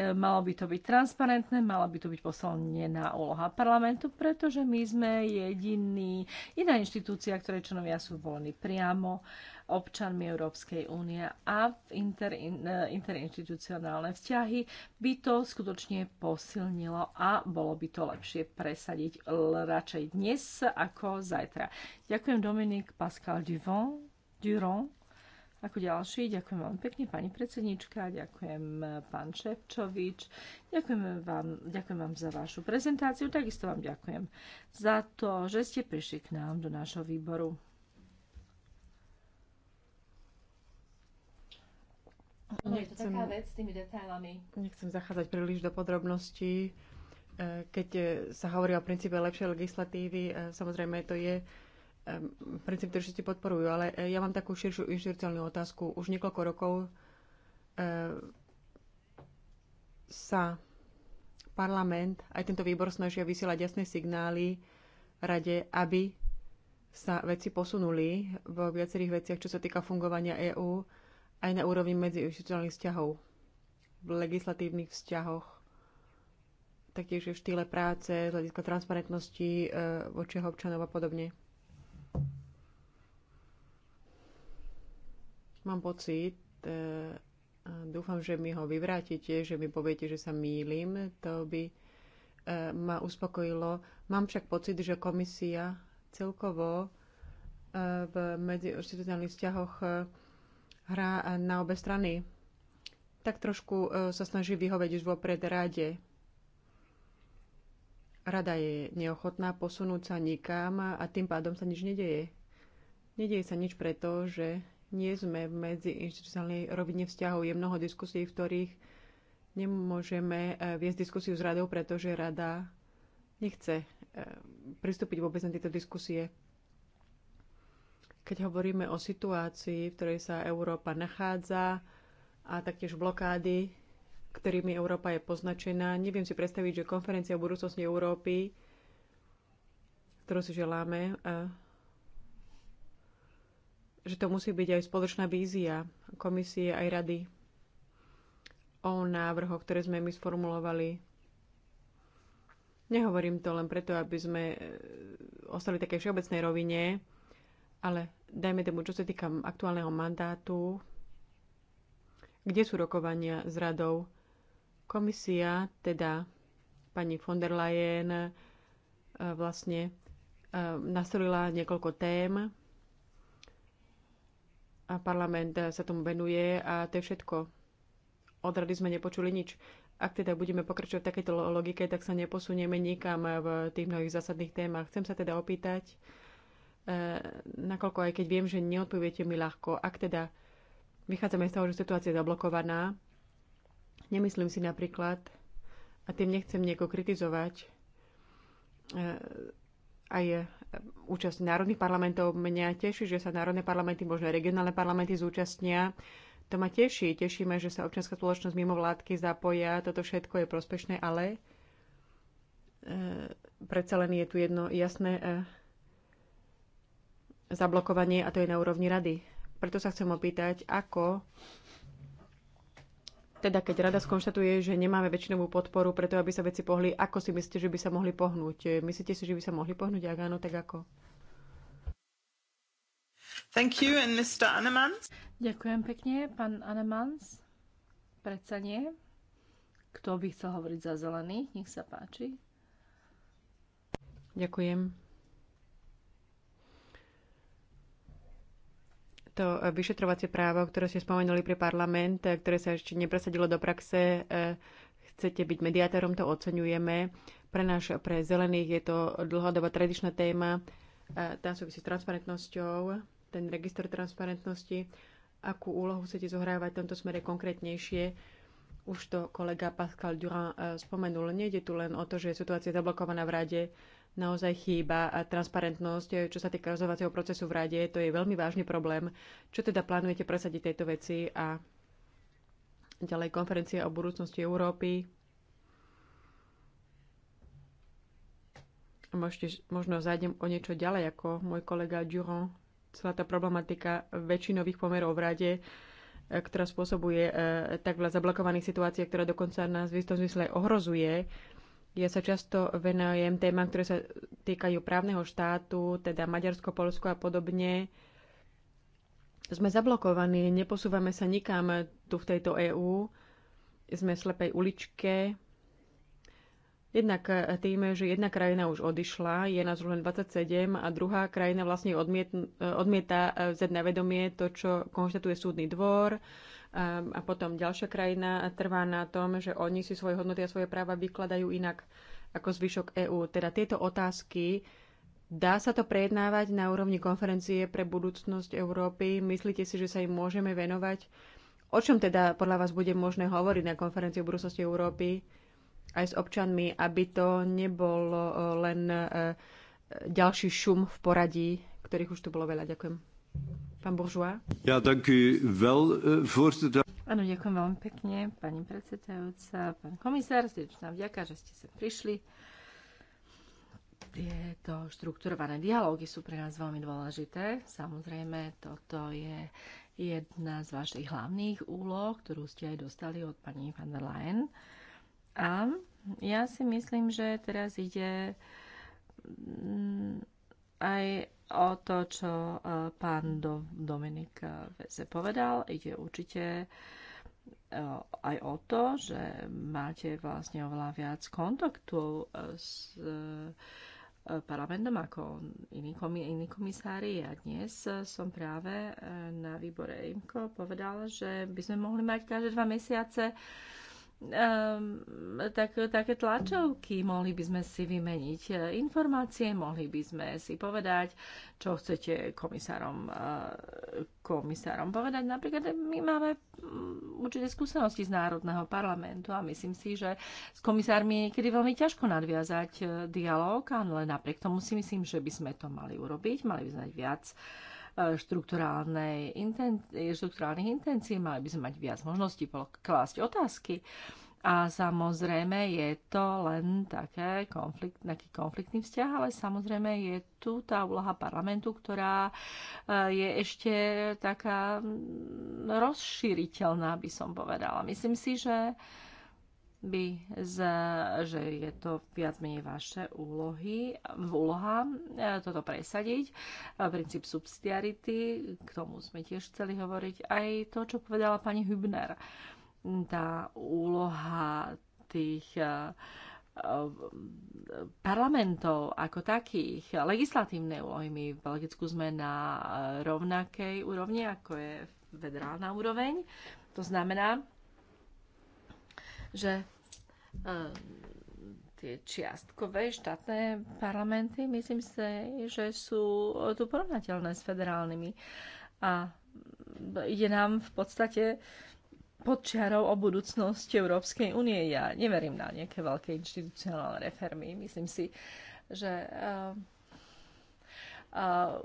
Malo by to byť transparentné, mala by to byť poslanená úloha parlamentu, pretože my sme jediný, iná inštitúcia, ktorej členovia sú volení priamo občanmi Európskej únie a inter, e, interinstitucionálne vzťahy by to skutočne posilnilo a bolo by to lepšie presadiť radšej dnes ako zajtra. Ďakujem Dominik Pascal Duvon, Durand. Ako ďalší, ďakujem vám pekne, pani predsednička, ďakujem pán Ševčovič, ďakujem vám, ďakujem vám za vašu prezentáciu, takisto vám ďakujem za to, že ste prišli k nám do nášho výboru. Nechcem, taká vec s tými detailami. Nechcem zachádzať príliš do podrobností. E, keď e, sa hovorí o princípe lepšej legislatívy, e, samozrejme to je princíp, ktorý všetci podporujú, ale ja mám takú širšiu inštitucionálnu otázku. Už niekoľko rokov sa parlament, aj tento výbor snažia vysielať jasné signály rade, aby sa veci posunuli vo viacerých veciach, čo sa týka fungovania EÚ aj na úrovni medziinstitucionálnych vzťahov, v legislatívnych vzťahoch, taktiež v štýle práce, z hľadiska transparentnosti e, voči občanov a podobne. Mám pocit, e, dúfam, že mi ho vyvrátite, že mi poviete, že sa mýlim, to by e, ma uspokojilo. Mám však pocit, že komisia celkovo v medziinstitucionálnych vzťahoch hrá na obe strany. Tak trošku e, sa snaží vyhoveť už vopred rade. Rada je neochotná posunúť sa nikam a tým pádom sa nič nedeje. Nedeje sa nič preto, že nie sme v medzi inštitúciálnej rovine vzťahov. Je mnoho diskusí, v ktorých nemôžeme e, viesť diskusiu s radou, pretože rada nechce e, pristúpiť vôbec na tieto diskusie. Keď hovoríme o situácii, v ktorej sa Európa nachádza a taktiež blokády, ktorými Európa je poznačená, neviem si predstaviť, že konferencia o budúcnosti Európy, ktorú si želáme, že to musí byť aj spoločná vízia komisie aj rady o návrhoch, ktoré sme my sformulovali. Nehovorím to len preto, aby sme e, ostali také všeobecnej rovine, ale dajme tomu, čo sa týka aktuálneho mandátu, kde sú rokovania s radou? Komisia, teda pani von der Leyen, e, vlastne e, nastolila niekoľko tém a parlament sa tomu venuje a to je všetko. Od rady sme nepočuli nič. Ak teda budeme pokračovať v takejto logike, tak sa neposunieme nikam v tých mnohých zásadných témach. Chcem sa teda opýtať, Eh, nakoľko aj keď viem, že neodpoviete mi ľahko, ak teda vychádzame z toho, že situácia je zablokovaná, nemyslím si napríklad, a tým nechcem nieko kritizovať, eh, aj eh, účasť národných parlamentov. Mňa teší, že sa národné parlamenty, možno aj regionálne parlamenty zúčastnia. To ma teší. Tešíme, že sa občianská spoločnosť mimo vládky zapoja. Toto všetko je prospešné, ale e, predsa len je tu jedno jasné e, zablokovanie a to je na úrovni rady. Preto sa chcem opýtať, ako teda keď rada skonštatuje, že nemáme väčšinovú podporu preto, aby sa veci pohli, ako si myslíte, že by sa mohli pohnúť? Myslíte si, že by sa mohli pohnúť? Ak áno, tak ako? Thank you and Mr. Anemans. Ďakujem pekne. Pán Anemans, predsa nie. Kto by chcel hovoriť za zelených? Nech sa páči. Ďakujem. to vyšetrovacie právo, ktoré ste spomenuli pre parlament, eh, ktoré sa ešte nepresadilo do praxe, eh, chcete byť mediátorom, to oceňujeme. Pre náš, pre zelených je to dlhodobá tradičná téma, eh, tá súvisí s transparentnosťou, ten register transparentnosti. Akú úlohu chcete zohrávať v tomto smere konkrétnejšie? Už to kolega Pascal Durand spomenul. Nejde tu len o to, že je situácia zablokovaná v rade, naozaj chýba a transparentnosť, čo sa týka rozhodovacieho procesu v rade. To je veľmi vážny problém. Čo teda plánujete presadiť tejto veci a ďalej konferencia o budúcnosti Európy? Môžete, možno zájdem o niečo ďalej ako môj kolega Durand. Celá tá problematika väčšinových pomerov v rade e, ktorá spôsobuje e, tak veľa zablokovaných situácií, ktorá dokonca nás v istom zmysle ohrozuje ja sa často venujem témam, ktoré sa týkajú právneho štátu, teda Maďarsko, Polsko a podobne. Sme zablokovaní, neposúvame sa nikam tu v tejto EÚ. Sme v slepej uličke. Jednak tým, že jedna krajina už odišla, je nás už len 27 a druhá krajina vlastne odmieta eh, vzeť na vedomie to, čo konštatuje súdny dvor, a potom ďalšia krajina trvá na tom, že oni si svoje hodnoty a svoje práva vykladajú inak ako zvyšok EÚ. Teda tieto otázky Dá sa to prejednávať na úrovni konferencie pre budúcnosť Európy? Myslíte si, že sa im môžeme venovať? O čom teda podľa vás bude možné hovoriť na konferencii o budúcnosti Európy aj s občanmi, aby to nebol eh, len eh, ďalší šum v poradí, ktorých už tu bolo veľa? Ďakujem. Pán Buržua. Ja, danky veľ, eh, voorzitter. Áno, ďakujem veľmi pekne, pani predsedajúca, pán komisár, srdečná vďaka, že ste sem prišli. Tieto štrukturované dialógy sú pre nás veľmi dôležité. Samozrejme, toto je jedna z vašich hlavných úloh, ktorú ste aj dostali od pani van der Leyen. A ja si myslím, že teraz ide mm, aj o to, čo e, pán Dominik e, Veze povedal. Ide určite e, aj o to, že máte vlastne oveľa viac kontaktov s parlamentom ako iní, komi- iní komisári. A dnes som práve na výbore IMCO povedala, že by sme mohli mať každé dva mesiace um, tak, také tlačovky, mohli by sme si vymeniť eh, informácie, mohli by sme si povedať, čo chcete komisárom, eh, komisárom povedať. Napríklad eh, my máme mm, určite skúsenosti z Národného parlamentu a myslím si, že s komisármi je niekedy veľmi ťažko nadviazať dialog, ale napriek tomu si myslím, že by sme to mali urobiť, mali by sme viac uh, štruktúrálnych intencií, mali by sme mať viac možností klásť otázky. A samozrejme je to len také konflikt, taký konfliktný vzťah, ale samozrejme je tu tá úloha parlamentu, ktorá eh, je ešte taká mm, rozšíriteľná, by som povedala. Myslím si, že by, za, že je to viac menej vaše úlohy, úloha e, toto presadiť. Princíp subsidiarity, k tomu sme tiež chceli hovoriť, aj to, čo povedala pani Hübner. Tá úloha tých e, e, parlamentov ako takých, legislatívne úlohy. My v Belgicku sme na rovnakej úrovni, ako je federálna úroveň. To znamená, že eh, tie čiastkové štátne parlamenty, myslím si, že sú eh, tu porovnateľné s federálnymi. A mm, ide nám v podstate pod čiarou o budúcnosť Európskej únie. Ja neverím na nejaké veľké inštitucionálne reformy. Myslím si, že eh,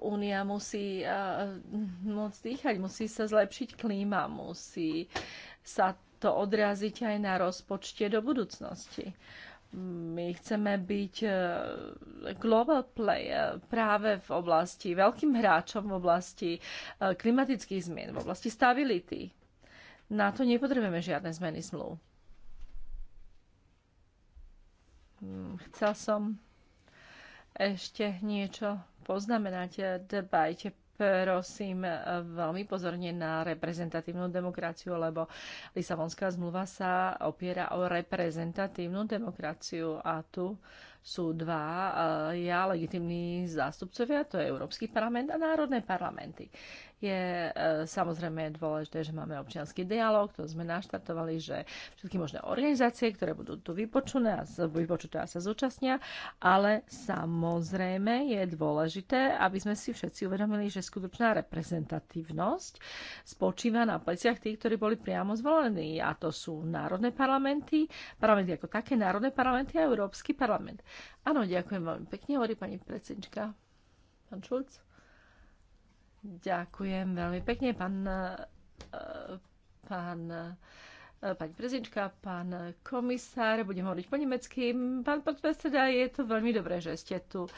únia uh, uh, musí uh, môcť dýchať, musí sa zlepšiť klíma, musí sa to odraziť aj na rozpočte do budúcnosti. My chceme byť e, global player práve v oblasti, veľkým hráčom v oblasti e, klimatických zmien, v oblasti stability. Na to nepotrebujeme žiadne zmeny zmluv. Hm, chcel som ešte niečo poznamenať. Dbajte prosím eh, veľmi pozorne na reprezentatívnu demokraciu, lebo Lisabonská zmluva sa opiera o reprezentatívnu demokraciu a tu sú dva eh, ja legitimní zástupcovia, to je Európsky parlament a národné parlamenty je e, samozrejme dôležité, že máme občianský dialog, to sme naštartovali, že všetky možné organizácie, ktoré budú tu vypočuté a, vypočuté a sa zúčastnia, ale samozrejme je dôležité, aby sme si všetci uvedomili, že skutočná reprezentatívnosť spočíva na pleciach tých, ktorí boli priamo zvolení a to sú národné parlamenty, parlamenty ako také, národné parlamenty a Európsky parlament. Áno, ďakujem veľmi pekne, hovorí pani predsednička. Pán Šulc. Ďakujem veľmi pekne, pán, e, pán e, pani prezidentka, pán komisár, budem hovoriť po nemecky. Pán podpredseda, je to veľmi dobré, že ste tu. E,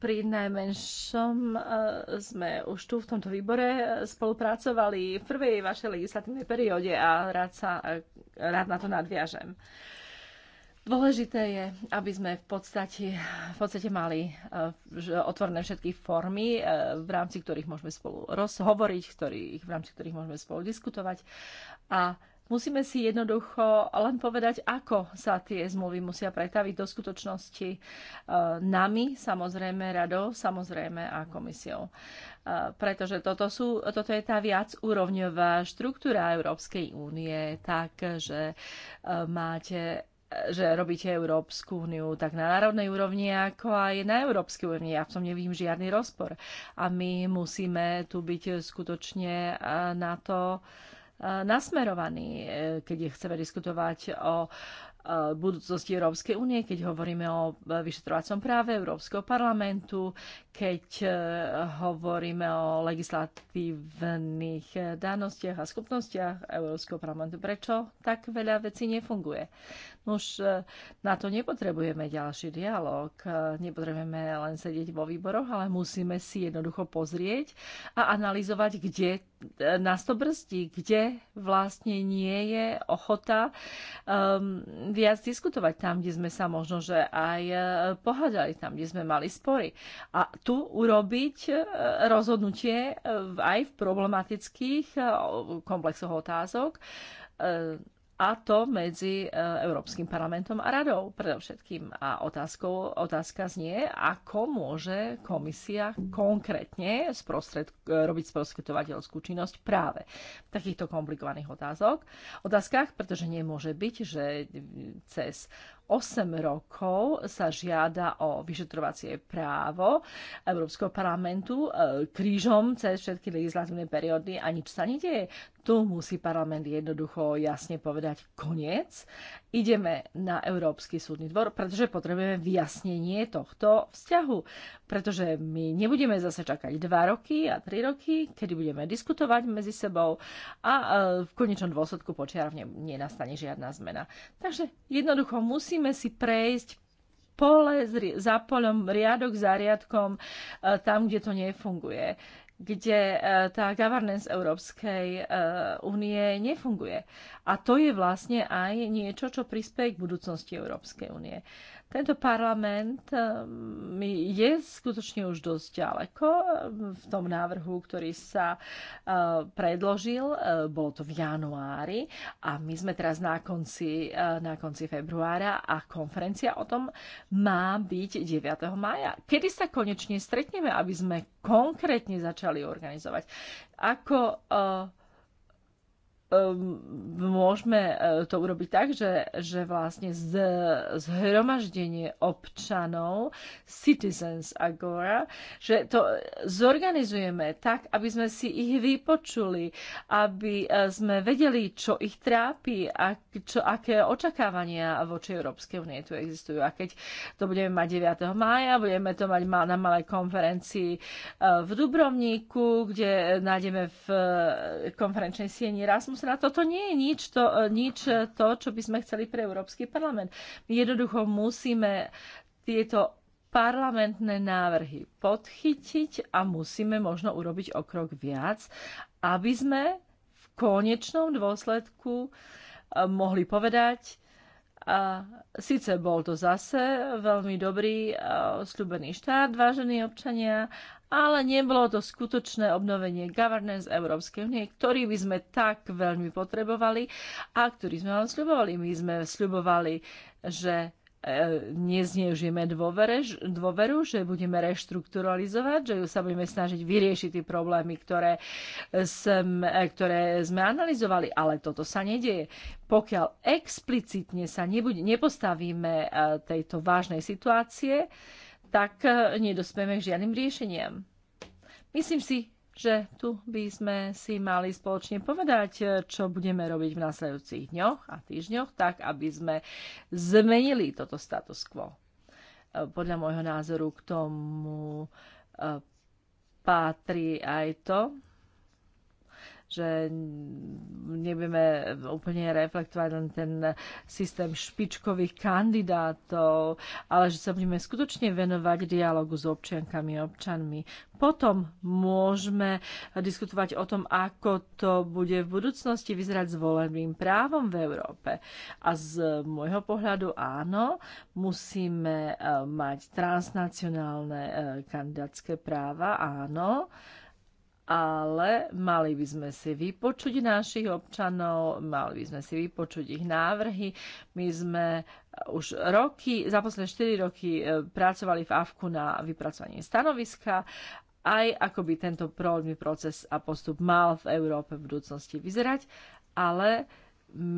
pri najmenšom sme už tu v tomto výbore spolupracovali v prvej vašej legislatívnej perióde a rád, sa, rád na to nadviažem. Dôležité je, aby sme v podstate, v podstate mali e, otvorené všetky formy, e, v rámci ktorých môžeme spolu rozhovoriť, ktorých, v rámci ktorých môžeme spolu diskutovať. A musíme si jednoducho len povedať, ako sa tie zmluvy musia pretaviť do skutočnosti e, nami, samozrejme radou, samozrejme a komisiou. Pretože toto, sú, toto je tá viacúrovňová štruktúra Európskej únie, takže máte že robíte Európsku úniu tak na národnej úrovni, ako aj na európskej úrovni. Ja v tom nevidím žiadny rozpor. A my musíme tu byť skutočne e, na to e, nasmerovaní, e, keď chceme diskutovať o budúcnosti Európskej únie, keď hovoríme o vyšetrovacom práve Európskeho parlamentu, keď hovoríme o legislatívnych dánostiach a skupnostiach Európskeho parlamentu. Prečo tak veľa vecí nefunguje? Už e, na to nepotrebujeme ďalší dialog, e, nepotrebujeme len sedieť vo výboroch, ale musíme si jednoducho pozrieť a analyzovať, kde e, nás to brzdí, kde vlastne nie je ochota um, viac diskutovať tam, kde sme sa možno, že aj pohádali, tam, kde sme mali spory. A tu urobiť rozhodnutie aj v problematických komplexoch otázok, a to medzi e, Európskym parlamentom a radou predovšetkým. A otázkou, otázka znie, ako môže komisia konkrétne sprostred, e, robiť sprostredovateľskú činnosť práve v takýchto komplikovaných otázok, otázkach, pretože nemôže byť, že cez 8 rokov sa žiada o vyšetrovacie právo Európskeho parlamentu e, krížom cez všetky legislatívne periódy a nič sa nedieje. Tu musí parlament jednoducho jasne povedať koniec ideme na Európsky súdny dvor, pretože potrebujeme vyjasnenie tohto vzťahu. Pretože my nebudeme zase čakať 2 roky a 3 roky, kedy budeme diskutovať medzi sebou a e, v konečnom dôsledku počiarovne nenastane žiadna zmena. Takže jednoducho musíme si prejsť pole za polom, riadok za riadkom, e, tam, kde to nefunguje kde e, tá governance Európskej e, únie nefunguje. A to je vlastne aj niečo, čo prispieje k budúcnosti Európskej únie. Tento parlament eh, je skutočne už dosť ďaleko eh, v tom návrhu, ktorý sa eh, predložil. Bolo to v januári a my sme teraz na konci, na konci februára a konferencia o tom má byť 9. maja. Kedy sa konečne stretneme, aby sme konkrétne začali organizovať? Ako môžeme e, to urobiť tak, že, že vlastne z, zhromaždenie občanov, Citizens Agora, že to e, zorganizujeme tak, aby sme si ich vypočuli, aby e, sme vedeli, čo ich trápi a čo, aké očakávania voči Európskej únie tu existujú. A keď to budeme mať 9. mája, budeme to mať na malej konferencii v Dubrovníku, kde nájdeme v konferenčnej sieni Rasmus sa na toto nie je nič to, e, nič e, to, čo by sme chceli pre Európsky parlament. My jednoducho musíme tieto parlamentné návrhy podchytiť a musíme možno urobiť o krok viac, aby sme v konečnom dôsledku e, mohli povedať, a síce bol to zase veľmi dobrý e, slúbený štát, vážení občania, ale nebolo to skutočné obnovenie governance Európskej únie, ktorý by sme tak veľmi potrebovali a ktorý sme vám sľubovali. My sme sľubovali, že E, nezneužijeme dôvere, dôveru, že budeme reštrukturalizovať, že sa budeme snažiť vyriešiť tie problémy, ktoré sme, ktoré sme analyzovali, ale toto sa nedieje. Pokiaľ explicitne sa nebude, nepostavíme e, tejto vážnej situácie, tak e, nedospieme k žiadnym riešeniam. Myslím si, že tu by sme si mali spoločne povedať, eh, čo budeme robiť v nasledujúcich dňoch a týždňoch, tak aby sme zmenili toto status quo. Eh, podľa môjho názoru k tomu eh, patrí aj to, že nebudeme úplne reflektovať len ten systém špičkových kandidátov, ale že sa budeme skutočne venovať dialogu s občiankami a občanmi. Potom môžeme diskutovať o tom, ako to bude v budúcnosti vyzerať s voleným právom v Európe. A z môjho pohľadu áno, musíme eh, mať transnacionálne eh, kandidátske práva, áno, ale mali by sme si vypočuť našich občanov, mali by sme si vypočuť ich návrhy. My sme už roky, za posledné 4 roky e, pracovali v AFKu na vypracovaní stanoviska aj ako by tento problémny proces a postup mal v Európe v budúcnosti vyzerať, ale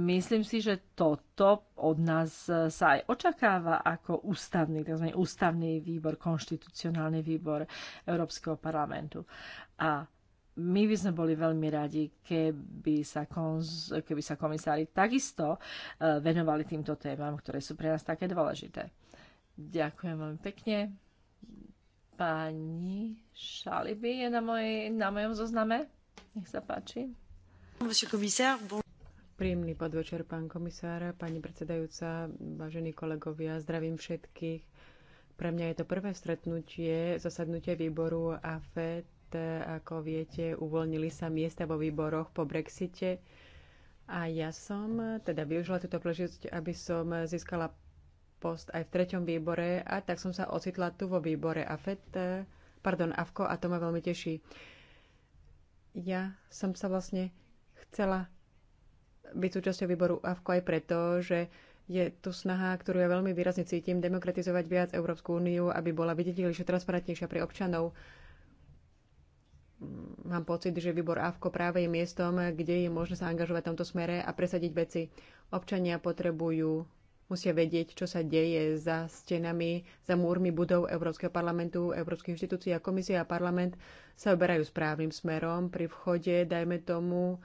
myslím si, že toto od nás e, sa aj očakáva ako ústavný, tzv. ústavný výbor, konštitucionálny výbor Európskeho parlamentu. A my by sme boli veľmi radi, keby sa, konz, keby sa komisári takisto e, venovali týmto témam, ktoré sú pre nás také dôležité. Ďakujem veľmi pekne. Pani Šaliby je na, moj, na mojom zozname. Nech sa páči. Príjemný podvečer, pán komisár, pani predsedajúca, vážení kolegovia, zdravím všetkých. Pre mňa je to prvé stretnutie, zasadnutie výboru AFED ako viete, uvoľnili sa miesta vo výboroch po Brexite a ja som teda využila túto príležitosť, aby som získala post aj v treťom výbore a tak som sa ocitla tu vo výbore AFET, pardon, AFKO a to ma veľmi teší. Ja som sa vlastne chcela byť súčasťou výboru AFKO aj preto, že je tu snaha, ktorú ja veľmi výrazne cítim, demokratizovať viac Európsku úniu, aby bola viditeľnejšia, transparentnejšia pre občanov mám pocit, že výbor AVKO práve je miestom, kde je možné sa angažovať v tomto smere a presadiť veci. Občania potrebujú, musia vedieť, čo sa deje za stenami, za múrmi budov Európskeho parlamentu, Európskej inštitúcie a komisia a parlament sa oberajú správnym smerom. Pri vchode, dajme tomu,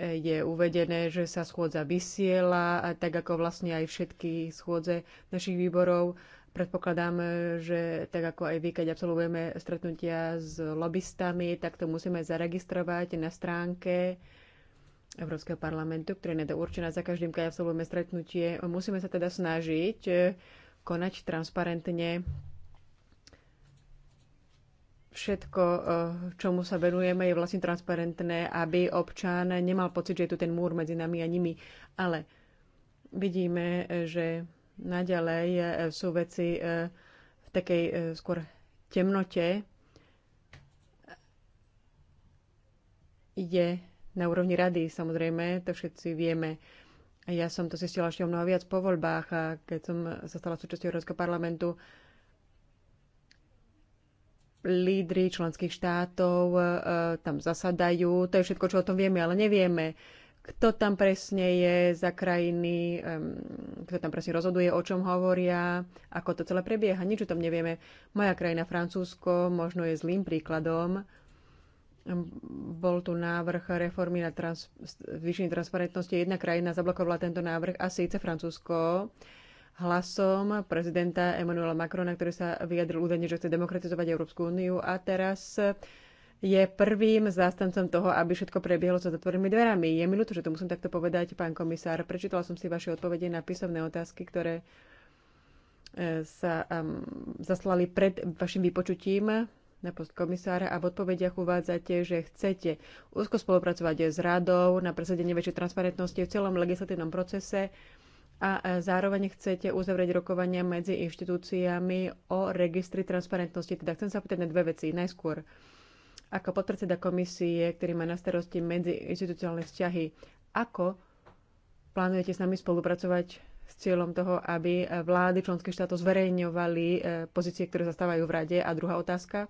je uvedené, že sa schôdza vysiela, tak ako vlastne aj všetky schôdze našich výborov. Predpokladám, že tak ako aj vy, keď absolvujeme stretnutia s lobbystami, tak to musíme zaregistrovať na stránke Európskeho parlamentu, ktorá je určená za každým, keď absolvujeme stretnutie. Musíme sa teda snažiť e, konať transparentne všetko, e, čomu sa venujeme, je vlastne transparentné, aby občan nemal pocit, že je tu ten múr medzi nami a nimi. Ale vidíme, e, že Naďalej e, sú veci e, v takej e, skôr temnote. Ide na úrovni rady, samozrejme, to všetci vieme. Ja som to zistila ešte o mnoho viac po voľbách a keď som sa stala súčasťou Európskeho parlamentu, lídry členských štátov tam zasadajú, to je všetko, čo o tom vieme, ale nevieme kto tam presne je za krajiny, kto tam presne rozhoduje, o čom hovoria, ako to celé prebieha. Nič o tom nevieme. Moja krajina, Francúzsko, možno je zlým príkladom. Bol tu návrh reformy na trans- zvýšenie transparentnosti. Jedna krajina zablokovala tento návrh a síce Francúzsko hlasom prezidenta Emmanuela Macrona, ktorý sa vyjadril údajne, že chce demokratizovať Európsku úniu a teraz je prvým zástancom toho, aby všetko prebiehlo sa zatvorenými dverami. Je mi ľúto, že to musím takto povedať, pán komisár. Prečítala som si vaše odpovede na písomné otázky, ktoré e, sa um, zaslali pred vašim vypočutím na post komisára a v odpovediach uvádzate, že chcete úzko spolupracovať s radou na presadenie väčšej transparentnosti v celom legislatívnom procese a e, zároveň chcete uzavrieť rokovania medzi inštitúciami o registri transparentnosti. Teda chcem sa pýtať na dve veci. Najskôr, ako podpredseda komisie, ktorý má na starosti medziinstitucionálne vzťahy, ako plánujete s nami spolupracovať s cieľom toho, aby vlády členských štátov zverejňovali e, pozície, ktoré zastávajú v rade? A druhá otázka,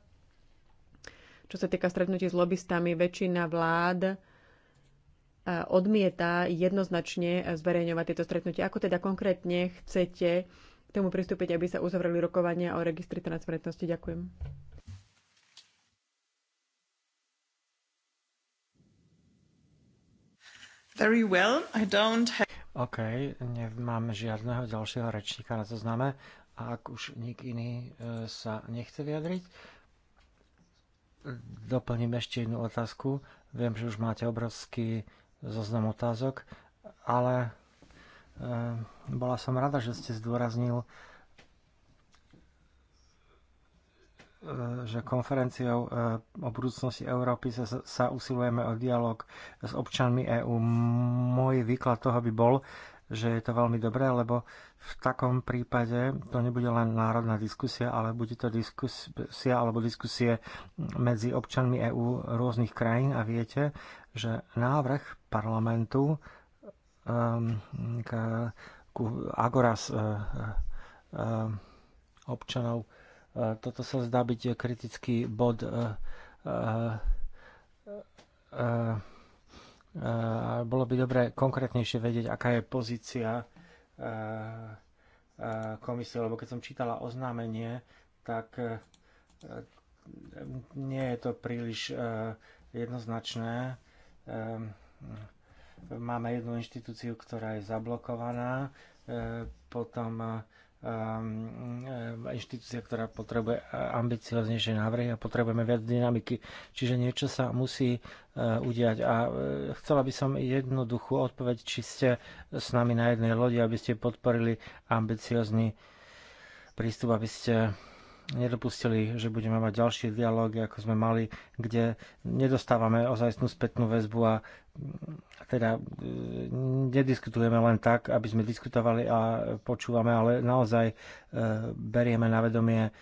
čo sa týka stretnutí s lobbystami, väčšina vlád e, odmieta jednoznačne zverejňovať tieto stretnutia. Ako teda konkrétne chcete k tomu pristúpiť, aby sa uzavreli rokovania o registri transparentnosti? Ďakujem. Very well. I don't have... OK, nemám žiadneho ďalšieho rečníka na to známe. A ak už nik iný e, sa nechce vyjadriť, doplním ešte jednu otázku. Viem, že už máte obrovský zoznam otázok, ale e, bola som rada, že ste zdôraznil E, že konferenciou e, o budúcnosti Európy sa, sa usilujeme o dialog s občanmi EÚ. Môj výklad toho by bol, že je to veľmi dobré, lebo v takom prípade to nebude len národná diskusia, ale bude to diskusia alebo diskusie medzi občanmi EÚ rôznych krajín a viete, že návrh parlamentu um, k, k Agoras uh, uh, občanov E, toto sa zdá byť kritický bod e, e, bolo by dobre konkrétnejšie vedieť, aká je pozícia komisie, lebo keď som čítala oznámenie, tak nie je to príliš jednoznačné. Máme jednu inštitúciu, ktorá je zablokovaná, potom Ehm, ehm, inštitúcia, ktorá potrebuje e, ambicioznejšie návrhy a potrebujeme viac dynamiky. Čiže niečo sa musí e, udiať. A e, chcela by som jednoduchú odpoveď, či ste s nami na jednej lodi, aby ste podporili ambiciozný prístup, aby ste nedopustili, že budeme mať ďalšie dialógy, ako sme mali, kde nedostávame ozajstnú spätnú väzbu a teda e, nediskutujeme len tak, aby sme diskutovali a počúvame, ale naozaj e, berieme na vedomie e,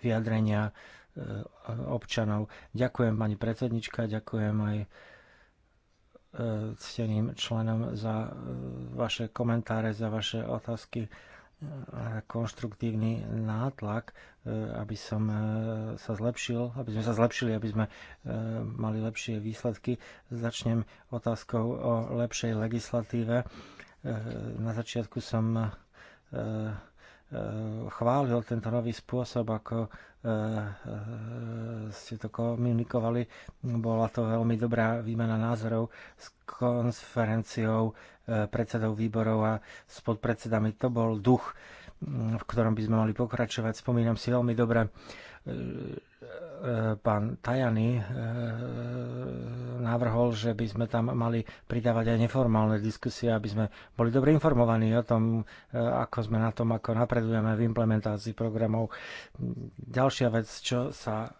vyjadrenia občanov. Ďakujem pani predsednička, ďakujem aj cteným členom za vaše komentáre, za vaše otázky a konštruktívny nátlak, e, aby som e, sa zlepšil, aby sme sa zlepšili, aby sme e, mali lepšie výsledky. Začnem otázkou o lepšej legislatíve. Na začiatku som chválil tento nový spôsob, ako ste to komunikovali. Bola to veľmi dobrá výmena názorov s konferenciou E, predsedov výborov a s podpredsedami. To bol duch, v ktorom by sme mali pokračovať. Spomínam si veľmi dobre, e, e, pán Tajany navrhol, že by sme tam mali pridávať aj neformálne diskusie, aby sme boli dobre informovaní o tom, ako sme na tom, ako napredujeme v implementácii programov. Ďalšia vec, čo sa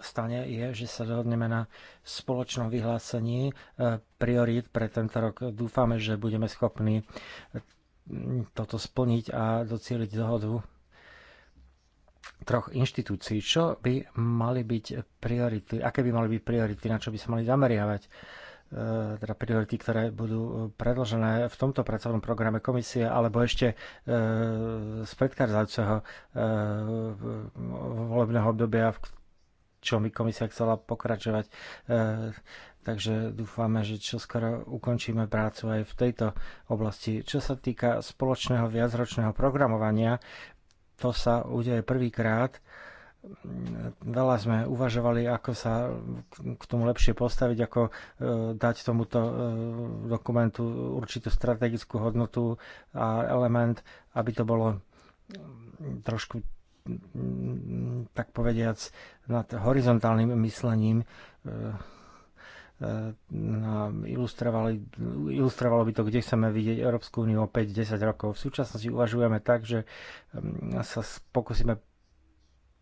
stane, je, že sa dohodneme na spoločnom vyhlásení e, priorít pre tento rok. Dúfame, že budeme schopní e, toto splniť a docieliť dohodu troch inštitúcií. Čo by mali byť priority? Aké by mali byť priority? Na čo by sa mali zameriavať? E, teda priority, ktoré budú predložené v tomto pracovnom programe komisie, alebo ešte z predchádzajúceho volebného obdobia, v čo mi komisia chcela pokračovať. Eh, takže dúfame, že čo skoro ukončíme prácu aj v tejto oblasti. Čo sa týka spoločného viacročného programovania, to sa udeje prvýkrát. Veľa sme uvažovali, ako sa k tomu lepšie postaviť, ako eh, dať tomuto eh, dokumentu určitú strategickú hodnotu a element, aby to bolo mm, trošku tak povediac, nad horizontálnym myslením eh, eh, ilustrovali, ilustrovalo by to, kde chceme vidieť Európsku úniu o 5-10 rokov. V súčasnosti uvažujeme tak, že mm, sa pokúsime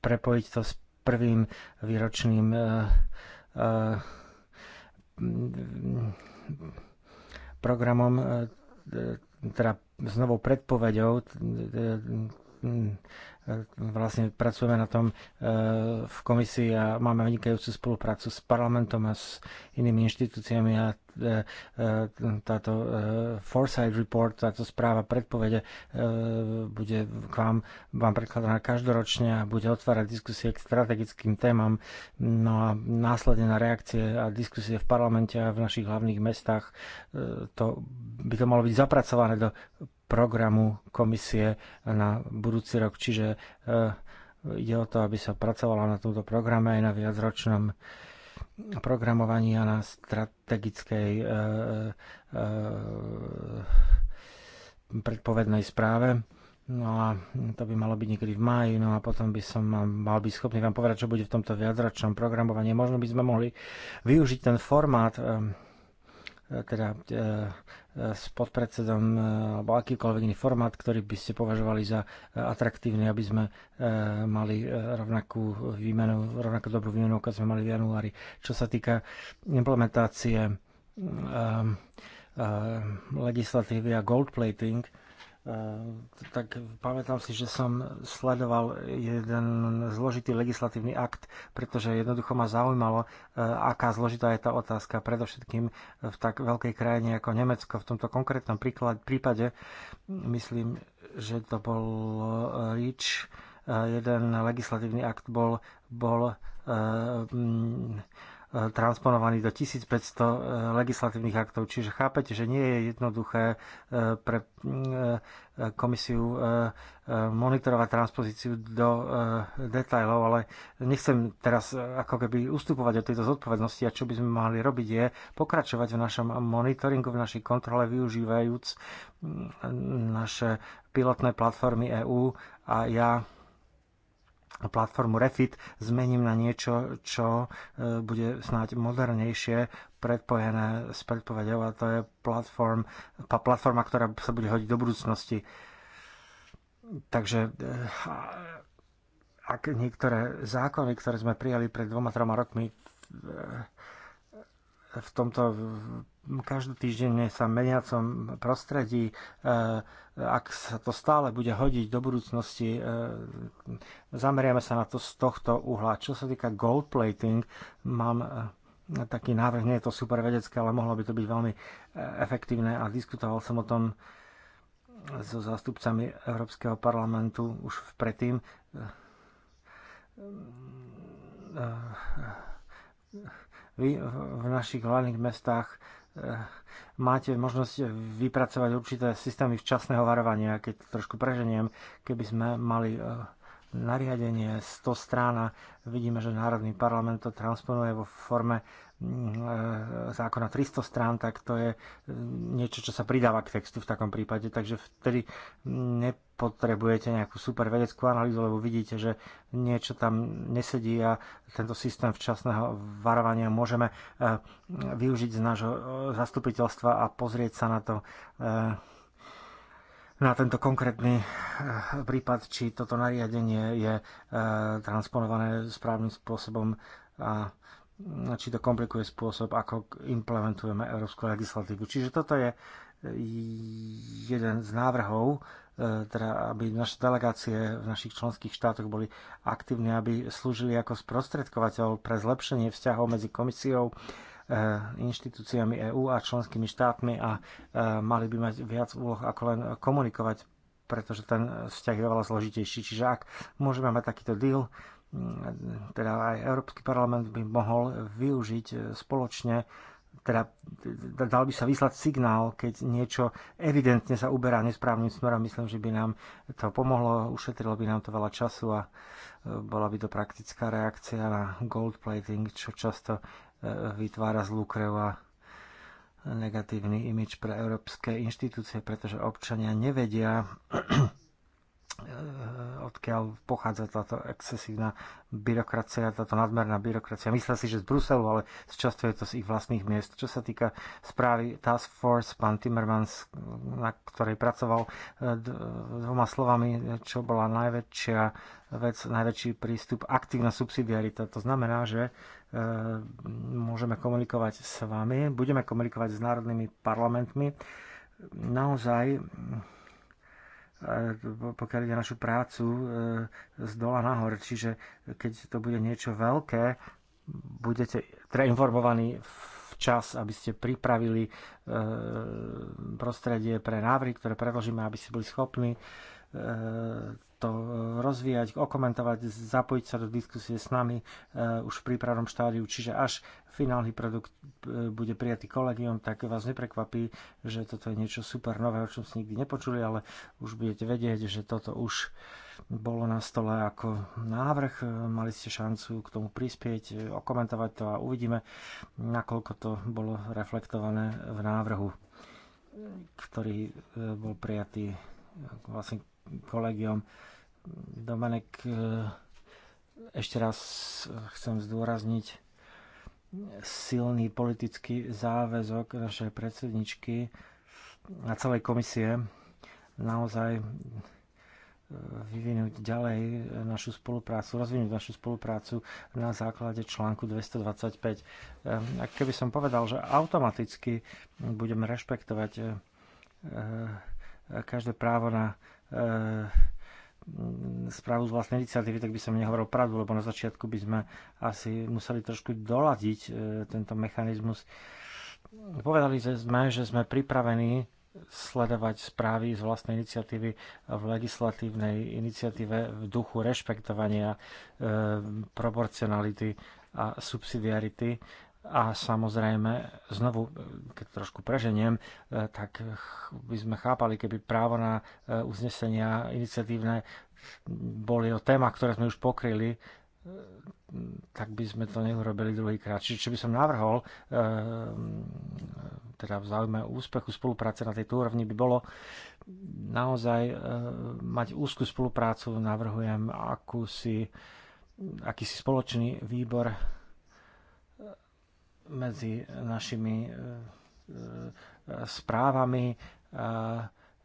prepojiť to s prvým výročným eh, programom, teda s novou predpovedou vlastne pracujeme na tom e, v komisii a máme vynikajúcu spoluprácu s parlamentom a s inými inštitúciami a E, e, táto e, Foresight Report, táto správa predpovede bude k vám, vám prekladaná každoročne a bude otvárať diskusie k strategickým témam, no a následne na reakcie a diskusie v parlamente a v našich hlavných mestách to by to malo byť zapracované do programu komisie na budúci rok, čiže ide o to, aby sa pracovala na tomto programe aj na viacročnom programovania na strategickej e, e, e, predpovednej správe. No a to by malo byť niekedy v máji, no a potom by som mal byť schopný vám povedať, čo bude v tomto viadračnom programovaní. Možno by sme mohli využiť ten formát, e, e teda e, s podpredsedom e, alebo akýkoľvek iný formát, ktorý by ste považovali za e, atraktívny, aby sme e, mali rovnakú výmenu, rovnakú dobrú výmenu, ako sme mali v januári. Čo sa týka implementácie legislatívy a gold plating, Eh, tak pamätám si, že som sledoval jeden zložitý legislatívny akt, pretože jednoducho ma zaujímalo, eh, aká zložitá je tá otázka, predovšetkým v tak veľkej krajine ako Nemecko. V tomto konkrétnom príklad, prípade myslím, že to bol eh, REACH, jeden legislatívny akt bol, bol transponovaný do 1500 e, legislatívnych aktov. Čiže chápete, že nie je jednoduché e, pre e, komisiu monitorovať transpozíciu do detajlov, ale nechcem teraz ako keby ustupovať od tejto zodpovednosti a čo by sme mali robiť je pokračovať v našom monitoringu, v našej kontrole, využívajúc naše pilotné platformy EÚ a ja platformu Refit zmením na niečo, čo e, bude snáď modernejšie, predpojené s predpovedou a to je platform, platforma, ktorá sa bude hodiť do budúcnosti. Takže e, ak niektoré zákony, ktoré sme prijali pred dvoma, troma rokmi, e, v tomto každý týždeň sa meniacom prostredí, e, ak sa to stále bude hodiť do budúcnosti, e, zameriame sa na to z tohto uhla. Čo sa týka gold plating, mám e, taký návrh, nie je to super vedecké, ale mohlo by to byť veľmi efektívne a diskutoval som o tom so zástupcami Európskeho parlamentu už predtým vy v našich hlavných mestách eh, máte možnosť vypracovať určité systémy včasného varovania, keď trošku preženiem, keby sme mali eh, nariadenie 100 strán a vidíme, že Národný parlament to transponuje vo forme mm, e, zákona 300 strán, tak to je mm, niečo, čo sa pridáva k textu v takom prípade. Takže vtedy nepotrebujete nejakú super vedeckú analýzu, lebo vidíte, že niečo tam nesedí a tento systém včasného varovania môžeme e, využiť z nášho e, zastupiteľstva a pozrieť sa na to na no tento konkrétny eh, prípad, či toto nariadenie je eh, transponované správnym spôsobom mm, a či to komplikuje spôsob, ako implementujeme európsku legislatívu. Čiže toto je eh, jeden z návrhov, teda aby naše delegácie v našich členských štátoch boli aktívne, aby slúžili ako sprostredkovateľ pre zlepšenie vzťahov medzi komisiou, Eh, inštitúciami EÚ a členskými štátmi a eh, mali by mať viac úloh ako len komunikovať, pretože ten vzťah je oveľa zložitejší. Čiže ak môžeme mať takýto deal, mm, teda aj Európsky parlament by mohol využiť eh, spoločne teda dal by sa vyslať signál, keď niečo evidentne sa uberá nesprávnym smerom. Myslím, že by nám to pomohlo, ušetrilo by nám to veľa času a bola by to praktická reakcia na gold plating, čo často vytvára zlú krev a negatívny imič pre európske inštitúcie, pretože občania nevedia, odkiaľ pochádza táto excesívna byrokracia, táto nadmerná byrokracia. Myslia si, že z Bruselu, ale často je to z ich vlastných miest. Čo sa týka správy Task Force, pán Timmermans, na ktorej pracoval e, dvoma slovami, čo bola najväčšia vec, najväčší prístup, aktívna subsidiarita. To znamená, že Ehm, môžeme komunikovať s vami, budeme komunikovať s národnými parlamentmi. Naozaj, ehm, pokiaľ ide našu prácu ehm, z dola nahor, čiže keď to bude niečo veľké, budete teda informovaní včas, aby ste pripravili prostredie pre návrhy, ktoré predložíme, aby ste boli schopní to eh, rozvíjať, okomentovať, zapojiť sa do diskusie s nami eh, už v prípravnom štádiu. Čiže až finálny produkt eh, bude prijatý kolegium, tak vás neprekvapí, že toto je niečo super nové, o čom ste nikdy nepočuli, ale už budete vedieť, že toto už bolo na stole ako návrh. Mali ste šancu k tomu prispieť, okomentovať to a uvidíme, nakoľko to bolo reflektované v návrhu, ktorý bol prijatý vlastne kolegium Domenek, e, ešte raz chcem zdôrazniť silný politický záväzok našej predsedničky na celej komisie naozaj e, vyvinúť ďalej našu spoluprácu, rozvinúť našu spoluprácu na základe článku 225. Ehm, a keby som povedal, že automaticky budeme rešpektovať e, každé právo na Mm, správu z vlastnej iniciatívy, tak by som nehovoril pravdu, lebo na začiatku by sme asi museli trošku doladiť e, tento mechanizmus. Povedali sme, že sme pripravení sledovať správy z vlastnej iniciatívy v legislatívnej iniciatíve v duchu rešpektovania e, proporcionality a subsidiarity a samozrejme, znovu, keď trošku preženiem, e, tak by sme chápali, keby právo na e, uznesenia iniciatívne boli o téma, ktoré sme už pokryli, e, tak by sme to neurobili druhýkrát. Čiže čo by som navrhol, teda v záujme úspechu spolupráce na tejto úrovni by bolo naozaj mať úzkú spoluprácu, navrhujem akúsi, akýsi spoločný výbor medzi našimi e, e, správami, e,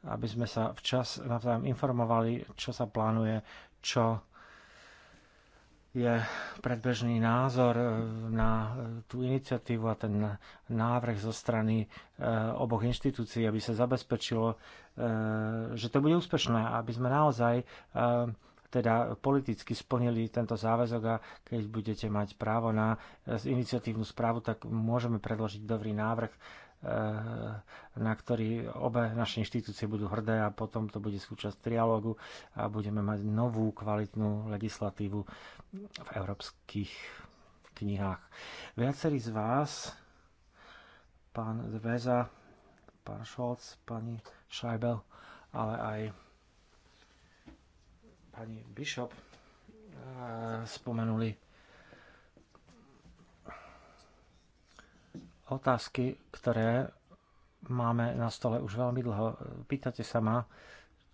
aby sme sa včas navzájom informovali, čo sa plánuje, čo je predbežný názor na tú iniciatívu a ten návrh zo strany oboch inštitúcií, aby sa zabezpečilo, že to bude úspešné, aby sme naozaj teda politicky splnili tento záväzok a keď budete mať právo na e, iniciatívnu správu, tak môžeme predložiť dobrý návrh, e, na ktorý obe naše inštitúcie budú hrdé a potom to bude súčasť trialógu a budeme mať novú kvalitnú legislatívu v európskych knihách. Viacerí z vás, pán Zveza, pán Šolc, pani Šajbel, ale aj pani Bishop spomenuli otázky, ktoré máme na stole už veľmi dlho. Pýtate sa ma,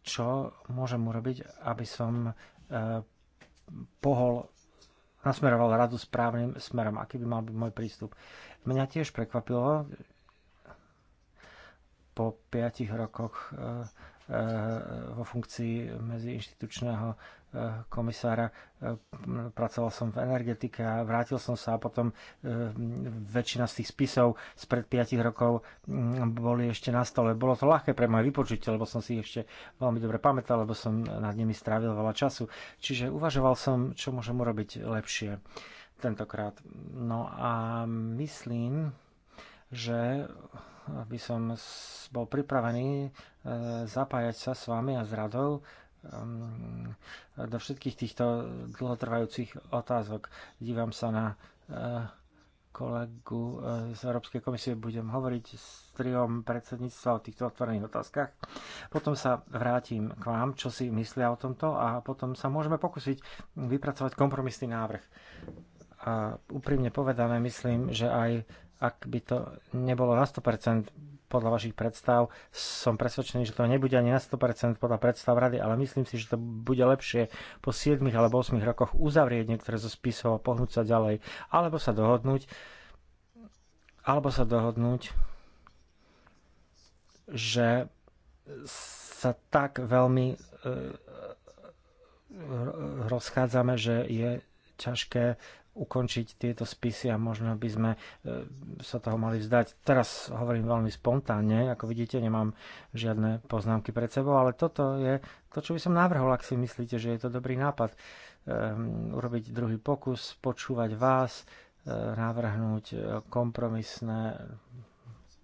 čo môžem urobiť, aby som e, pohol, nasmeroval radu správnym smerom, aký by mal byť môj prístup. Mňa tiež prekvapilo po 5 rokoch e, vo funkcii medziinštitučného eh, komisára. Eh, pracoval som v energetike a vrátil som sa a potom eh, väčšina z tých spisov spred 5 rokov mm, boli ešte na stole. Bolo to ľahké pre moje vypočutie, lebo som si ešte veľmi dobre pamätal, lebo som nad nimi strávil veľa času. Čiže uvažoval som, čo môžem urobiť lepšie tentokrát. No a myslím, že eh, by som bol pripravený eh, zapájať sa s vami a s radou ehm, do všetkých týchto dlhotrvajúcich otázok. Dívam sa na eh, kolegu z Európskej komisie, budem hovoriť s triom predsedníctva o týchto otvorených otázkach. Potom sa vrátim k vám, čo si myslia o tomto a potom sa môžeme pokúsiť vypracovať kompromisný návrh. A úprimne povedané, myslím, že aj ak by to nebolo na 100% podľa vašich predstav, som presvedčený, že to nebude ani na 100% podľa predstav rady, ale myslím si, že to bude lepšie po 7 alebo 8 rokoch uzavrieť niektoré zo spisov a pohnúť sa ďalej, alebo sa dohodnúť, alebo sa dohodnúť, že sa tak veľmi e, e, rozchádzame, že je ťažké ukončiť tieto spisy a možno by sme e, sa toho mali vzdať. Teraz hovorím veľmi spontánne, ako vidíte, nemám žiadne poznámky pred sebou, ale toto je to, čo by som navrhol, ak si myslíte, že je to dobrý nápad. Ehm, urobiť druhý pokus, počúvať vás, e, navrhnúť e, kompromisné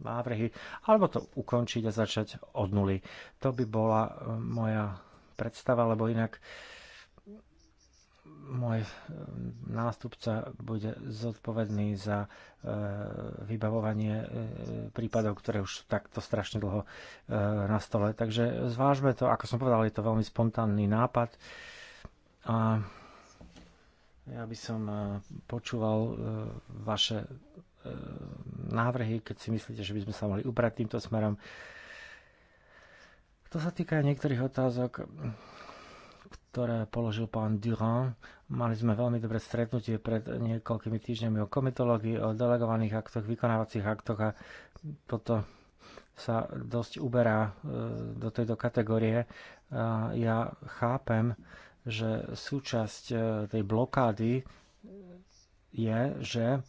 návrhy, alebo to ukončiť a začať od nuly. To by bola moja predstava, lebo inak môj e, nástupca bude zodpovedný za e, vybavovanie e, prípadov, ktoré už takto strašne dlho na stole. Takže zvážme to, ako som povedal, je to veľmi spontánny nápad. A ja by som počúval vaše návrhy, keď si myslíte, že by sme sa mohli ubrať týmto smerom. To sa týka niektorých otázok, ktoré položil pán Durand. Mali sme veľmi dobré stretnutie pred niekoľkými týždňami o komitológii, o delegovaných aktoch, vykonávacích aktoch a toto sa dosť uberá e, do tejto kategórie. Ja chápem, že súčasť e, tej blokády je, že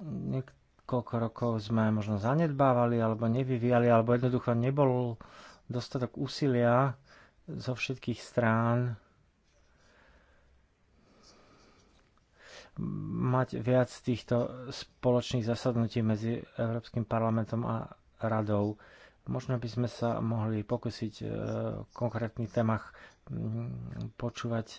niekoľko rokov sme možno zanedbávali alebo nevyvíjali, alebo jednoducho nebol dostatok úsilia zo všetkých strán mať viac týchto spoločných zasadnutí medzi Európskym parlamentom a radou. Možno by sme sa mohli pokúsiť e, v konkrétnych témach mm, počúvať e,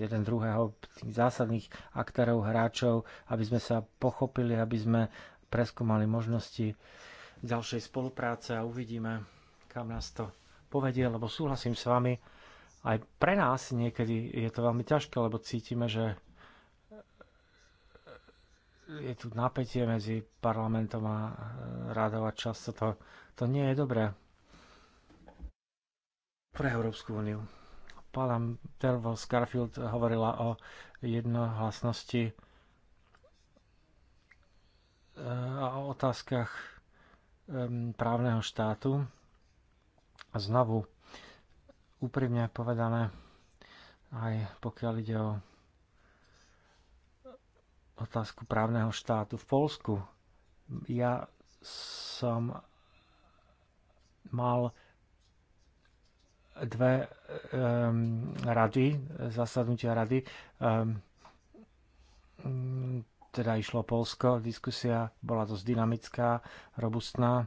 jeden druhého tých zásadných aktérov, hráčov, aby sme sa pochopili, aby sme preskúmali možnosti ďalšej spolupráce a uvidíme, kam nás to povedie, lebo súhlasím s vami, aj pre nás niekedy je to veľmi ťažké, lebo cítime, že je tu napätie medzi parlamentom a e, rádou a často to, to nie je dobré pre Európsku úniu. Pána Tervo Scarfield hovorila o jednohlasnosti e, a o otázkach právneho štátu. A znovu, úprimne povedané, aj pokiaľ ide o otázku právneho štátu v Polsku, ja som mal dve um, rady, zasadnutia rady. Um, teda išlo Polsko. Diskusia bola dosť dynamická, robustná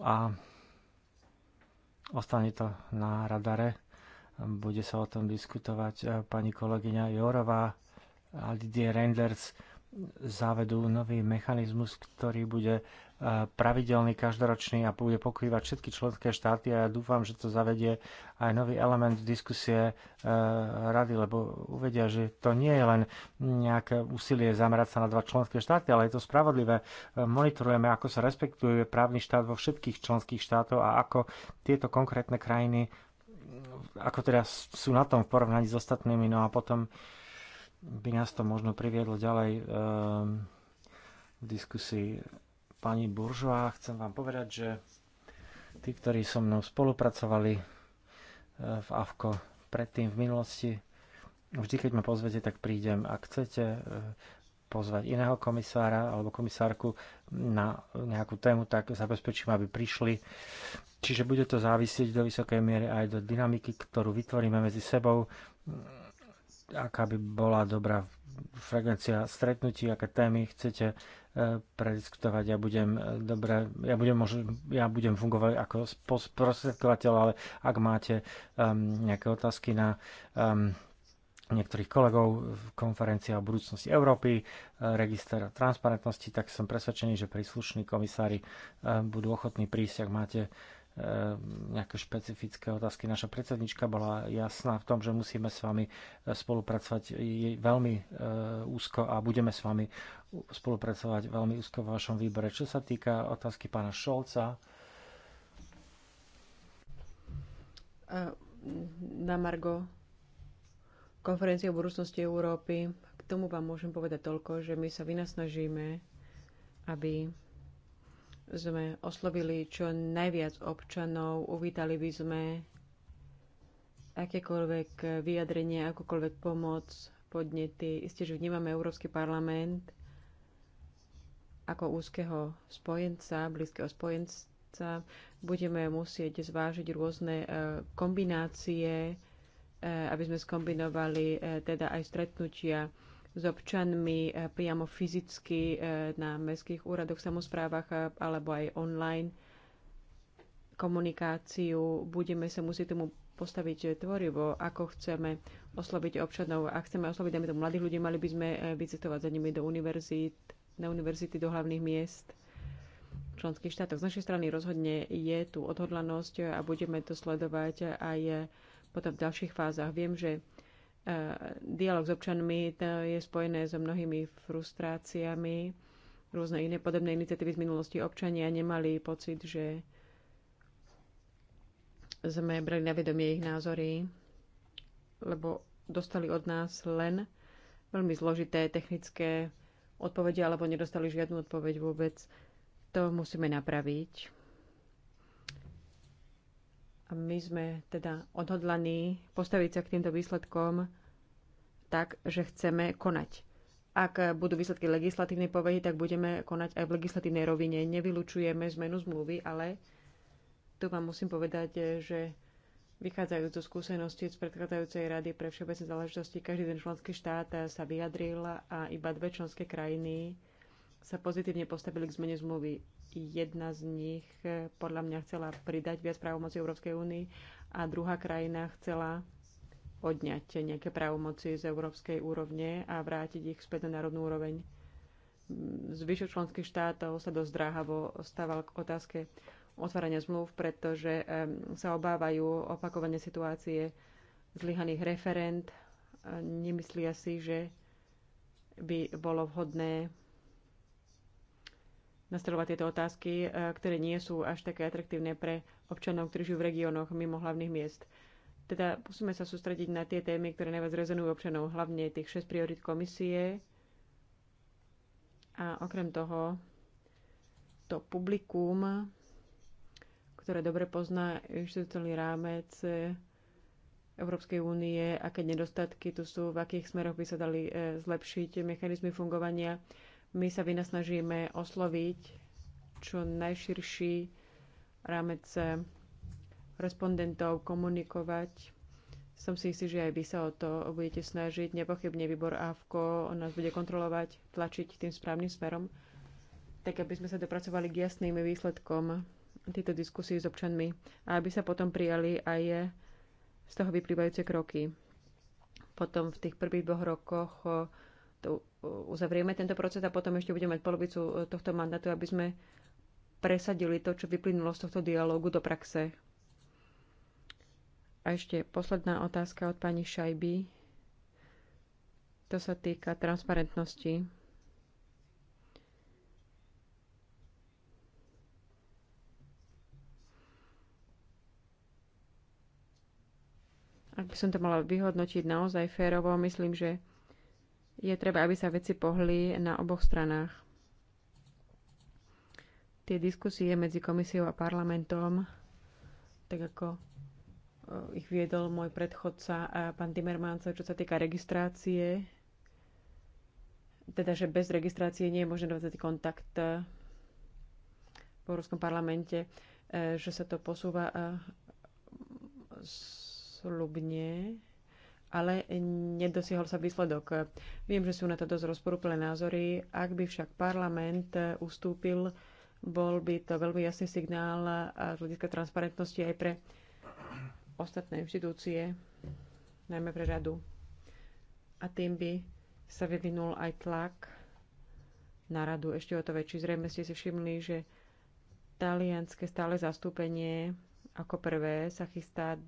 a ostane to na radare. Bude sa o tom diskutovať eh, pani kolegyňa Jorová a Didier Reinders zavedú nový mechanizmus, ktorý bude pravidelný, každoročný a bude pokrývať všetky členské štáty a ja dúfam, že to zavedie aj nový element diskusie e, rady, lebo uvedia, že to nie je len nejaké úsilie zamerať sa na dva členské štáty, ale je to spravodlivé. E, monitorujeme, ako sa respektuje právny štát vo všetkých členských štátoch a ako tieto konkrétne krajiny ako teda sú na tom v porovnaní s ostatnými, no a potom by nás to možno priviedlo ďalej e, v diskusii pani Buržová, chcem vám povedať, že tí, ktorí so mnou spolupracovali eh, v AVKO predtým v minulosti, vždy keď ma pozvete, tak prídem. Ak chcete eh, pozvať iného komisára alebo komisárku na nejakú tému, tak zabezpečím, aby prišli. Čiže bude to závisieť do vysokej miery aj do dynamiky, ktorú vytvoríme medzi sebou, eh, aká by bola dobrá frekvencia stretnutí, aké témy chcete e, prediskutovať. Ja budem, e, dobre, ja budem, mož, ja budem fungovať ako prostredkovateľ, ale ak máte um, nejaké otázky na um, niektorých kolegov v konferencii o budúcnosti Európy, e, register transparentnosti, tak som presvedčený, že príslušní komisári budú ochotní prísť, ak máte Ehm, nejaké špecifické otázky. Naša predsednička bola jasná v tom, že musíme s vami e, spolupracovať veľmi e, úzko a budeme s vami spolupracovať veľmi úzko v vašom výbore. Čo sa týka otázky pána Šolca, na Margo konferencie o budúcnosti Európy. K tomu vám môžem povedať toľko, že my sa vynasnažíme, aby sme oslovili čo najviac občanov, uvítali by sme akékoľvek vyjadrenie, akúkoľvek pomoc, podnety. Isté, že vnímame Európsky parlament ako úzkeho spojenca, blízkeho spojenca. Budeme musieť zvážiť rôzne e, kombinácie, e, aby sme skombinovali e, teda aj stretnutia s občanmi e, priamo fyzicky e, na mestských úradoch, samozprávach e, alebo aj online komunikáciu. Budeme sa musieť tomu postaviť tvorivo, ako chceme osloviť občanov. Ak chceme osloviť aj mladých ľudí, mali by sme vycestovať za nimi do univerzít, na univerzity, do hlavných miest v členských štátoch. Z našej strany rozhodne je tu odhodlanosť a budeme to sledovať aj potom v ďalších fázach. Viem, že E, dialog s občanmi je spojené so mnohými frustráciami. Rôzne iné podobné iniciatívy z minulosti občania nemali pocit, že sme brali na vedomie ich názory, lebo dostali od nás len veľmi zložité technické odpovede alebo nedostali žiadnu odpoveď vôbec. To musíme napraviť my sme teda odhodlaní postaviť sa k týmto výsledkom tak, že chceme konať. Ak budú výsledky legislatívnej povahy, tak budeme konať aj v legislatívnej rovine. Nevylučujeme zmenu zmluvy, ale tu vám musím povedať, že vychádzajú zo skúseností z predchádzajúcej rady pre všeobecné záležitosti, každý ten členský štát sa vyjadril a iba dve členské krajiny sa pozitívne postavili k zmene zmluvy jedna z nich eh, podľa mňa chcela pridať viac právomoci Európskej únii a druhá krajina chcela odňať nejaké právomoci z európskej úrovne a vrátiť ich späť na národnú úroveň. Mm, zvyšok členských štátov sa dosť dráhavo stával k otázke otvárania zmluv, pretože sa obávajú opakovanie situácie zlyhaných referent. Eh, nemyslia si, že by bolo vhodné nastrovať tieto otázky, e, ktoré nie sú až také atraktívne pre občanov, ktorí žijú v regiónoch mimo hlavných miest. Teda musíme sa sústrediť na tie témy, ktoré najviac rezonujú občanov, hlavne tých 6 priorit komisie. A okrem toho, to publikum, ktoré dobre pozná inštitucionálny rámec Európskej únie, aké nedostatky tu sú, v akých smeroch by sa dali e, zlepšiť mechanizmy fungovania my sa vynasnažíme osloviť čo najširší rámec eh, respondentov, komunikovať. Som si istý, že aj vy sa o to budete snažiť. Nepochybne výbor AVKO nás bude kontrolovať, tlačiť tým správnym smerom, tak aby sme sa dopracovali k jasným výsledkom tejto diskusie s občanmi a aby sa potom prijali aj eh, z toho vyplývajúce kroky. Potom v tých prvých dvoch rokoch eh, to e, uzavrieme tento proces a potom ešte budeme mať polovicu e, tohto mandátu, aby sme presadili to, čo vyplynulo z tohto dialógu do praxe. A ešte posledná otázka od pani Šajby. To sa týka transparentnosti. Ak by som to mala vyhodnotiť naozaj férovo, myslím, že je treba, aby sa veci pohli na oboch stranách. Tie diskusie medzi komisiou a parlamentom, tak ako e, ich viedol môj predchodca pán Timmermans, čo sa týka registrácie, teda, že bez registrácie nie je možné dovedzať kontakt e, v Európskom parlamente, e, že sa to posúva slubne ale nedosiahol sa výsledok. Viem, že sú na to dosť rozporúplné názory. Ak by však parlament ustúpil, bol by to veľmi jasný signál a z hľadiska transparentnosti aj pre ostatné inštitúcie, najmä pre radu. A tým by sa vyvinul aj tlak na radu ešte o to väčší. Zrejme ste si všimli, že talianské stále zastúpenie ako prvé sa chystá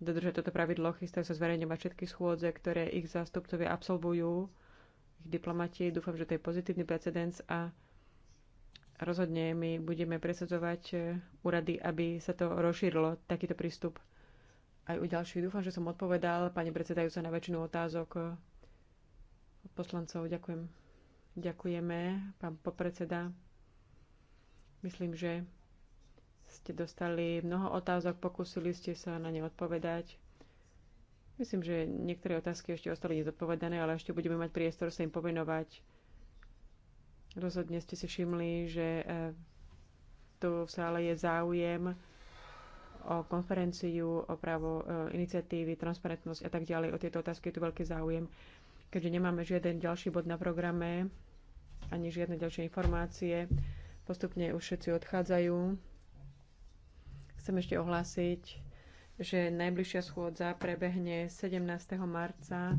dodržať toto pravidlo, chystajú sa zverejňovať všetky schôdze, ktoré ich zástupcovia absolvujú, ich diplomati. Dúfam, že to je pozitívny precedens a rozhodne my budeme presadzovať e, úrady, aby sa to rozšírilo, takýto prístup aj u ďalších. Dúfam, že som odpovedal, pani predsedajúca, na väčšinu otázok od e, poslancov. Ďakujem. Ďakujeme, pán podpredseda. Myslím, že ste dostali mnoho otázok, pokúsili ste sa na ne odpovedať. Myslím, že niektoré otázky ešte ostali nezodpovedané, ale ešte budeme mať priestor sa im povenovať. Rozhodne ste si všimli, že e, tu v sále je záujem o konferenciu, o právo e, iniciatívy, transparentnosť a tak ďalej. O tieto otázky je tu veľký záujem. Keďže nemáme žiaden ďalší bod na programe, ani žiadne ďalšie informácie, postupne už všetci odchádzajú. Chcem ešte ohlásiť, že najbližšia schôdza prebehne 17. marca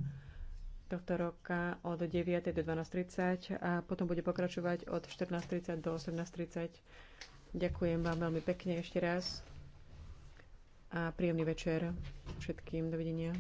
tohto roka od 9. do 12.30 a potom bude pokračovať od 14.30 do 18.30. Ďakujem vám veľmi pekne ešte raz a príjemný večer všetkým. Dovidenia.